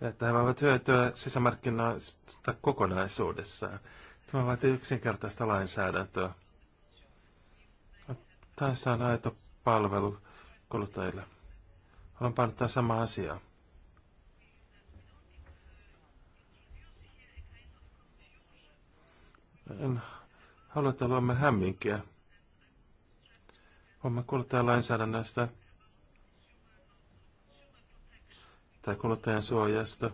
että he voivat hyötyä sisämarkkinoista kokonaisuudessaan. Tämä vaatii yksinkertaista lainsäädäntöä. Tässä on aito palvelu kuluttajille. Haluan painottaa sama asiaa. En halua, että luomme hämminkiä. Voimme kuluttaa lainsäädännöstä tai kuluttajan suojasta.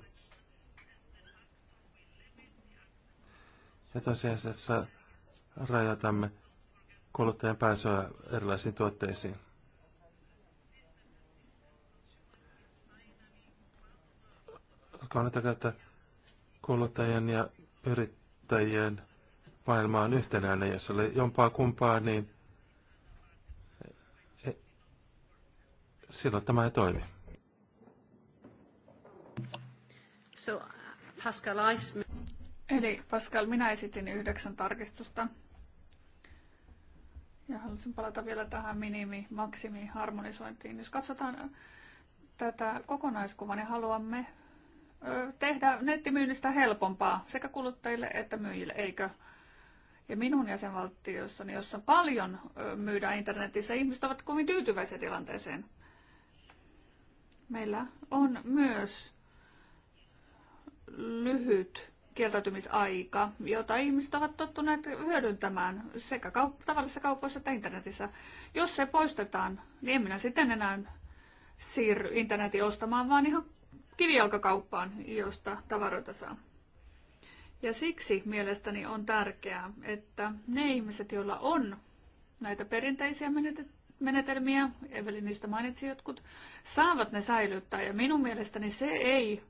Ja tosiasiassa rajoitamme kuluttajan pääsyä erilaisiin tuotteisiin. Kannattaa että kuluttajien ja yrittäjien maailma on yhtenäinen. Jos oli jompaa kumpaa, niin e- silloin tämä ei toimi. So, Pascal Eli Pascal, minä esitin yhdeksän tarkistusta. Ja haluaisin palata vielä tähän minimi-maksimi-harmonisointiin. Jos katsotaan äh, tätä kokonaiskuvaa, niin haluamme äh, tehdä nettimyynnistä helpompaa sekä kuluttajille että myyjille, eikö? Ja minun jäsenvaltiossani, jossa paljon äh, myydään internetissä, ihmiset ovat kovin tyytyväisiä tilanteeseen. Meillä on myös lyhyt kieltäytymisaika, jota ihmiset ovat tottuneet hyödyntämään sekä kaup- tavallisissa kaupoissa että internetissä. Jos se poistetaan, niin en minä sitten enää siirry internetin ostamaan, vaan ihan kivijalkakauppaan, josta tavaroita saa. Ja siksi mielestäni on tärkeää, että ne ihmiset, joilla on näitä perinteisiä menetelmiä, Evelinistä mainitsi jotkut, saavat ne säilyttää. Ja minun mielestäni se ei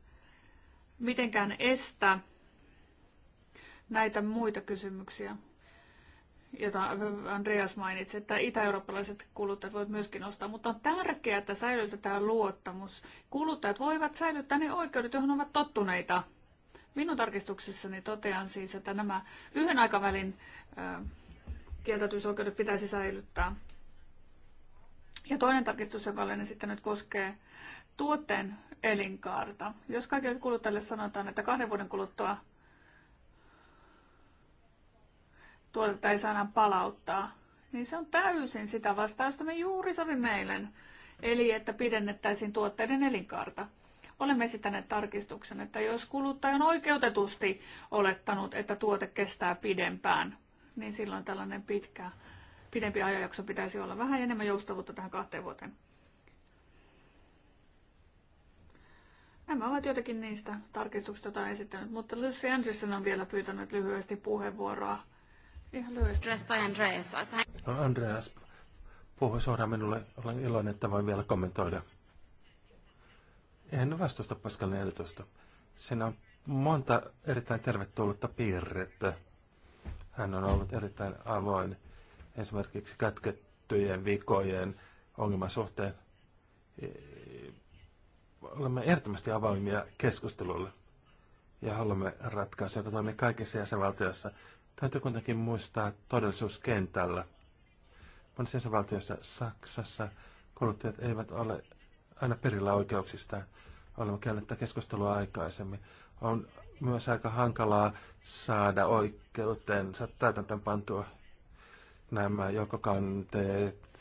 mitenkään estä näitä muita kysymyksiä, joita Andreas mainitsi, että itä-eurooppalaiset kuluttajat voivat myöskin ostaa, mutta on tärkeää, että säilytetään luottamus. Kuluttajat voivat säilyttää ne oikeudet, joihin ovat tottuneita. Minun tarkistuksissani totean siis, että nämä lyhyen aikavälin kieltäytymisoikeudet pitäisi säilyttää. Ja toinen tarkistus, joka olen esittänyt, koskee tuotteen elinkaarta. Jos kaikille kuluttajille sanotaan, että kahden vuoden kuluttua tuotetta ei saada palauttaa, niin se on täysin sitä vastausta me juuri sovimme eilen. Eli että pidennettäisiin tuotteiden elinkaarta. Olemme esittäneet tarkistuksen, että jos kuluttaja on oikeutetusti olettanut, että tuote kestää pidempään, niin silloin tällainen pitkä, pidempi ajanjakso pitäisi olla vähän enemmän joustavuutta tähän kahteen vuoteen. Nämä ovat jotakin niistä tarkistuksista, joita olen esittänyt, mutta Lucy Anderson on vielä pyytänyt lyhyesti puheenvuoroa. Andreas by Andreas. No, Andreas puhui suoraan minulle. Olen iloinen, että voin vielä kommentoida. En vastusta Pascal 14. Siinä on monta erittäin tervetullutta piirrettä. Hän on ollut erittäin avoin esimerkiksi kätkettyjen vikojen ongelman suhteen. E, olemme ehdottomasti avoimia keskustelulle ja haluamme ratkaisuja, joka toimii kaikissa jäsenvaltioissa Täytyy kuitenkin muistaa todellisuus kentällä. Monissa valtioissa Saksassa kuluttajat eivät ole aina perillä oikeuksista, Olemme käyneet tätä keskustelua aikaisemmin. On myös aika hankalaa saada oikeutensa täytäntöön pantua nämä joukkokanteet.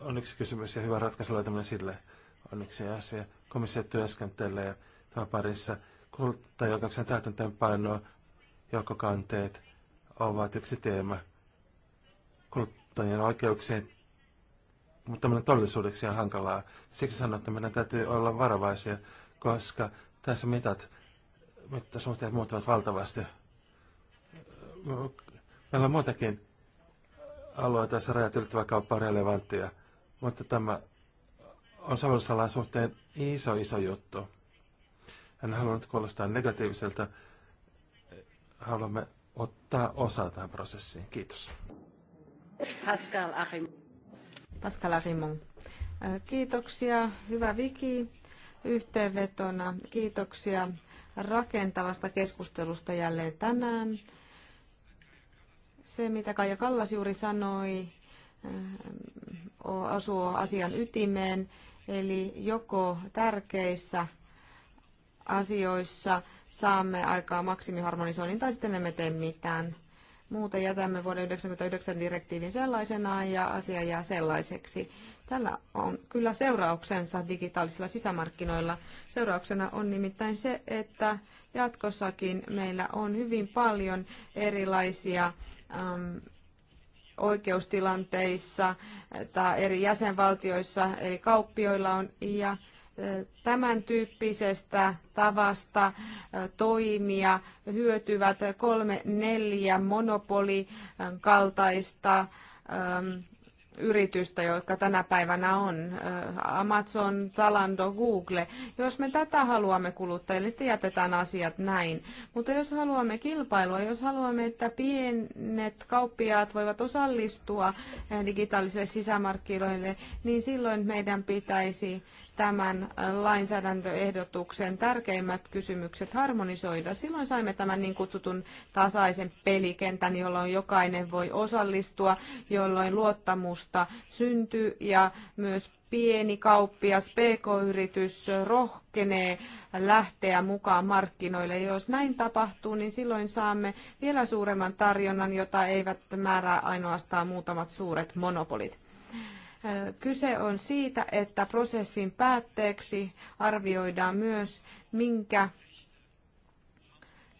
On yksi kysymys ja hyvä ratkaisu löytäminen sille on yksi asia. Komissio työskentelee tämän parissa kuluttajoikeuksien täytäntöönpanoa jakokanteet ovat yksi teema kuluttajien oikeuksien, mutta tämmöinen todellisuudeksi on hankalaa. Siksi sanon, että meidän täytyy olla varovaisia, koska tässä mitat, mittasuhteet muuttuvat valtavasti. Meillä on muitakin alueita, joissa rajat ylittävä kauppa on relevanttia, mutta tämä on sovellusalan suhteen iso, iso juttu. En halunnut kuulostaa negatiiviselta, haluamme ottaa osaa tähän prosessiin. Kiitos. Pascal Arimon. Pascal Arimon. Äh, kiitoksia. Hyvä Viki. Yhteenvetona kiitoksia rakentavasta keskustelusta jälleen tänään. Se, mitä Kaija Kallas juuri sanoi, äh, asuu asian ytimeen, eli joko tärkeissä asioissa – saamme aikaa maksimiharmonisoinnin tai sitten emme tee mitään. Muuten jätämme vuoden 1999 direktiivin sellaisenaan ja asia jää sellaiseksi. Tällä on kyllä seurauksensa digitaalisilla sisämarkkinoilla. Seurauksena on nimittäin se, että jatkossakin meillä on hyvin paljon erilaisia äm, oikeustilanteissa tai eri jäsenvaltioissa, eli kauppioilla on ja tämän tyyppisestä tavasta toimia hyötyvät kolme neljä monopoli kaltaista yritystä, jotka tänä päivänä on, Amazon, Zalando, Google. Jos me tätä haluamme kuluttajille, niin sitten jätetään asiat näin. Mutta jos haluamme kilpailua, jos haluamme, että pienet kauppiaat voivat osallistua eh, digitaalisille sisämarkkinoille, niin silloin meidän pitäisi tämän lainsäädäntöehdotuksen tärkeimmät kysymykset harmonisoida. Silloin saimme tämän niin kutsutun tasaisen pelikentän, jolloin jokainen voi osallistua, jolloin luottamusta syntyy ja myös pieni kauppias, pk-yritys rohkenee lähteä mukaan markkinoille. Jos näin tapahtuu, niin silloin saamme vielä suuremman tarjonnan, jota eivät määrää ainoastaan muutamat suuret monopolit. Kyse on siitä, että prosessin päätteeksi arvioidaan myös, minkä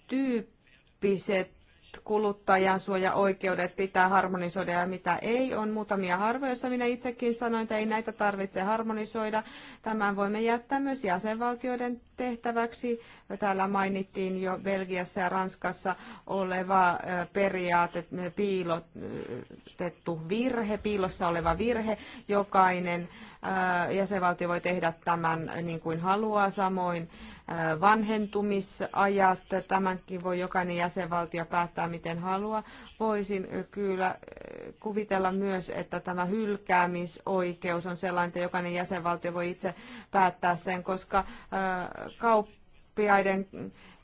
tyyppiset kuluttajansuojaoikeudet pitää harmonisoida ja mitä ei. On muutamia harvoja, joissa minä itsekin sanoin, että ei näitä tarvitse harmonisoida. Tämän voimme jättää myös jäsenvaltioiden tehtäväksi. Täällä mainittiin jo Belgiassa ja Ranskassa oleva periaate, piilotettu virhe, piilossa oleva virhe. Jokainen jäsenvaltio voi tehdä tämän niin kuin haluaa samoin vanhentumisajat. Tämänkin voi jokainen jäsenvaltio päättää miten haluaa. Voisin kyllä kuvitella myös, että tämä hylkäämisoikeus on sellainen, että jokainen jäsenvaltio voi itse päättää sen, koska kauppa kauppiaiden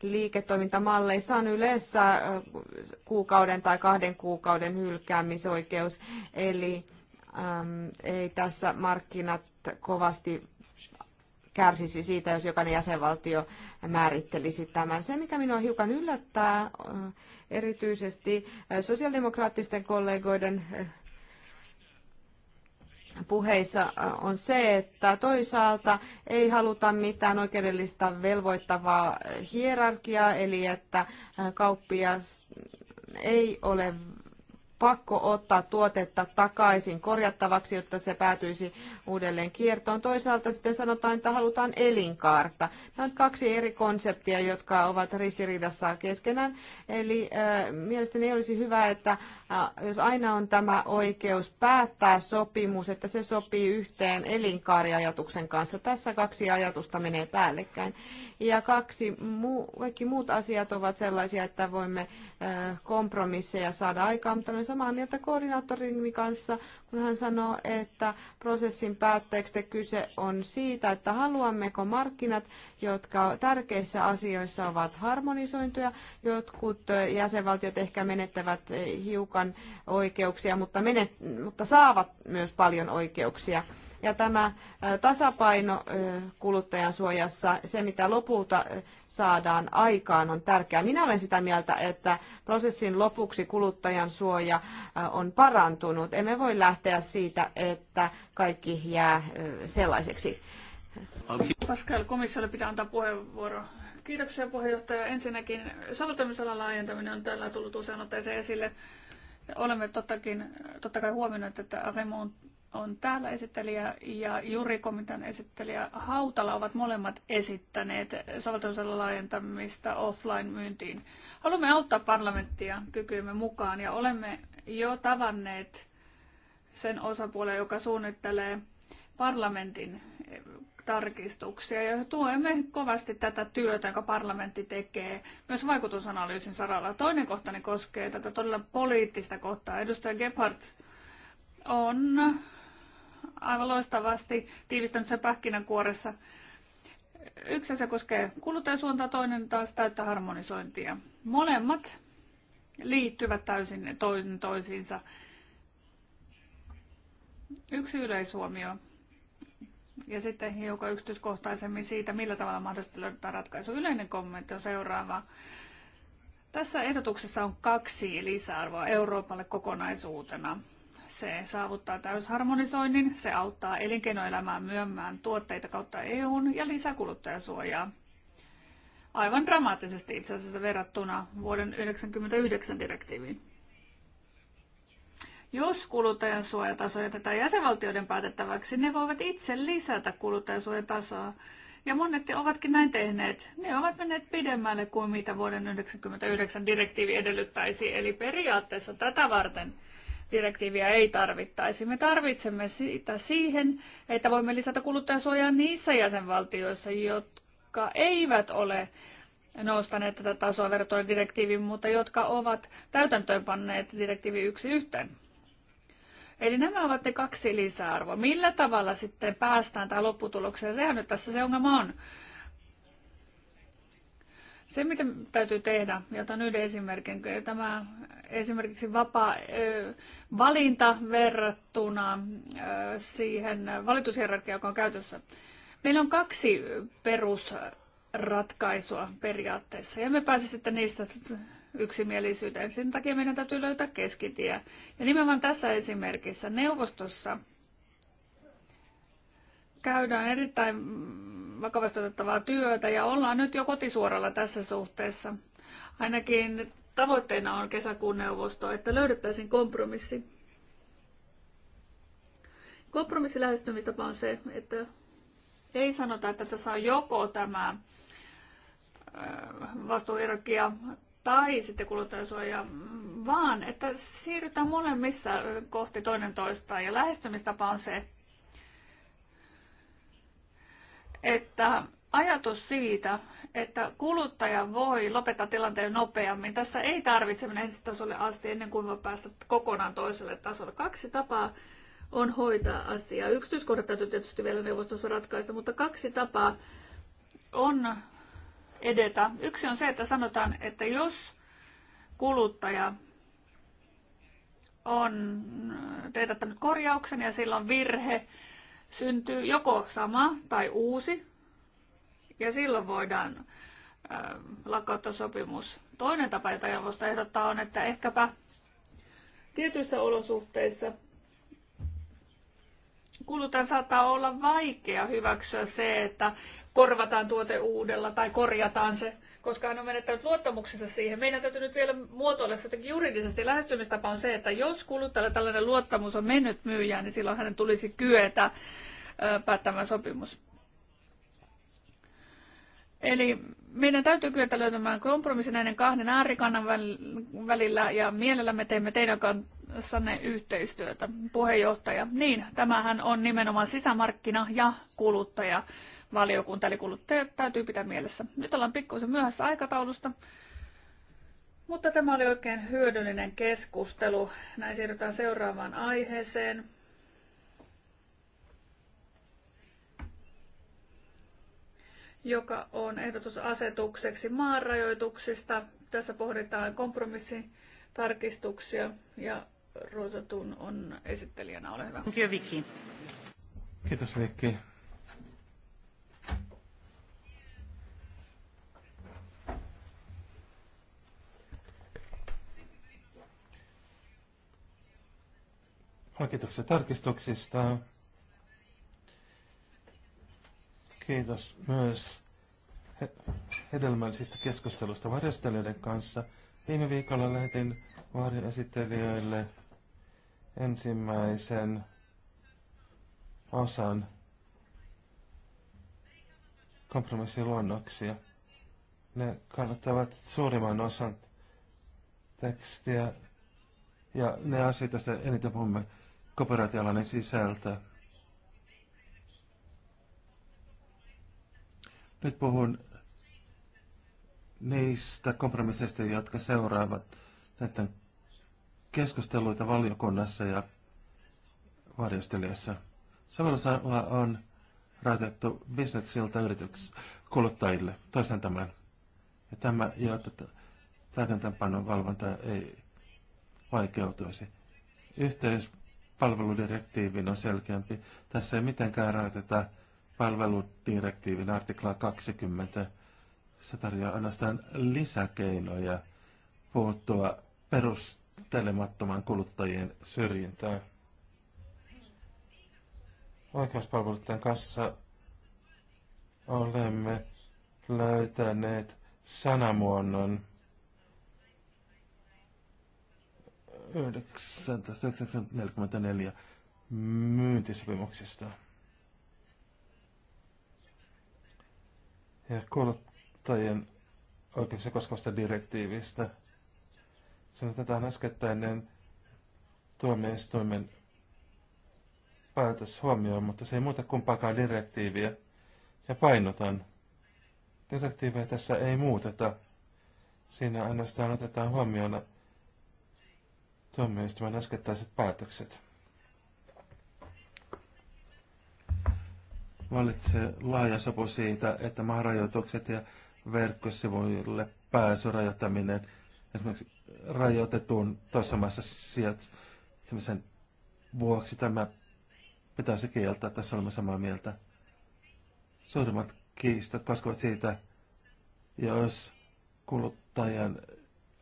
liiketoimintamalleissa on yleensä kuukauden tai kahden kuukauden hylkäämisoikeus, eli äm, ei tässä markkinat kovasti kärsisi siitä, jos jokainen jäsenvaltio määrittelisi tämän. Se, mikä minua hiukan yllättää, erityisesti sosiaalidemokraattisten kollegoiden puheissa on se, että toisaalta ei haluta mitään oikeudellista velvoittavaa hierarkiaa, eli että kauppias ei ole pakko ottaa tuotetta takaisin korjattavaksi, jotta se päätyisi uudelleen kiertoon. Toisaalta sitten sanotaan, että halutaan elinkaarta. Nämä ovat kaksi eri konseptia, jotka ovat ristiriidassa keskenään. Eli äh, mielestäni olisi hyvä, että äh, jos aina on tämä oikeus päättää sopimus, että se sopii yhteen elinkaariajatuksen kanssa. Tässä kaksi ajatusta menee päällekkäin. Ja kaksi, mu- kaikki muut asiat ovat sellaisia, että voimme äh, kompromisseja saada aikaan, mutta samaa mieltä koordinaattorin kanssa, kun hän sanoo, että prosessin päätteeksi kyse on siitä, että haluammeko markkinat, jotka tärkeissä asioissa ovat harmonisointuja. Jotkut jäsenvaltiot ehkä menettävät hiukan oikeuksia, mutta, menet, mutta saavat myös paljon oikeuksia ja tämä äh, tasapaino äh, kuluttajan suojassa, se mitä lopulta äh, saadaan aikaan, on tärkeää. Minä olen sitä mieltä, että prosessin lopuksi kuluttajan suoja on parantunut. Emme voi lähteä siitä, että kaikki jää sellaiseksi. Pascal, komissiolle pitää antaa puheenvuoro. Kiitoksia puheenjohtaja. Ensinnäkin soveltamisalan laajentaminen on täällä tullut usein otteeseen esille. Olemme tottakin, totta kai huomioineet, että Remon on täällä esittelijä ja jurikomitean esittelijä Hautala ovat molemmat esittäneet soveltamisalan laajentamista offline-myyntiin. Haluamme auttaa parlamenttia kykyymme mukaan ja olemme jo tavanneet sen osapuolen, joka suunnittelee parlamentin tarkistuksia ja tuemme kovasti tätä työtä, jonka parlamentti tekee myös vaikutusanalyysin saralla. Toinen kohtani koskee tätä todella poliittista kohtaa. Edustaja Gebhardt on aivan loistavasti tiivistänyt sen pähkinänkuoressa. Yksi asia koskee kuluttajasuuntaa, toinen taas täyttä harmonisointia. Molemmat liittyvät täysin toinen toisiinsa. Yksi yleishuomio ja sitten hiukan yksityiskohtaisemmin siitä, millä tavalla mahdollisesti löydetään ratkaisu. Yleinen kommentti on seuraava. Tässä ehdotuksessa on kaksi lisäarvoa Euroopalle kokonaisuutena. Se saavuttaa täysharmonisoinnin, se auttaa elinkeinoelämää myymään tuotteita kautta EUn ja lisää kuluttajasuojaa. Aivan dramaattisesti itse asiassa verrattuna vuoden 1999 direktiiviin. Jos kuluttajansuojataso jätetään jäsenvaltioiden päätettäväksi, ne voivat itse lisätä kuluttajansuojatasoa. Ja monet ovatkin näin tehneet. Ne ovat menneet pidemmälle kuin mitä vuoden 1999 direktiivi edellyttäisi. Eli periaatteessa tätä varten direktiiviä ei tarvittaisi. Me tarvitsemme sitä siihen, että voimme lisätä kuluttajasuojaa niissä jäsenvaltioissa, jotka eivät ole noustaneet tätä tasoa verrattuna direktiiviin, mutta jotka ovat täytäntöönpanneet direktiivi yksi yhteen. Eli nämä ovat ne kaksi lisäarvoa. Millä tavalla sitten päästään tähän lopputulokseen? Sehän nyt tässä se ongelma on. Se, mitä täytyy tehdä, ja otan yhden esimerkin, tämä esimerkiksi vapaa valinta verrattuna siihen valitusjärjestelmään, joka on käytössä. Meillä on kaksi perusratkaisua periaatteessa, ja me pääsemme sitten niistä yksimielisyyteen. Sen takia meidän täytyy löytää keskitie. Ja nimenomaan tässä esimerkissä neuvostossa käydään erittäin vakavasti otettavaa työtä ja ollaan nyt jo kotisuoralla tässä suhteessa. Ainakin tavoitteena on kesäkuun neuvosto, että löydettäisiin kompromissi. Kompromissilähestymistapa on se, että ei sanota, että tässä on joko tämä äh, vastuuhierarkia tai sitten kuluttajasuoja, vaan että siirrytään molemmissa kohti toinen toistaan. Ja lähestymistapa on se, että ajatus siitä, että kuluttaja voi lopettaa tilanteen nopeammin. Tässä ei tarvitse mennä tasolle asti ennen kuin voi päästä kokonaan toiselle tasolle. Kaksi tapaa on hoitaa asiaa. Yksityiskohdat täytyy tietysti vielä neuvostossa ratkaista, mutta kaksi tapaa on edetä. Yksi on se, että sanotaan, että jos kuluttaja on teetättänyt korjauksen ja sillä on virhe, syntyy joko sama tai uusi, ja silloin voidaan äh, lakkauttaa sopimus. Toinen tapa, jota neuvosto ehdottaa, on, että ehkäpä tietyissä olosuhteissa kulutan saattaa olla vaikea hyväksyä se, että korvataan tuote uudella tai korjataan se koska hän on menettänyt luottamuksensa siihen. Meidän täytyy nyt vielä muotoilla se jotenkin juridisesti. Lähestymistapa on se, että jos kuluttajalle tällainen luottamus on mennyt myyjään, niin silloin hänen tulisi kyetä päättämään sopimus. Eli meidän täytyy kyetä löytämään kompromissi näiden kahden äärikannan välillä ja mielellämme teemme teidän kanssanne yhteistyötä, puheenjohtaja. Niin, tämähän on nimenomaan sisämarkkina ja kuluttaja valiokunta, eli kuluttajat täytyy pitää mielessä. Nyt ollaan pikkuisen myöhässä aikataulusta, mutta tämä oli oikein hyödyllinen keskustelu. Näin siirrytään seuraavaan aiheeseen. joka on ehdotus asetukseksi maanrajoituksista. Tässä pohditaan kompromissitarkistuksia ja Rosatun on esittelijänä, ole hyvä. Kiitos Vicky. Kiitos Vicky. Paljon kiitoksia tarkistuksista. Kiitos myös hedelmällisistä keskustelusta varjostelijoiden kanssa. Viime viikolla lähetin varjoesittelijöille ensimmäisen osan kompromissiluonnoksia. Ne kannattavat suurimman osan tekstiä ja ne asiat, joista eniten puhumme, kooperaatioalainen sisältö. Nyt puhun niistä kompromisseista, jotka seuraavat näiden keskusteluita valiokunnassa ja varjostelijassa. Sovellusala on rajoitettu bisneksiltä yrityks kuluttajille. Toistan tämän. Ja tämä, jotta täytäntöönpanon valvonta ei vaikeutuisi. Yhteys palveludirektiivin on selkeämpi. Tässä ei mitenkään rajoiteta palveludirektiivin artiklaa 20. Se tarjoaa ainoastaan lisäkeinoja puuttua perustelemattoman kuluttajien syrjintään. Oikeuspalveluiden kanssa olemme löytäneet sanamuonnon 1944 myyntisopimuksista. Ja kuluttajien oikeuksia koskevasta direktiivistä. Sanotaan tähän äskettäinen tuomioistuimen päätös huomioon, mutta se ei muuta kumpaakaan direktiiviä. Ja painotan, direktiivejä tässä ei muuteta. Siinä ainoastaan otetaan huomioon tuomioistuimen äskettäiset päätökset. valitse laaja sopu siitä, että maharajoitukset ja verkkosivuille pääsyrajoittaminen esimerkiksi rajoitetun tuossa maassa sijaitsemisen vuoksi tämä pitäisi kieltää. Tässä olemme samaa mieltä. Suurimmat kiistat koskevat siitä, jos kuluttajan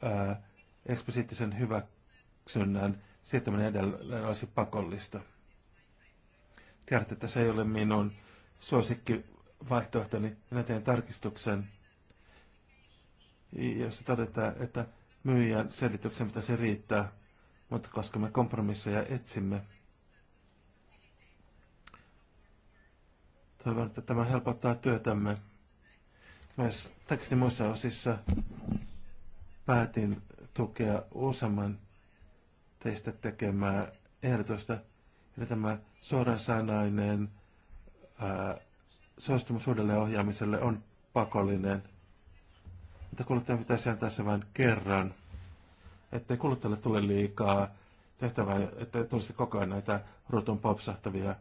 ää, eksplisiittisen hyvä hyväksynnän siirtäminen edelleen olisi pakollista. Tiedätte, että se ei ole minun suosikkivaihtoehtoni. Minä teen tarkistuksen, jossa todetaan, että myyjän selityksen pitäisi riittää, mutta koska me kompromisseja etsimme, toivon, että tämä helpottaa työtämme. Myös tekstin muissa osissa päätin tukea useamman teistä tekemää ehdotusta, eli tämä suorasanainen suostumus uudelleen ohjaamiselle on pakollinen. Mutta kuluttaja pitäisi antaa se vain kerran, ettei kuluttajalle tule liikaa tehtävää, että tulisi koko ajan näitä ruutun popsahtavia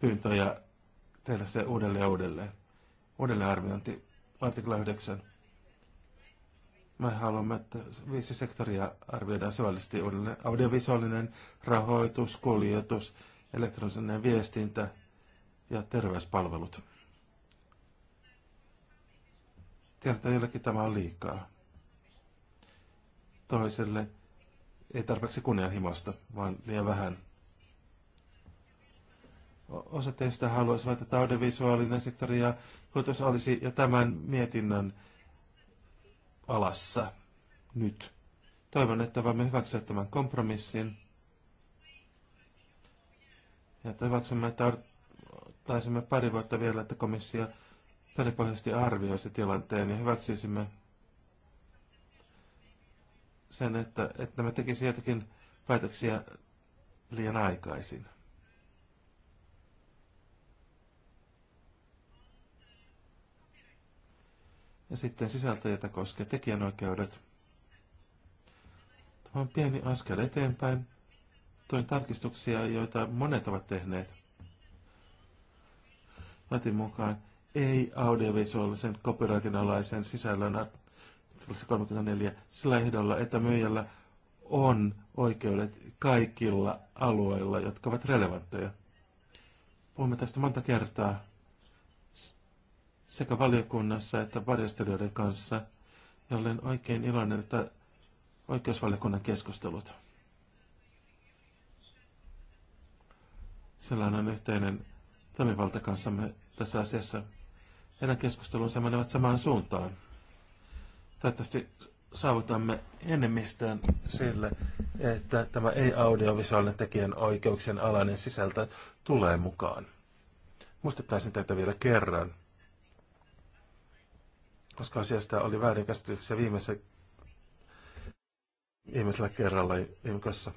pyyntöjä tehdä se uudelleen ja uudelleen. arviointi, artikla 9. Me haluamme, että viisi sektoria arvioidaan syvällisesti uudelleen. Audiovisuaalinen, rahoitus, kuljetus, elektroninen viestintä ja terveyspalvelut. Tiedän, että jollekin tämä on liikaa. Toiselle ei tarpeeksi kunnianhimosta, vaan liian vähän. Osa teistä haluaisivat, että audiovisuaalinen sektori ja kuljetus olisi jo tämän mietinnön alassa nyt. Toivon, että voimme hyväksyä tämän kompromissin. Ja että hyväksymme, että taisimme pari vuotta vielä, että komissio perinpohjaisesti arvioisi tilanteen ja hyväksyisimme sen, että, että me tekisimme jotakin päätöksiä liian aikaisin. Ja sitten sisältö, koskee tekijänoikeudet. Tämä on pieni askel eteenpäin. Toin tarkistuksia, joita monet ovat tehneet. Latin mukaan ei audiovisuaalisen copyrightin alaisen sisällön artiklassa 34 sillä ehdolla, että myyjällä on oikeudet kaikilla alueilla, jotka ovat relevantteja. Puhumme tästä monta kertaa sekä valiokunnassa että varjostelijoiden kanssa, ja olen oikein iloinen, että oikeusvaliokunnan keskustelut. Sellainen on yhteinen toimivalta kanssamme tässä asiassa. Heidän keskustelunsa menevät samaan suuntaan. Toivottavasti saavutamme enemmistön sille, että tämä ei-audiovisuaalinen tekijän oikeuksien alainen sisältö tulee mukaan. Muistettaisin tätä vielä kerran koska asiasta oli väärinkäsityksiä viimeisellä, viimeisellä kerralla ymkössä.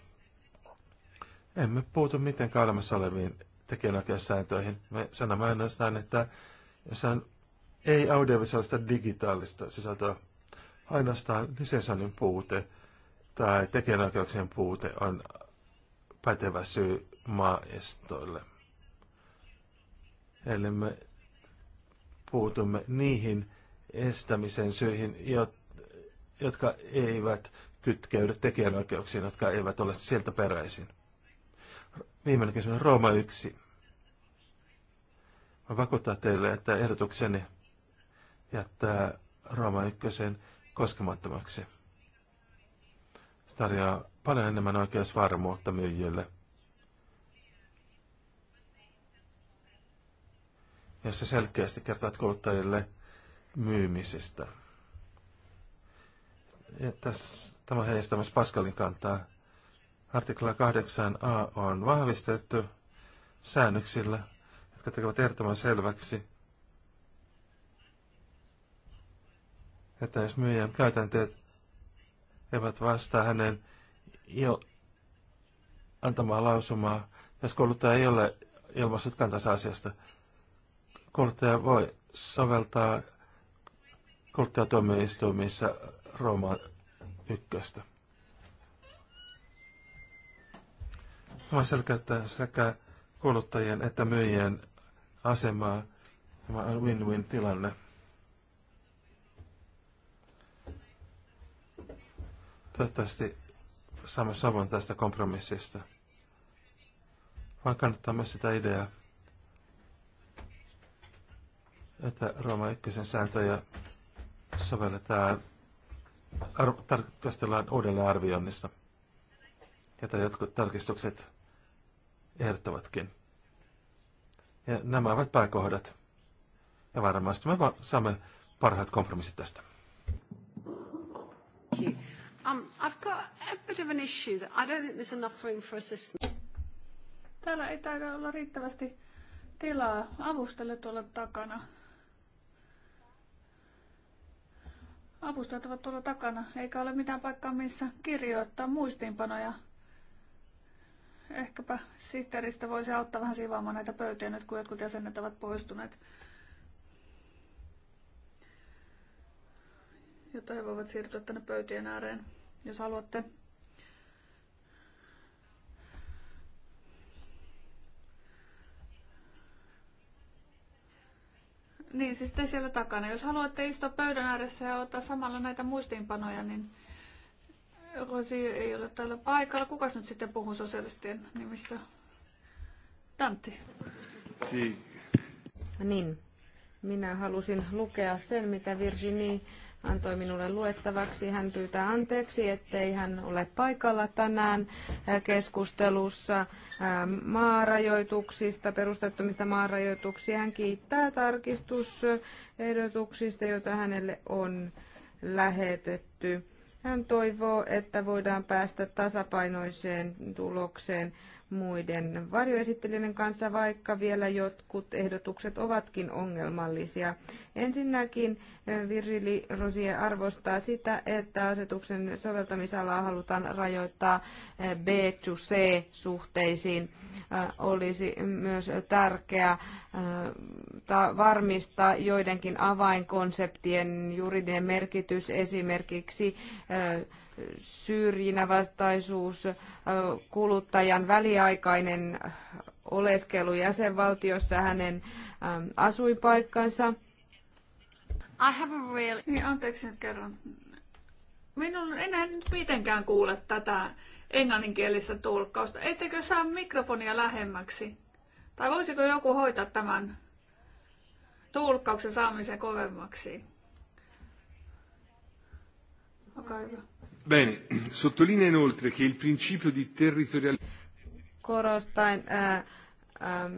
Emme puutu mitenkään olemassa oleviin tekijänoikeussääntöihin. Me sanomme ainoastaan, että jos on ei audiovisuaalista digitaalista sisältöä, ainoastaan lisensoinnin puute tai tekijänoikeuksien puute on pätevä syy maaestoille. Eli me puutumme niihin estämisen syihin, jotka eivät kytkeydy tekijänoikeuksiin, jotka eivät ole sieltä peräisin. Viimeinen kysymys, Rooma 1. Mä vakuutan teille, että ehdotukseni jättää Rooma 1 koskemattomaksi. Se tarjoaa paljon enemmän oikeusvarmuutta myyjille. Jos se selkeästi kertoo kuluttajille, myymisestä. Ja tässä, tämä heijastaa myös Pascalin kantaa. Artikla 8a on vahvistettu säännöksillä, jotka tekevät ehdottoman selväksi, että jos myyjän käytänteet eivät vastaa hänen jo antamaa lausumaa, jos kouluttaja ei ole ilmaissut kantansa asiasta, kouluttaja voi soveltaa kuluttajatuomioistuimissa Rooma ykköstä. Tämä selkeyttää sekä kuluttajien että myyjien asemaa. Tämä on win-win tilanne. Toivottavasti saamme sovun tästä kompromissista. Vaan kannattaa myös sitä ideaa, että Rooma 1 sääntöjä sovelletaan, ar- tarkastellaan uudelleen arvioinnissa, jota jotkut tarkistukset ehdottavatkin. Ja nämä ovat pääkohdat. Ja varmasti me saamme parhaat kompromissit tästä. Um, Täällä ei taida olla riittävästi tilaa avustelle tuolla takana. Avustajat ovat tuolla takana, eikä ole mitään paikkaa, missä kirjoittaa muistiinpanoja. Ehkäpä sihteeristä voisi auttaa vähän siivaamaan näitä pöytiä nyt, kun jotkut jäsenet ovat poistuneet. Jotta he voivat siirtyä tänne pöytien ääreen, jos haluatte. Niin, siis te siellä takana. Jos haluatte istua pöydän ääressä ja ottaa samalla näitä muistiinpanoja, niin Rosi ei ole täällä paikalla. Kukas nyt sitten puhuu sosialistien nimissä? Tantti. Si. Niin, minä halusin lukea sen, mitä Virginie antoi minulle luettavaksi. Hän pyytää anteeksi, ettei hän ole paikalla tänään keskustelussa maarajoituksista, perustettomista maarajoituksia. Hän kiittää tarkistusehdotuksista, joita hänelle on lähetetty. Hän toivoo, että voidaan päästä tasapainoiseen tulokseen muiden varjoesittelijöiden kanssa, vaikka vielä jotkut ehdotukset ovatkin ongelmallisia. Ensinnäkin Virgili Rosie arvostaa sitä, että asetuksen soveltamisalaa halutaan rajoittaa b c suhteisiin Olisi myös tärkeää varmistaa joidenkin avainkonseptien juridinen merkitys esimerkiksi syrjinävastaisuus, kuluttajan väliaikainen oleskelu jäsenvaltiossa hänen asuinpaikkansa. I have a real... Niin, anteeksi nyt kerron. Minun enää nyt mitenkään kuule tätä englanninkielistä tulkkausta. Ettekö saa mikrofonia lähemmäksi? Tai voisiko joku hoitaa tämän tulkkauksen saamisen kovemmaksi? Okay. Bene, sottolinea inoltre che il principio di territorialità... Korostain äh, ää,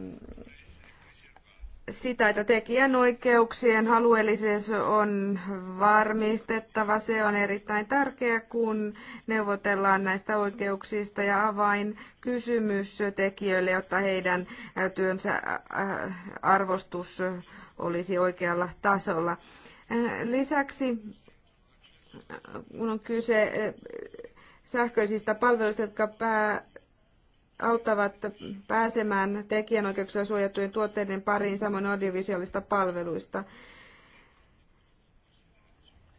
sitä, että tekijänoikeuksien alueellisuus on varmistettava. Se on erittäin tärkeä, kun neuvotellaan näistä oikeuksista ja avain kysymys tekijöille, jotta heidän työnsä arvostus olisi oikealla tasolla. Lisäksi kun on kyse eh, sähköisistä palveluista, jotka pää, auttavat pääsemään tekijänoikeuksia suojattujen tuotteiden pariin samoin audiovisuaalista palveluista.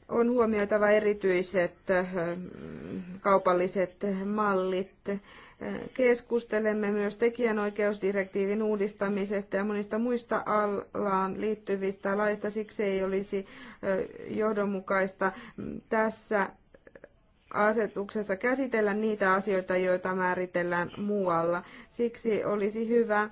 On huomioitava erityiset eh, kaupalliset mallit. Keskustelemme myös tekijänoikeusdirektiivin uudistamisesta ja monista muista alaan liittyvistä laista. Siksi ei olisi johdonmukaista tässä asetuksessa käsitellä niitä asioita, joita määritellään muualla. Siksi olisi hyvä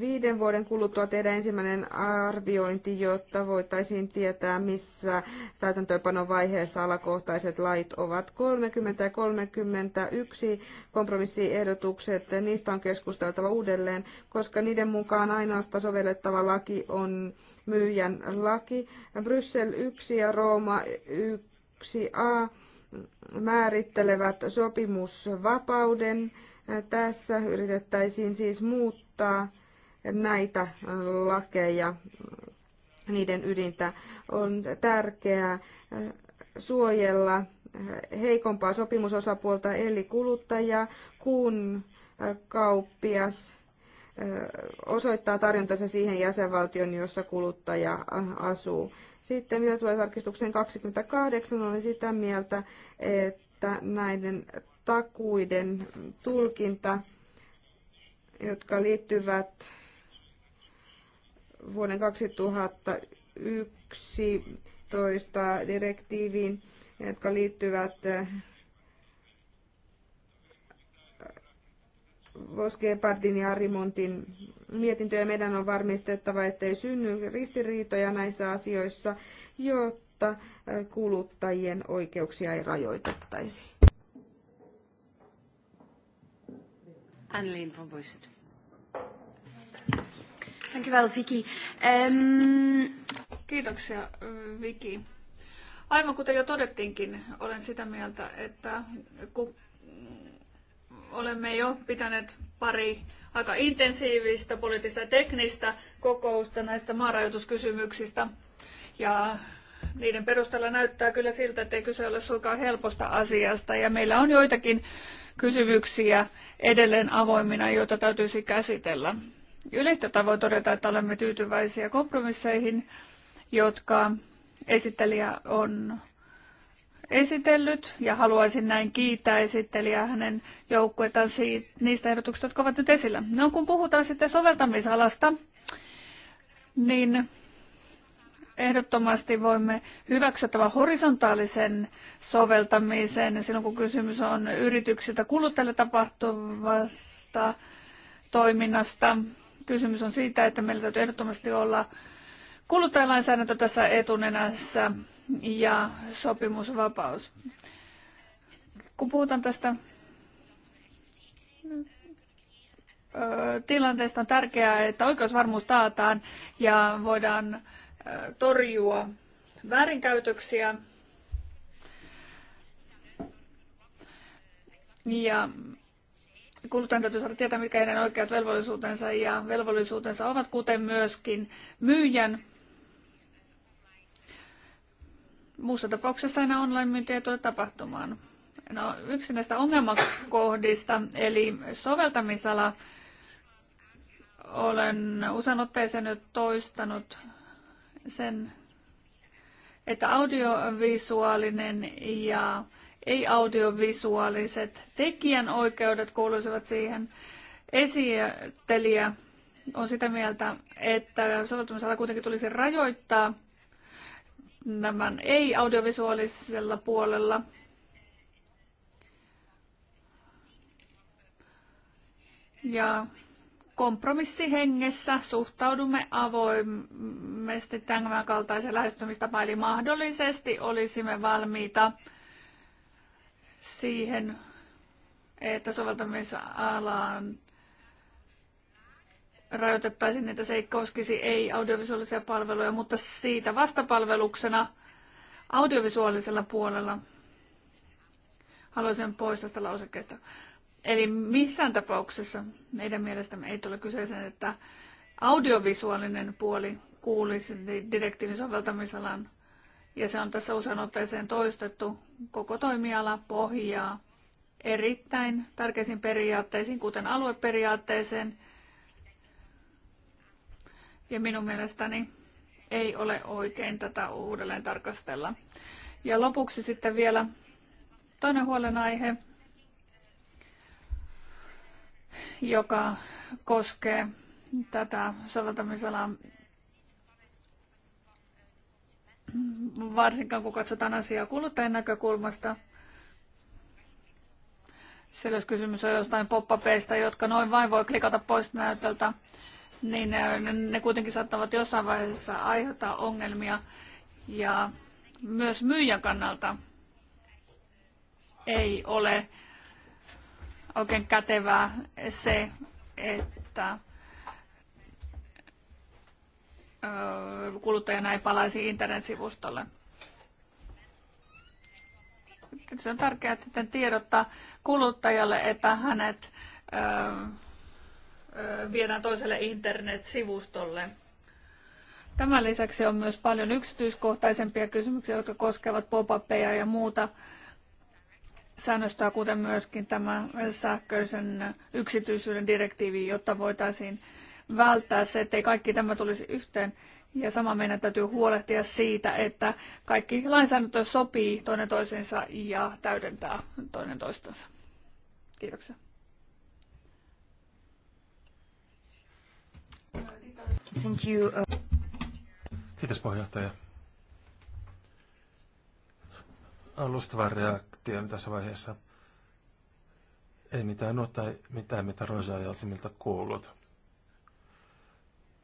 viiden vuoden kuluttua tehdä ensimmäinen arviointi, jotta voitaisiin tietää, missä täytäntöönpanon vaiheessa alakohtaiset lait ovat. 30 ja 31 kompromissiehdotukset, niistä on keskusteltava uudelleen, koska niiden mukaan ainoastaan sovellettava laki on myyjän laki. Bryssel 1 ja Rooma 1a määrittelevät sopimusvapauden. Tässä yritettäisiin siis muuttaa näitä lakeja, niiden ydintä. On tärkeää suojella heikompaa sopimusosapuolta eli kuluttajaa, kun kauppias osoittaa tarjontansa siihen jäsenvaltion, jossa kuluttaja asuu. Sitten mitä tulee tarkistukseen 28, olen sitä mieltä, että näiden takuiden tulkinta, jotka liittyvät vuoden 2011 direktiiviin, jotka liittyvät koskee Pardin ja Arimontin mietintöjä. Meidän on varmistettava, ettei synny ristiriitoja näissä asioissa, jotta äh, kuluttajien oikeuksia ei rajoitettaisi. Annelien van Boisset. Dankjewel, Vicky. Um... Kiitoksia, äh, Viki. Aivan kuten jo todettiinkin, olen sitä mieltä, että kun olemme jo pitäneet pari aika intensiivistä poliittista ja teknistä kokousta näistä maarajoituskysymyksistä. Ja niiden perusteella näyttää kyllä siltä, että ei kyse ole suinkaan helposta asiasta. Ja meillä on joitakin kysymyksiä edelleen avoimina, joita täytyisi käsitellä. Yleistä voi todeta, että olemme tyytyväisiä kompromisseihin, jotka esittelijä on esitellyt ja haluaisin näin kiittää esittelijää hänen joukkuetaan siitä, niistä ehdotuksista, jotka ovat nyt esillä. No kun puhutaan sitten soveltamisalasta, niin ehdottomasti voimme hyväksyä tämän horisontaalisen soveltamisen silloin, kun kysymys on yrityksiltä kuluttajille tapahtuvasta toiminnasta. Kysymys on siitä, että meillä täytyy ehdottomasti olla kuluttajalainsäädäntö tässä etunenässä ja sopimusvapaus. Kun puhutaan tästä tilanteesta, on tärkeää, että oikeusvarmuus taataan ja voidaan torjua väärinkäytöksiä. Ja kuluttajan täytyy saada tietää, mitkä heidän oikeat velvollisuutensa ja velvollisuutensa ovat, kuten myöskin myyjän. Muussa tapauksessa aina online-myyntiä ei tule tapahtumaan. No, yksi näistä ongelmakohdista, eli soveltamisala, olen usein otteeseen nyt toistanut sen, että audiovisuaalinen ja ei-audiovisuaaliset tekijänoikeudet kuuluisivat siihen. Esittelijä on sitä mieltä, että soveltamisala kuitenkin tulisi rajoittaa tämän ei-audiovisuaalisella puolella. Ja kompromissihengessä suhtaudumme avoimesti tämän kaltaisen lähestymistapaan, eli mahdollisesti olisimme valmiita siihen, että soveltamisalaan rajoitettaisiin, että se ei koskisi ei-audiovisuaalisia palveluja, mutta siitä vastapalveluksena audiovisuaalisella puolella haluaisin pois tästä lausekkeesta. Eli missään tapauksessa meidän mielestämme ei tule kyseeseen, että audiovisuaalinen puoli kuulisi direktiivin soveltamisalan, ja se on tässä usein otteeseen toistettu, koko toimiala pohjaa erittäin tärkeisiin periaatteisiin, kuten alueperiaatteeseen – ja minun mielestäni ei ole oikein tätä uudelleen tarkastella. Ja lopuksi sitten vielä toinen huolenaihe, joka koskee tätä soveltamisalaa varsinkaan kun katsotaan asiaa kuluttajan näkökulmasta. Sillä jos kysymys on jostain poppapeista, jotka noin vain voi klikata pois näytöltä, niin äh, ne kuitenkin saattavat jossain vaiheessa aiheuttaa ongelmia. Ja myös myyjän kannalta ei ole oikein kätevää se, että äh, kuluttajana ei palaisi internetsivustolle. Se on tärkeää sitten tiedottaa kuluttajalle, että hänet äh, viedään toiselle internet-sivustolle. Tämän lisäksi on myös paljon yksityiskohtaisempia kysymyksiä, jotka koskevat pop ja muuta säännöstöä, kuten myöskin tämä sähköisen yksityisyyden direktiivi, jotta voitaisiin välttää se, ettei kaikki tämä tulisi yhteen. Ja sama meidän täytyy huolehtia siitä, että kaikki lainsäädäntö sopii toinen toisensa ja täydentää toinen toistensa. Kiitoksia. Thank you. Uh, Kiitos puheenjohtaja. Alustava reaktio tässä vaiheessa. Ei mitään ole tai mitään, mitä Roja ja olisi miltä kuullut.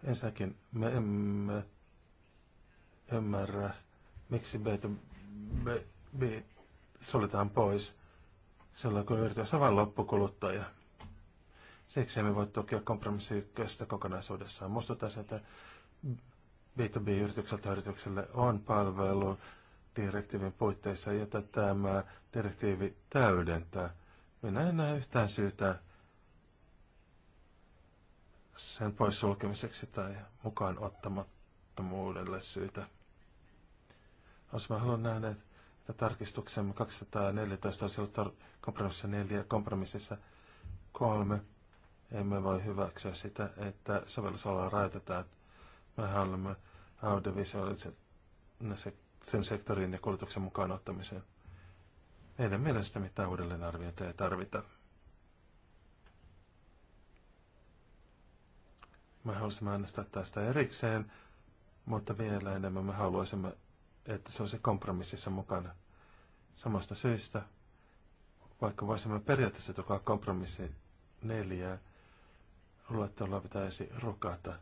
Ensinnäkin me emme ymmärrä, miksi beta, be, be, suljetaan pois silloin, kun yritys on vain loppukuluttaja. Siksi emme voi tukea kompromissi ykköstä kokonaisuudessaan. Muistutaan, että B2B-yritykseltä yritykselle on palvelu direktiivin puitteissa, jota tämä direktiivi täydentää. Minä en näe yhtään syytä sen pois sulkemiseksi tai mukaan ottamattomuudelle syytä. mä haluan nähdä, että tarkistuksemme 214 olisi ollut kompromississa 4 ja kompromississa 3 emme voi hyväksyä sitä, että sovellusalaa rajoitetaan. Me haluamme audiovisuaalisen sen sektorin ja kulutuksen mukaan ottamiseen. Meidän mielestä mitään uudelleenarviointia ei tarvita. Me haluaisimme äänestää tästä erikseen, mutta vielä enemmän me haluaisimme, että se olisi kompromississa mukana. Samasta syystä, vaikka voisimme periaatteessa tukaa kompromissi neljää, luettelua pitäisi rukata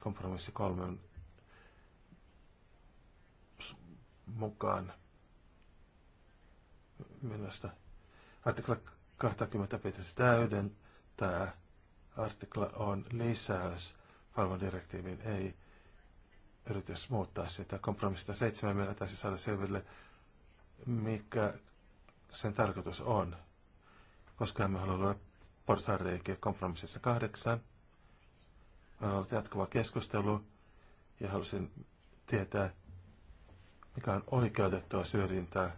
kompromissi kolmen mukaan. Minusta artikla 20 pitäisi täydentää. Artikla on lisäys palveludirektiiviin, ei yritys muuttaa sitä. Kompromissista seitsemän meidän taisi saada selville, mikä sen tarkoitus on, koska emme halua porsareikiä kompromississa kahdeksan. On ollut jatkuva keskustelu ja halusin tietää, mikä on oikeutettua syrjintää.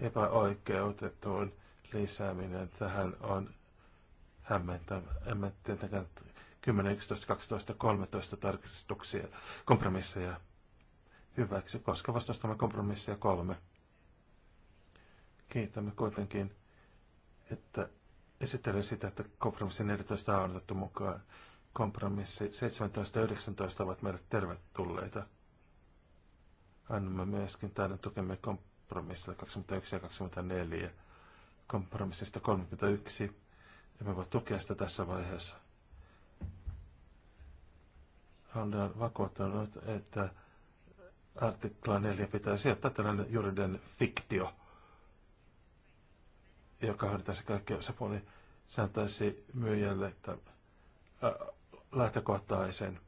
Epäoikeutettuun lisääminen tähän on hämmentävä. En tietenkään 10, 11, 12, 13 tarkistuksia, kompromisseja hyväksi, koska vastustamme kompromisseja kolme. Kiitämme kuitenkin että esittelen sitä, että kompromissi 14 on otettu mukaan. Kompromissi 17 ja 19 ovat meille tervetulleita. Annamme myöskin täyden tukemme kompromissille 21 ja 24. Kompromissista 31. Emme voi tukea sitä tässä vaiheessa. Haluan vakuuttanut, että artikla 4 pitäisi sijoittaa tällainen juridinen fiktio – joka hoidettaisi kaikki osapuoli, se antaisi myyjälle että, ää, lähtökohtaisen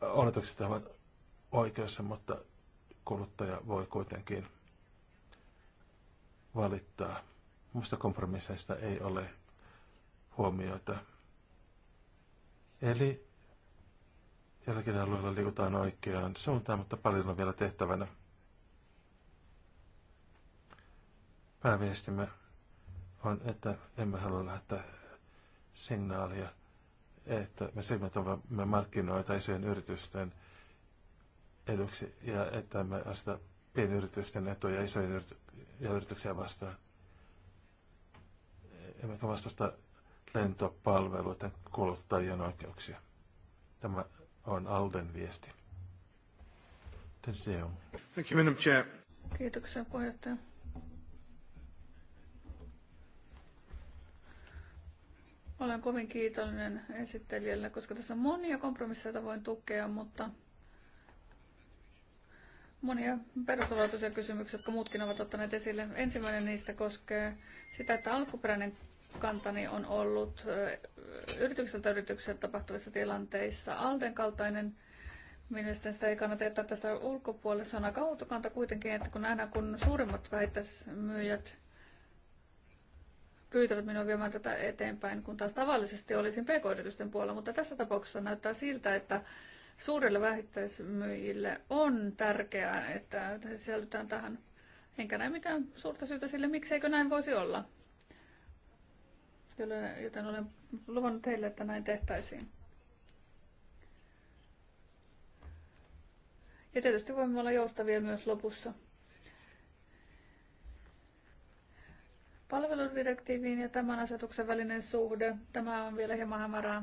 oletukset ovat oikeassa, mutta kuluttaja voi kuitenkin valittaa. Musta kompromisseista ei ole huomioita. Eli jälkeen alueella liikutaan oikeaan suuntaan, mutta paljon on vielä tehtävänä. Pääviestimme vaan että emme halua lähettää signaalia, että me segmentoimme markkinoita isojen yritysten eduksi ja että me aseta pienyritysten etuja isojen yrit- ja yrityksiä vastaan. Emmekä vastusta lentopalveluiden kuluttajien oikeuksia. Tämä on Alden viesti. Thank you, Madam Chair. Kiitoksia puheenjohtaja. Olen kovin kiitollinen esittelijälle, koska tässä on monia kompromisseja voin tukea, mutta monia perustavanlaatuisia kysymyksiä, jotka muutkin ovat ottaneet esille. Ensimmäinen niistä koskee sitä, että alkuperäinen kantani on ollut yritykseltä yritykseltä tapahtuvissa tilanteissa Alden kaltainen. Mielestäni sitä ei kannata jättää tästä ulkopuolelle. Se on aika outo kanta kuitenkin, että kun aina kun suurimmat vähittäismyyjät pyytävät minua viemään tätä eteenpäin, kun taas tavallisesti olisin pk-yritysten puolella, mutta tässä tapauksessa näyttää siltä, että suurille vähittäismyyjille on tärkeää, että sisällytään tähän. Enkä näe mitään suurta syytä sille, mikseikö näin voisi olla. Joten olen luvannut teille, että näin tehtäisiin. Ja tietysti voimme olla joustavia myös lopussa. palveludirektiiviin ja tämän asetuksen välinen suhde. Tämä on vielä hieman hämärää.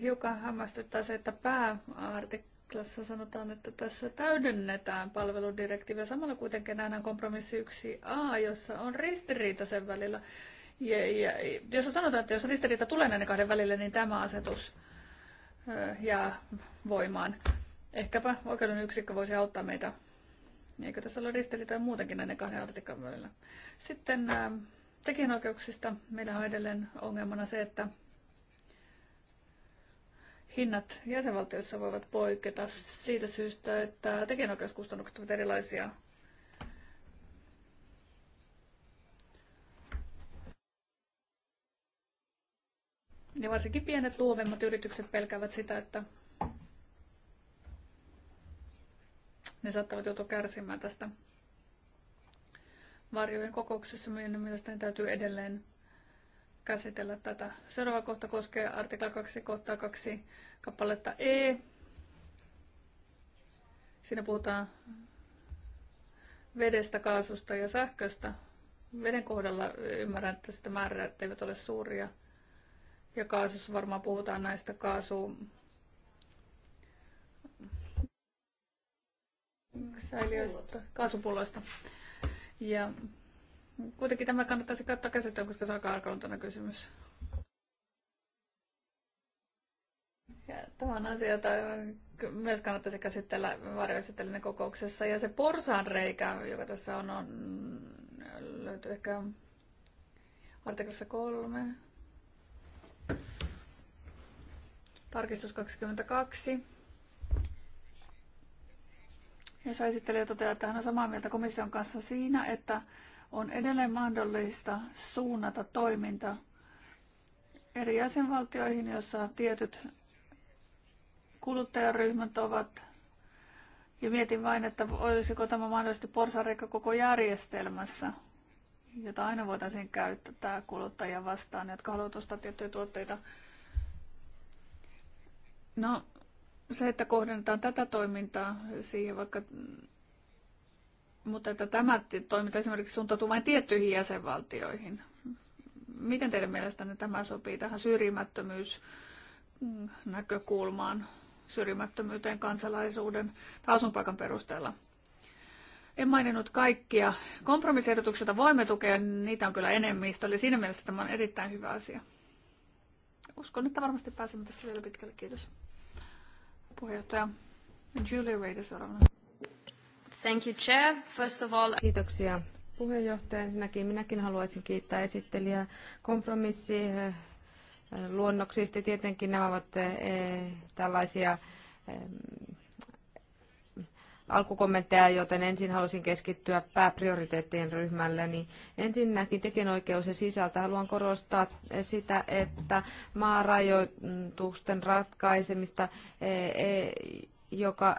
Hiukan hämmästyttää se, että pääartiklassa sanotaan, että tässä täydennetään palveludirektiiviä. Samalla kuitenkin nähdään kompromissi 1a, jossa on ristiriita sen välillä. Ja, ja, jos sanotaan, että jos ristiriita tulee näiden kahden välillä, niin tämä asetus jää voimaan. Ehkäpä oikeuden yksikkö voisi auttaa meitä niin, eikö tässä ole ristiriitaa muutenkin näiden kahden artiklan välillä? Sitten tekijänoikeuksista meillä on edelleen ongelmana se, että hinnat jäsenvaltioissa voivat poiketa siitä syystä, että tekijänoikeuskustannukset ovat erilaisia. Ja varsinkin pienet luovemmat yritykset pelkäävät sitä, että ne saattavat joutua kärsimään tästä. Varjojen kokouksessa minun mielestäni täytyy edelleen käsitellä tätä. Seuraava kohta koskee artikla 2 kohtaa 2 kappaletta E. Siinä puhutaan vedestä, kaasusta ja sähköstä. Veden kohdalla ymmärrän, että sitä määrät eivät ole suuria. Ja kaasussa varmaan puhutaan näistä kaasu säiliöistä, kaasupulloista. Ja kuitenkin tämä kannattaisi katsoa käsittää, koska se on aika kysymys. Ja tämä on asia, jota myös kannattaisi käsitellä varjoesittelyn kokouksessa. Ja se reikä, joka tässä on, on löytyy ehkä artiklassa kolme. Tarkistus 22. Jos esittelijä toteaa, että hän on samaa mieltä komission kanssa siinä, että on edelleen mahdollista suunnata toiminta eri jäsenvaltioihin, joissa tietyt kuluttajaryhmät ovat. Ja mietin vain, että olisiko tämä mahdollisesti porsareikka koko järjestelmässä, jota aina voitaisiin käyttää kuluttajia vastaan, jotka haluavat ostaa tiettyjä tuotteita. No, se, että kohdennetaan tätä toimintaa siihen vaikka, mutta että tämä toiminta esimerkiksi suuntautuu vain tiettyihin jäsenvaltioihin. Miten teidän mielestänne tämä sopii tähän syrjimättömyysnäkökulmaan, syrjimättömyyteen kansalaisuuden tai asunpaikan perusteella? En maininnut kaikkia. Kompromissiehdotuksia voimme tukea, niitä on kyllä enemmistö, eli siinä mielessä tämä on erittäin hyvä asia. Uskon, että varmasti pääsemme tässä vielä pitkälle. Kiitos. Puheenjohtaja Julie Reid Thank you, Chair. First of all... Kiitoksia puheenjohtaja. Ensinnäkin minäkin haluaisin kiittää esittelijää kompromissi eh, eh, luonnoksista. Tietenkin nämä ovat eh, tällaisia alkukommentteja, joten ensin halusin keskittyä pääprioriteettien ryhmälle. Niin ensinnäkin tekijänoikeus ja sisältä haluan korostaa sitä, että maarajoitusten ratkaisemista, eh, eh, joka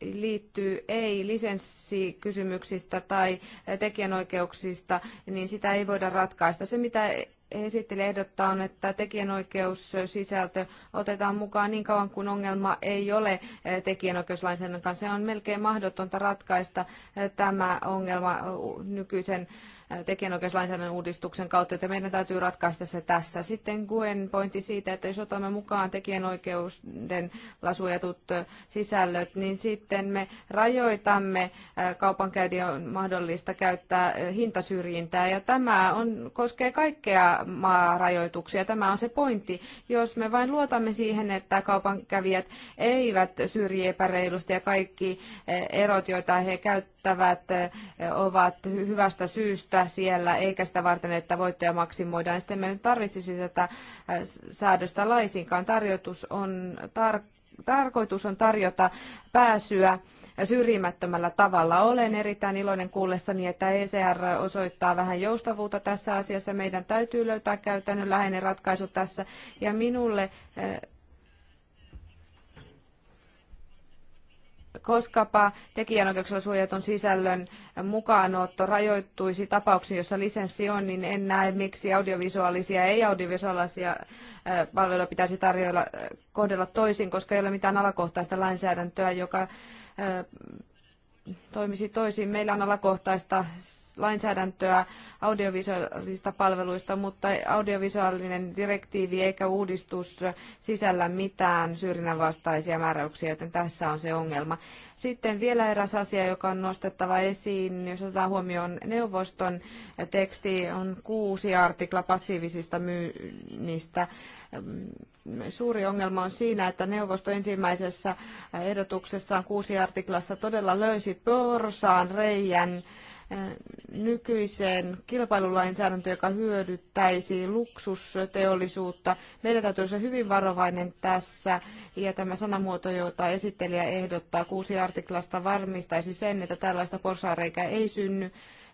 liittyy ei lisenssikysymyksistä tai tekijänoikeuksista, niin sitä ei voida ratkaista. Se, mitä esitteli ehdottaa, että tekijänoikeussisältö otetaan mukaan niin kauan kuin ongelma ei ole eh, tekijänoikeuslainsäädännön kanssa. Se on melkein mahdotonta ratkaista eh, tämä ongelma nykyisen Äh, tekijänoikeuslainsäädännön uudistuksen kautta, että meidän täytyy ratkaista se tässä. Sitten Guen pointti siitä, että jos otamme mukaan tekijänoikeuden suojatut äh, sisällöt, niin sitten me rajoitamme äh, kaupankäydien mahdollista käyttää hintasyrjintää. Ja tämä on, koskee kaikkea maarajoituksia. Tämä on se pointti. Jos me vain luotamme siihen, että kaupankävijät eivät syrji epäreilusti ja kaikki erot, joita he käyttävät, tehtävät eh, ovat hyvästä syystä siellä, eikä sitä varten, että voittoja maksimoidaan. Sitten me nyt tarvitsisi tätä eh, säädöstä laisinkaan. Tarjotus on tar- tarkoitus on tarjota pääsyä syrjimättömällä tavalla. Olen erittäin iloinen kuullessani, että ECR osoittaa vähän joustavuutta tässä asiassa. Meidän täytyy löytää käytännönläheinen ratkaisu tässä. Ja minulle eh, koskapa tekijänoikeuksilla suojatun sisällön mukaanotto rajoittuisi tapauksiin, jossa lisenssi on, niin en näe, miksi audiovisuaalisia ja ei-audiovisuaalisia palveluja pitäisi tarjoilla kohdella toisin, koska ei ole mitään alakohtaista lainsäädäntöä, joka toimisi toisin. Meillä on alakohtaista lainsäädäntöä audiovisuaalisista palveluista, mutta audiovisuaalinen direktiivi eikä uudistus sisällä mitään syrjinnän vastaisia määräyksiä, joten tässä on se ongelma. Sitten vielä eräs asia, joka on nostettava esiin, jos otetaan huomioon neuvoston teksti, on kuusi artikla passiivisista myynnistä. Suuri ongelma on siinä, että neuvosto ensimmäisessä ehdotuksessaan kuusi artiklasta todella löysi porsaan reijän nykyiseen kilpailulainsäädäntöön, joka hyödyttäisi luksusteollisuutta. Meidän täytyy olla hyvin varovainen tässä, ja tämä sanamuoto, jota esittelijä ehdottaa kuusi artiklasta, varmistaisi sen, että tällaista porsaareikää ei synny.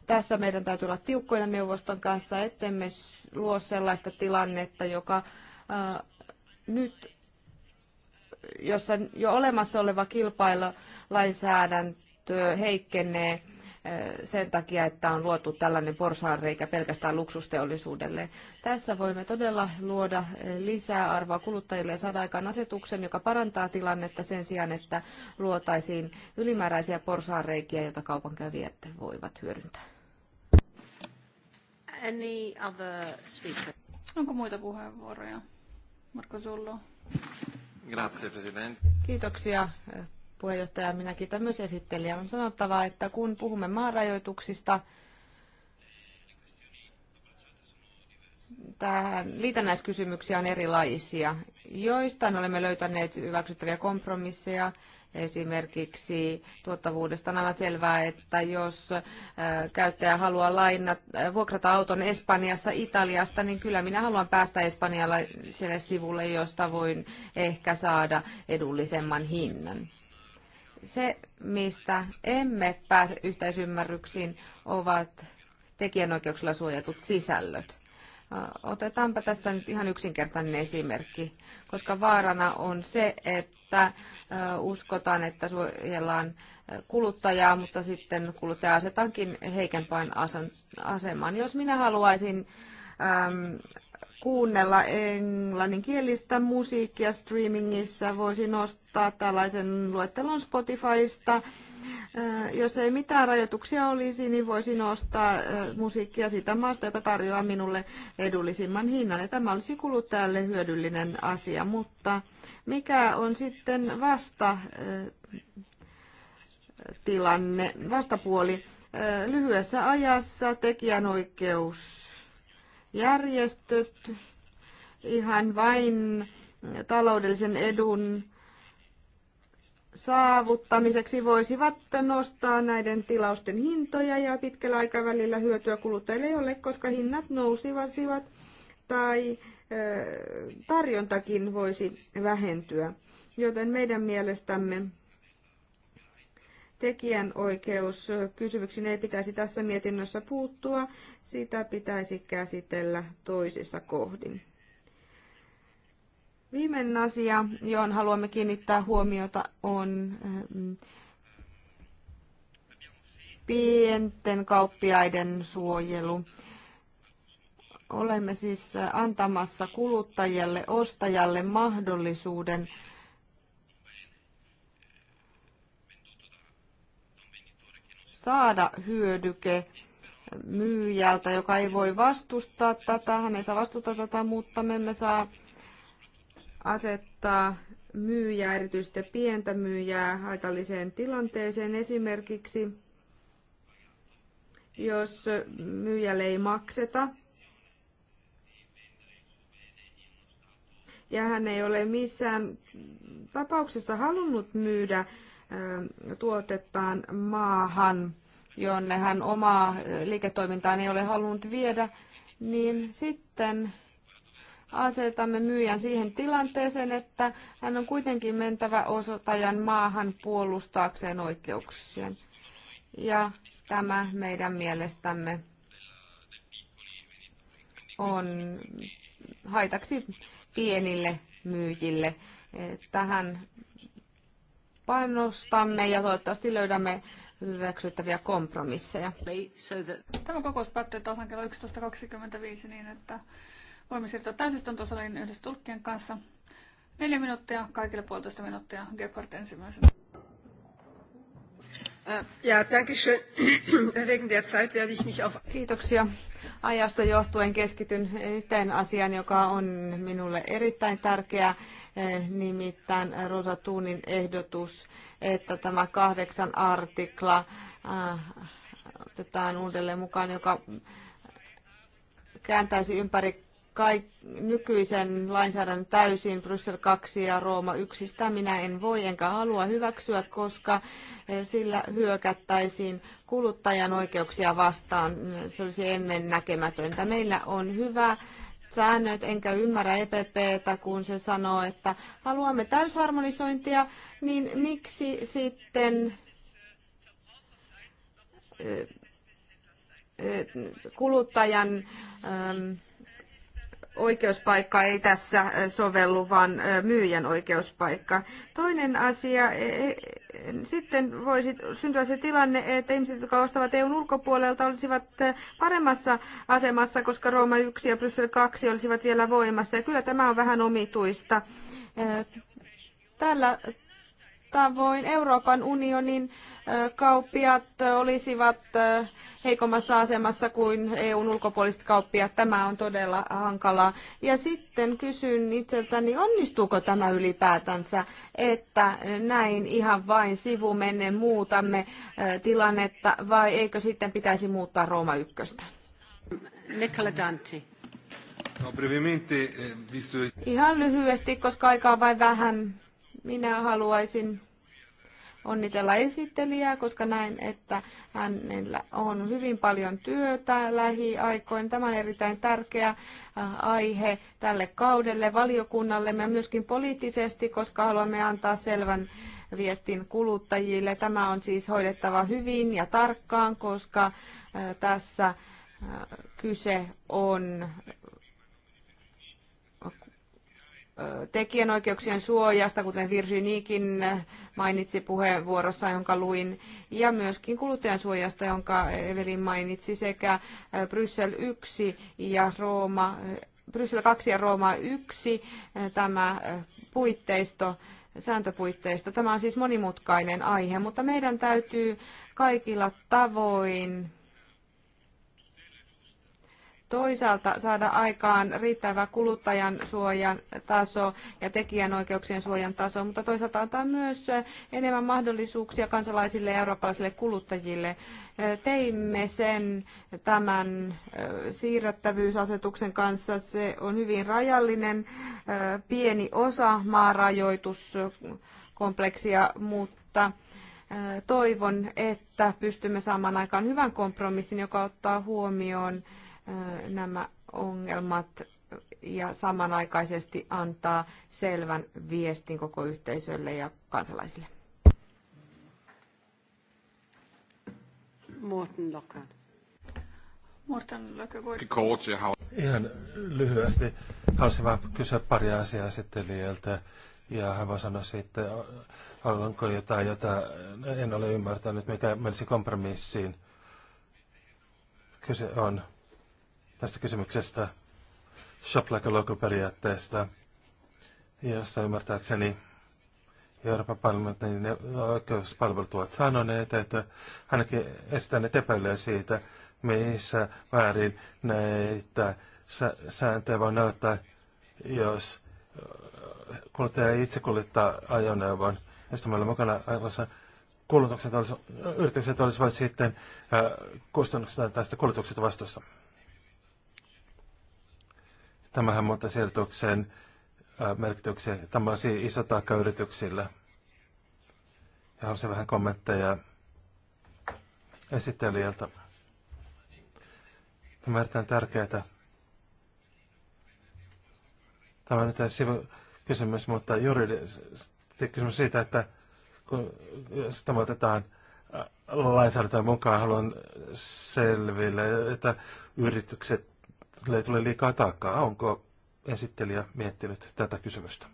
Tässä meidän täytyy olla tiukkoina neuvoston kanssa, ettemme luo sellaista tilannetta, joka ää, nyt, jossa jo olemassa oleva kilpailulainsäädäntö heikkenee sen takia, että on luotu tällainen porsaanreikä pelkästään luksusteollisuudelle. Tässä voimme todella luoda eh, lisää arvoa kuluttajille ja saada aikaan asetuksen, joka parantaa tilannetta sen sijaan, että luotaisiin ylimääräisiä porsaanreikiä, joita kaupankävijät voivat hyödyntää. Any other speaker? Onko muita puheenvuoroja? Marko Zullo. Grazie, Presidente. Kiitoksia eh, puheenjohtaja, minä kiitän myös esittelijä. On sanottava, että kun puhumme maarajoituksista, tähän liitännäiskysymyksiä on erilaisia. Joistain olemme löytäneet hyväksyttäviä kompromisseja, esimerkiksi tuottavuudesta. Nämä selvää, että jos äh, käyttäjä haluaa lainat, äh, vuokrata auton Espanjassa, Italiasta, niin kyllä minä haluan päästä espanjalaiselle sivulle, josta voin ehkä saada edullisemman hinnan. Se, mistä emme pääse yhteisymmärryksiin, ovat tekijänoikeuksilla suojatut sisällöt. Otetaanpa tästä nyt ihan yksinkertainen esimerkki, koska vaarana on se, että uskotaan, että suojellaan kuluttajaa, mutta sitten kuluttaja asetankin heikempään asemaan. Jos minä haluaisin kuunnella englanninkielistä musiikkia streamingissä. Voisi nostaa tällaisen luettelon Spotifysta. Jos ei mitään rajoituksia olisi, niin voisi nostaa musiikkia siitä maasta, joka tarjoaa minulle edullisimman hinnan. Ja tämä olisi kuluttajalle hyödyllinen asia, mutta mikä on sitten vasta tilanne, vastapuoli? Lyhyessä ajassa tekijänoikeus järjestöt ihan vain taloudellisen edun saavuttamiseksi voisivat nostaa näiden tilausten hintoja ja pitkällä aikavälillä hyötyä kuluttajille ei ole, koska hinnat nousivat tai tarjontakin voisi vähentyä. Joten meidän mielestämme tekijänoikeuskysymyksiin ei pitäisi tässä mietinnössä puuttua, sitä pitäisi käsitellä toisissa kohdin. Viimeinen asia, johon haluamme kiinnittää huomiota, on ähm, pienten kauppiaiden suojelu. Olemme siis antamassa kuluttajalle, ostajalle mahdollisuuden saada hyödyke myyjältä, joka ei voi vastustaa tätä, hän ei saa vastustaa tätä, mutta me emme saa asettaa myyjää, erityisesti pientä myyjää, haitalliseen tilanteeseen. Esimerkiksi jos myyjälle ei makseta ja hän ei ole missään tapauksessa halunnut myydä tuotettaan maahan, jonne hän omaa liiketoimintaan ei ole halunnut viedä, niin sitten asetamme myyjän siihen tilanteeseen, että hän on kuitenkin mentävä osoittajan maahan puolustaakseen oikeuksien. Ja tämä meidän mielestämme on haitaksi pienille myyjille. Tähän panostamme ja toivottavasti löydämme hyväksyttäviä kompromisseja. Tämä kokous päättyy tasan kello 11.25 niin, että voimme siirtyä täysistuntosalin yhdessä tulkkien kanssa. Neljä minuuttia, kaikille puolitoista minuuttia. Gephardt ensimmäisenä. Äh, ja, danke schön. Wegen der Zeit werde ich mich auf... Kiitoksia. Ajasta johtuen keskityn yhteen asiaan, joka on minulle erittäin tärkeää. Eh, nimittäin Rosa Tuunin ehdotus, että tämä kahdeksan artikla eh, otetaan uudelleen mukaan, joka kääntäisi ympäri kaik, nykyisen lainsäädännön täysin, Bryssel 2 ja Rooma 1, sitä minä en voi enkä halua hyväksyä, koska eh, sillä hyökättäisiin kuluttajan oikeuksia vastaan. Se olisi ennen näkemätöntä. Meillä on hyvä säännöt, enkä ymmärrä EPPtä, kun se sanoo, että haluamme täysharmonisointia, niin miksi sitten eh, eh, kuluttajan ehm, oikeuspaikka ei tässä sovellu, vaan eh, myyjän oikeuspaikka. Toinen asia, sitten voisi syntyä se tilanne, että ihmiset, jotka ostavat EUn ulkopuolelta, olisivat paremmassa asemassa, koska Rooma 1 ja Bryssel 2 olisivat vielä voimassa. Ja kyllä tämä on vähän omituista. Tällä tavoin Euroopan unionin kauppiat olisivat heikommassa asemassa kuin EUn ulkopuoliset kauppiaat. Tämä on todella hankalaa. Ja sitten kysyn itseltäni, onnistuuko tämä ylipäätänsä, että näin ihan vain sivumennen muutamme äh, tilannetta vai eikö sitten pitäisi muuttaa Rooma ykköstä? Nicola Danti. No, brevemente, eh, visto... Ihan lyhyesti, koska aikaa vain vähän. Minä haluaisin onnitella esittelijää, koska näin, että hänellä on hyvin paljon työtä lähiaikoin. Tämä on erittäin tärkeä äh, aihe tälle kaudelle, valiokunnalle ja myöskin poliittisesti, koska haluamme antaa selvän viestin kuluttajille. Tämä on siis hoidettava hyvin ja tarkkaan, koska äh, tässä äh, kyse on tekijänoikeuksien suojasta, kuten Virginiikin mainitsi puheenvuorossa, jonka luin, ja myöskin kuluttajansuojasta, jonka Evelin mainitsi, sekä Bryssel 1 ja Rooma, Bryssel 2 ja Rooma 1, tämä puitteisto, sääntöpuitteisto. Tämä on siis monimutkainen aihe, mutta meidän täytyy kaikilla tavoin toisaalta saada aikaan riittävä kuluttajan suojan taso ja tekijänoikeuksien suojan taso, mutta toisaalta antaa myös enemmän mahdollisuuksia kansalaisille ja eurooppalaisille kuluttajille. Teimme sen tämän siirrettävyysasetuksen kanssa. Se on hyvin rajallinen, pieni osa maarajoituskompleksia, mutta toivon, että pystymme saamaan aikaan hyvän kompromissin, joka ottaa huomioon nämä ongelmat ja samanaikaisesti antaa selvän viestin koko yhteisölle ja kansalaisille. Morten Lokkan. Morten Lökö, Ihan lyhyesti. Haluaisin vain kysyä pari asiaa esittelijältä. Ja hän voi sanoa sitten, onko jotain, jota en ole ymmärtänyt, mikä menisi kompromissiin. Kyse on tästä kysymyksestä, shop like a local periaatteesta, jossa ymmärtääkseni Euroopan parlamentin oikeuspalvelut ovat sanoneet, että ainakin estäneet epäilyä siitä, missä väärin näitä sääntöjä voi näyttää, jos kuluttaja itse kuljettaa ajoneuvon. Ja sitten meillä on mukana arvossa kulutukset olisi, yritykset olisivat sitten kustannukset tästä kulutukset vastuussa. Tämähän muuta sijoituksen merkityksiä. Tämä on siis iso taakka yrityksille. Ja haluaisin vähän kommentteja esittelijältä. Tämä on erittäin tärkeää. Tämä on nyt sivu kysymys, mutta juridisesti kysymys siitä, että kun jos tämä otetaan lainsäädäntöön mukaan, haluan selville, että yritykset kyllä ei tule liikaa taakkaa. Onko esittelijä miettinyt tätä kysymystä?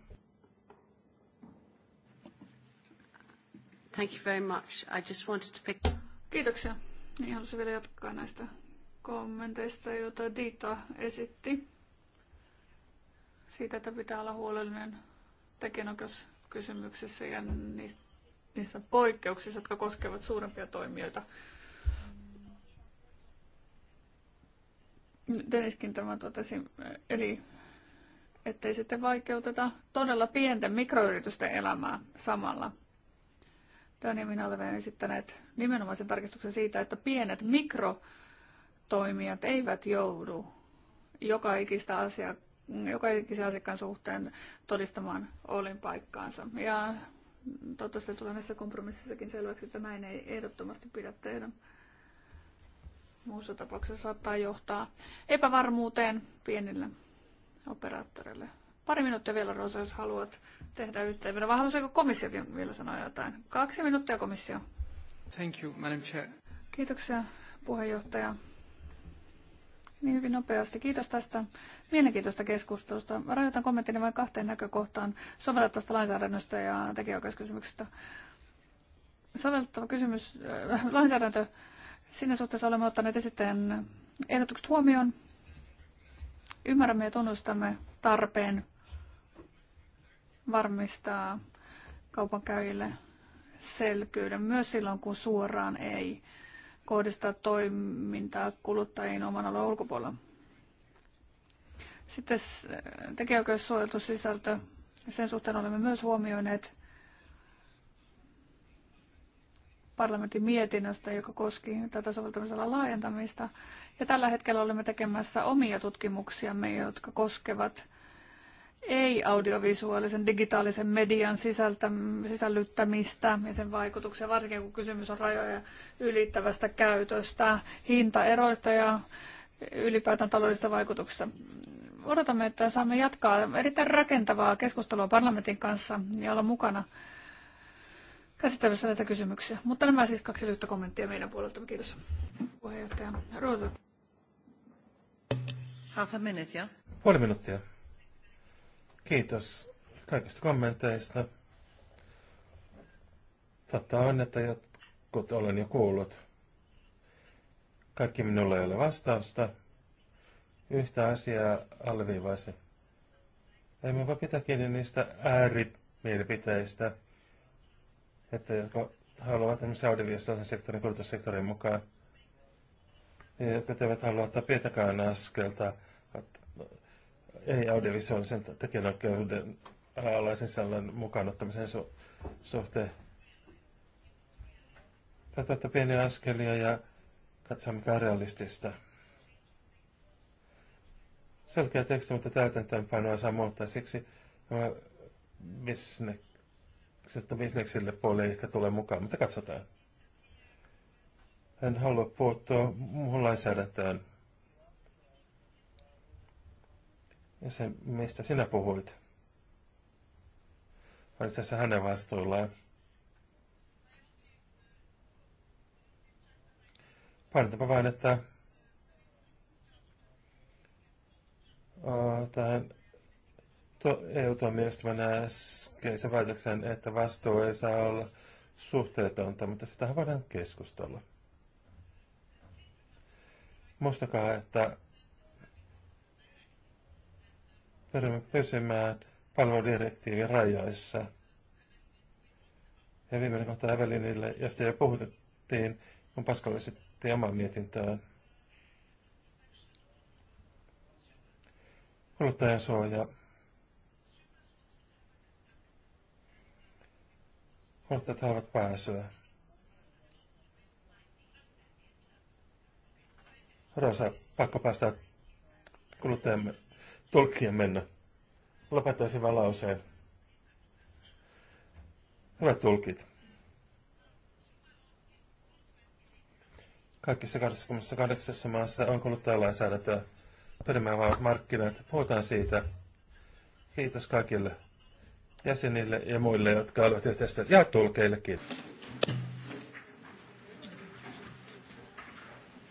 Thank you very much. I just wanted to pick... Kiitoksia. Niin halusin vielä jatkaa näistä kommenteista, joita Dita esitti. Siitä, että pitää olla huolellinen tekijänoikeuskysymyksissä ja niissä poikkeuksissa, jotka koskevat suurempia toimijoita. Deniskin tämä totesi, eli ettei sitten vaikeuteta todella pienten mikroyritysten elämää samalla. Tani ja minä olemme esittäneet nimenomaisen tarkistuksen siitä, että pienet mikrotoimijat eivät joudu joka ikistä asiaa joka ikisen asiakkaan suhteen todistamaan olin paikkaansa. Ja toivottavasti tulee näissä kompromississakin selväksi, että näin ei ehdottomasti pidä tehdä. Muussa tapauksessa saattaa johtaa epävarmuuteen pienille operaattoreille. Pari minuuttia vielä, Rosa, jos haluat tehdä yhteenvedon. Vai haluaisiko komissio vielä sanoa jotain? Kaksi minuuttia komissio. Thank you, Madam Chair. Kiitoksia, puheenjohtaja. Niin hyvin nopeasti. Kiitos tästä mielenkiintoista keskustelusta. Rajoitan kommenttini vain kahteen näkökohtaan sovellettavasta lainsäädännöstä ja tekijäoikeuskysymyksestä. Sovellettava kysymys, äh, lainsäädäntö Siinä suhteessa olemme ottaneet esittäjän ehdotukset huomioon. Ymmärrämme ja tunnustamme tarpeen varmistaa kaupankäyjille selkyyden myös silloin, kun suoraan ei kohdistaa toimintaa kuluttajiin oman alueen ulkopuolella. Sitten tekijäoikeussuojeltu sisältö. Sen suhteen olemme myös huomioineet parlamentin mietinnöstä, joka koski tätä soveltamisalan laajentamista. Ja tällä hetkellä olemme tekemässä omia tutkimuksiamme, jotka koskevat ei-audiovisuaalisen digitaalisen median sisältä, sisällyttämistä ja sen vaikutuksia, varsinkin kun kysymys on rajoja ylittävästä käytöstä, hintaeroista ja ylipäätään taloudellisista vaikutuksista. Odotamme, että saamme jatkaa erittäin rakentavaa keskustelua parlamentin kanssa ja olla mukana käsittelyssä näitä kysymyksiä. Mutta nämä siis kaksi lyhyttä kommenttia meidän puoleltamme. Kiitos puheenjohtaja Rosa. Half a minute, yeah? Puoli minuuttia. Kiitos kaikista kommenteista. Totta on, että jotkut olen jo kuullut. Kaikki minulla ei ole vastausta. Yhtä asiaa alleviivaisin. Emme voi pitää kiinni niistä äärimielipiteistä – että jotka haluavat esimerkiksi saudi sektorin kulutussektorin mukaan, ja jotka eivät halua ottaa pientäkään askelta ei-audiovisuaalisen tekijänoikeuden alaisen sisällön mukaan ottamisen su- suhteen. Täytyy ottaa pieniä askelia ja katsoa mikä on realistista. Selkeä teksti, mutta täytäntöönpanoa saa muuttaa. Siksi tämä bisnek sitten bisneksille puoli ehkä tulee mukaan, mutta katsotaan. En halua puuttua muuhun lainsäädäntöön. Ja se, mistä sinä puhuit, on itse asiassa hänen vastuullaan. Painetapa vain, että tähän to, EU-tuomioistuimen äskeisen väitöksen, että vastuu ei saa olla suhteetonta, mutta sitä voidaan keskustella. Muistakaa, että pyrimme pysymään palveludirektiivin rajoissa. Ja viimeinen kohta Evelinille, josta jo puhutettiin. kun Paskalle sitten oman mietintöön. Kuluttajan suoja kuluttajat haluavat pääsyä. Rosa, pakko päästä kuluttajamme, tulkkien mennä. Lopettaisin vaan lauseen. Hyvät tulkit. Kaikissa 28 maassa on kuluttajalainsäädäntöä. Perimään markkinat. Puhutaan siitä. Kiitos kaikille jäsenille ja muille, jotka olivat yhteistyössä, ja tulkeillekin.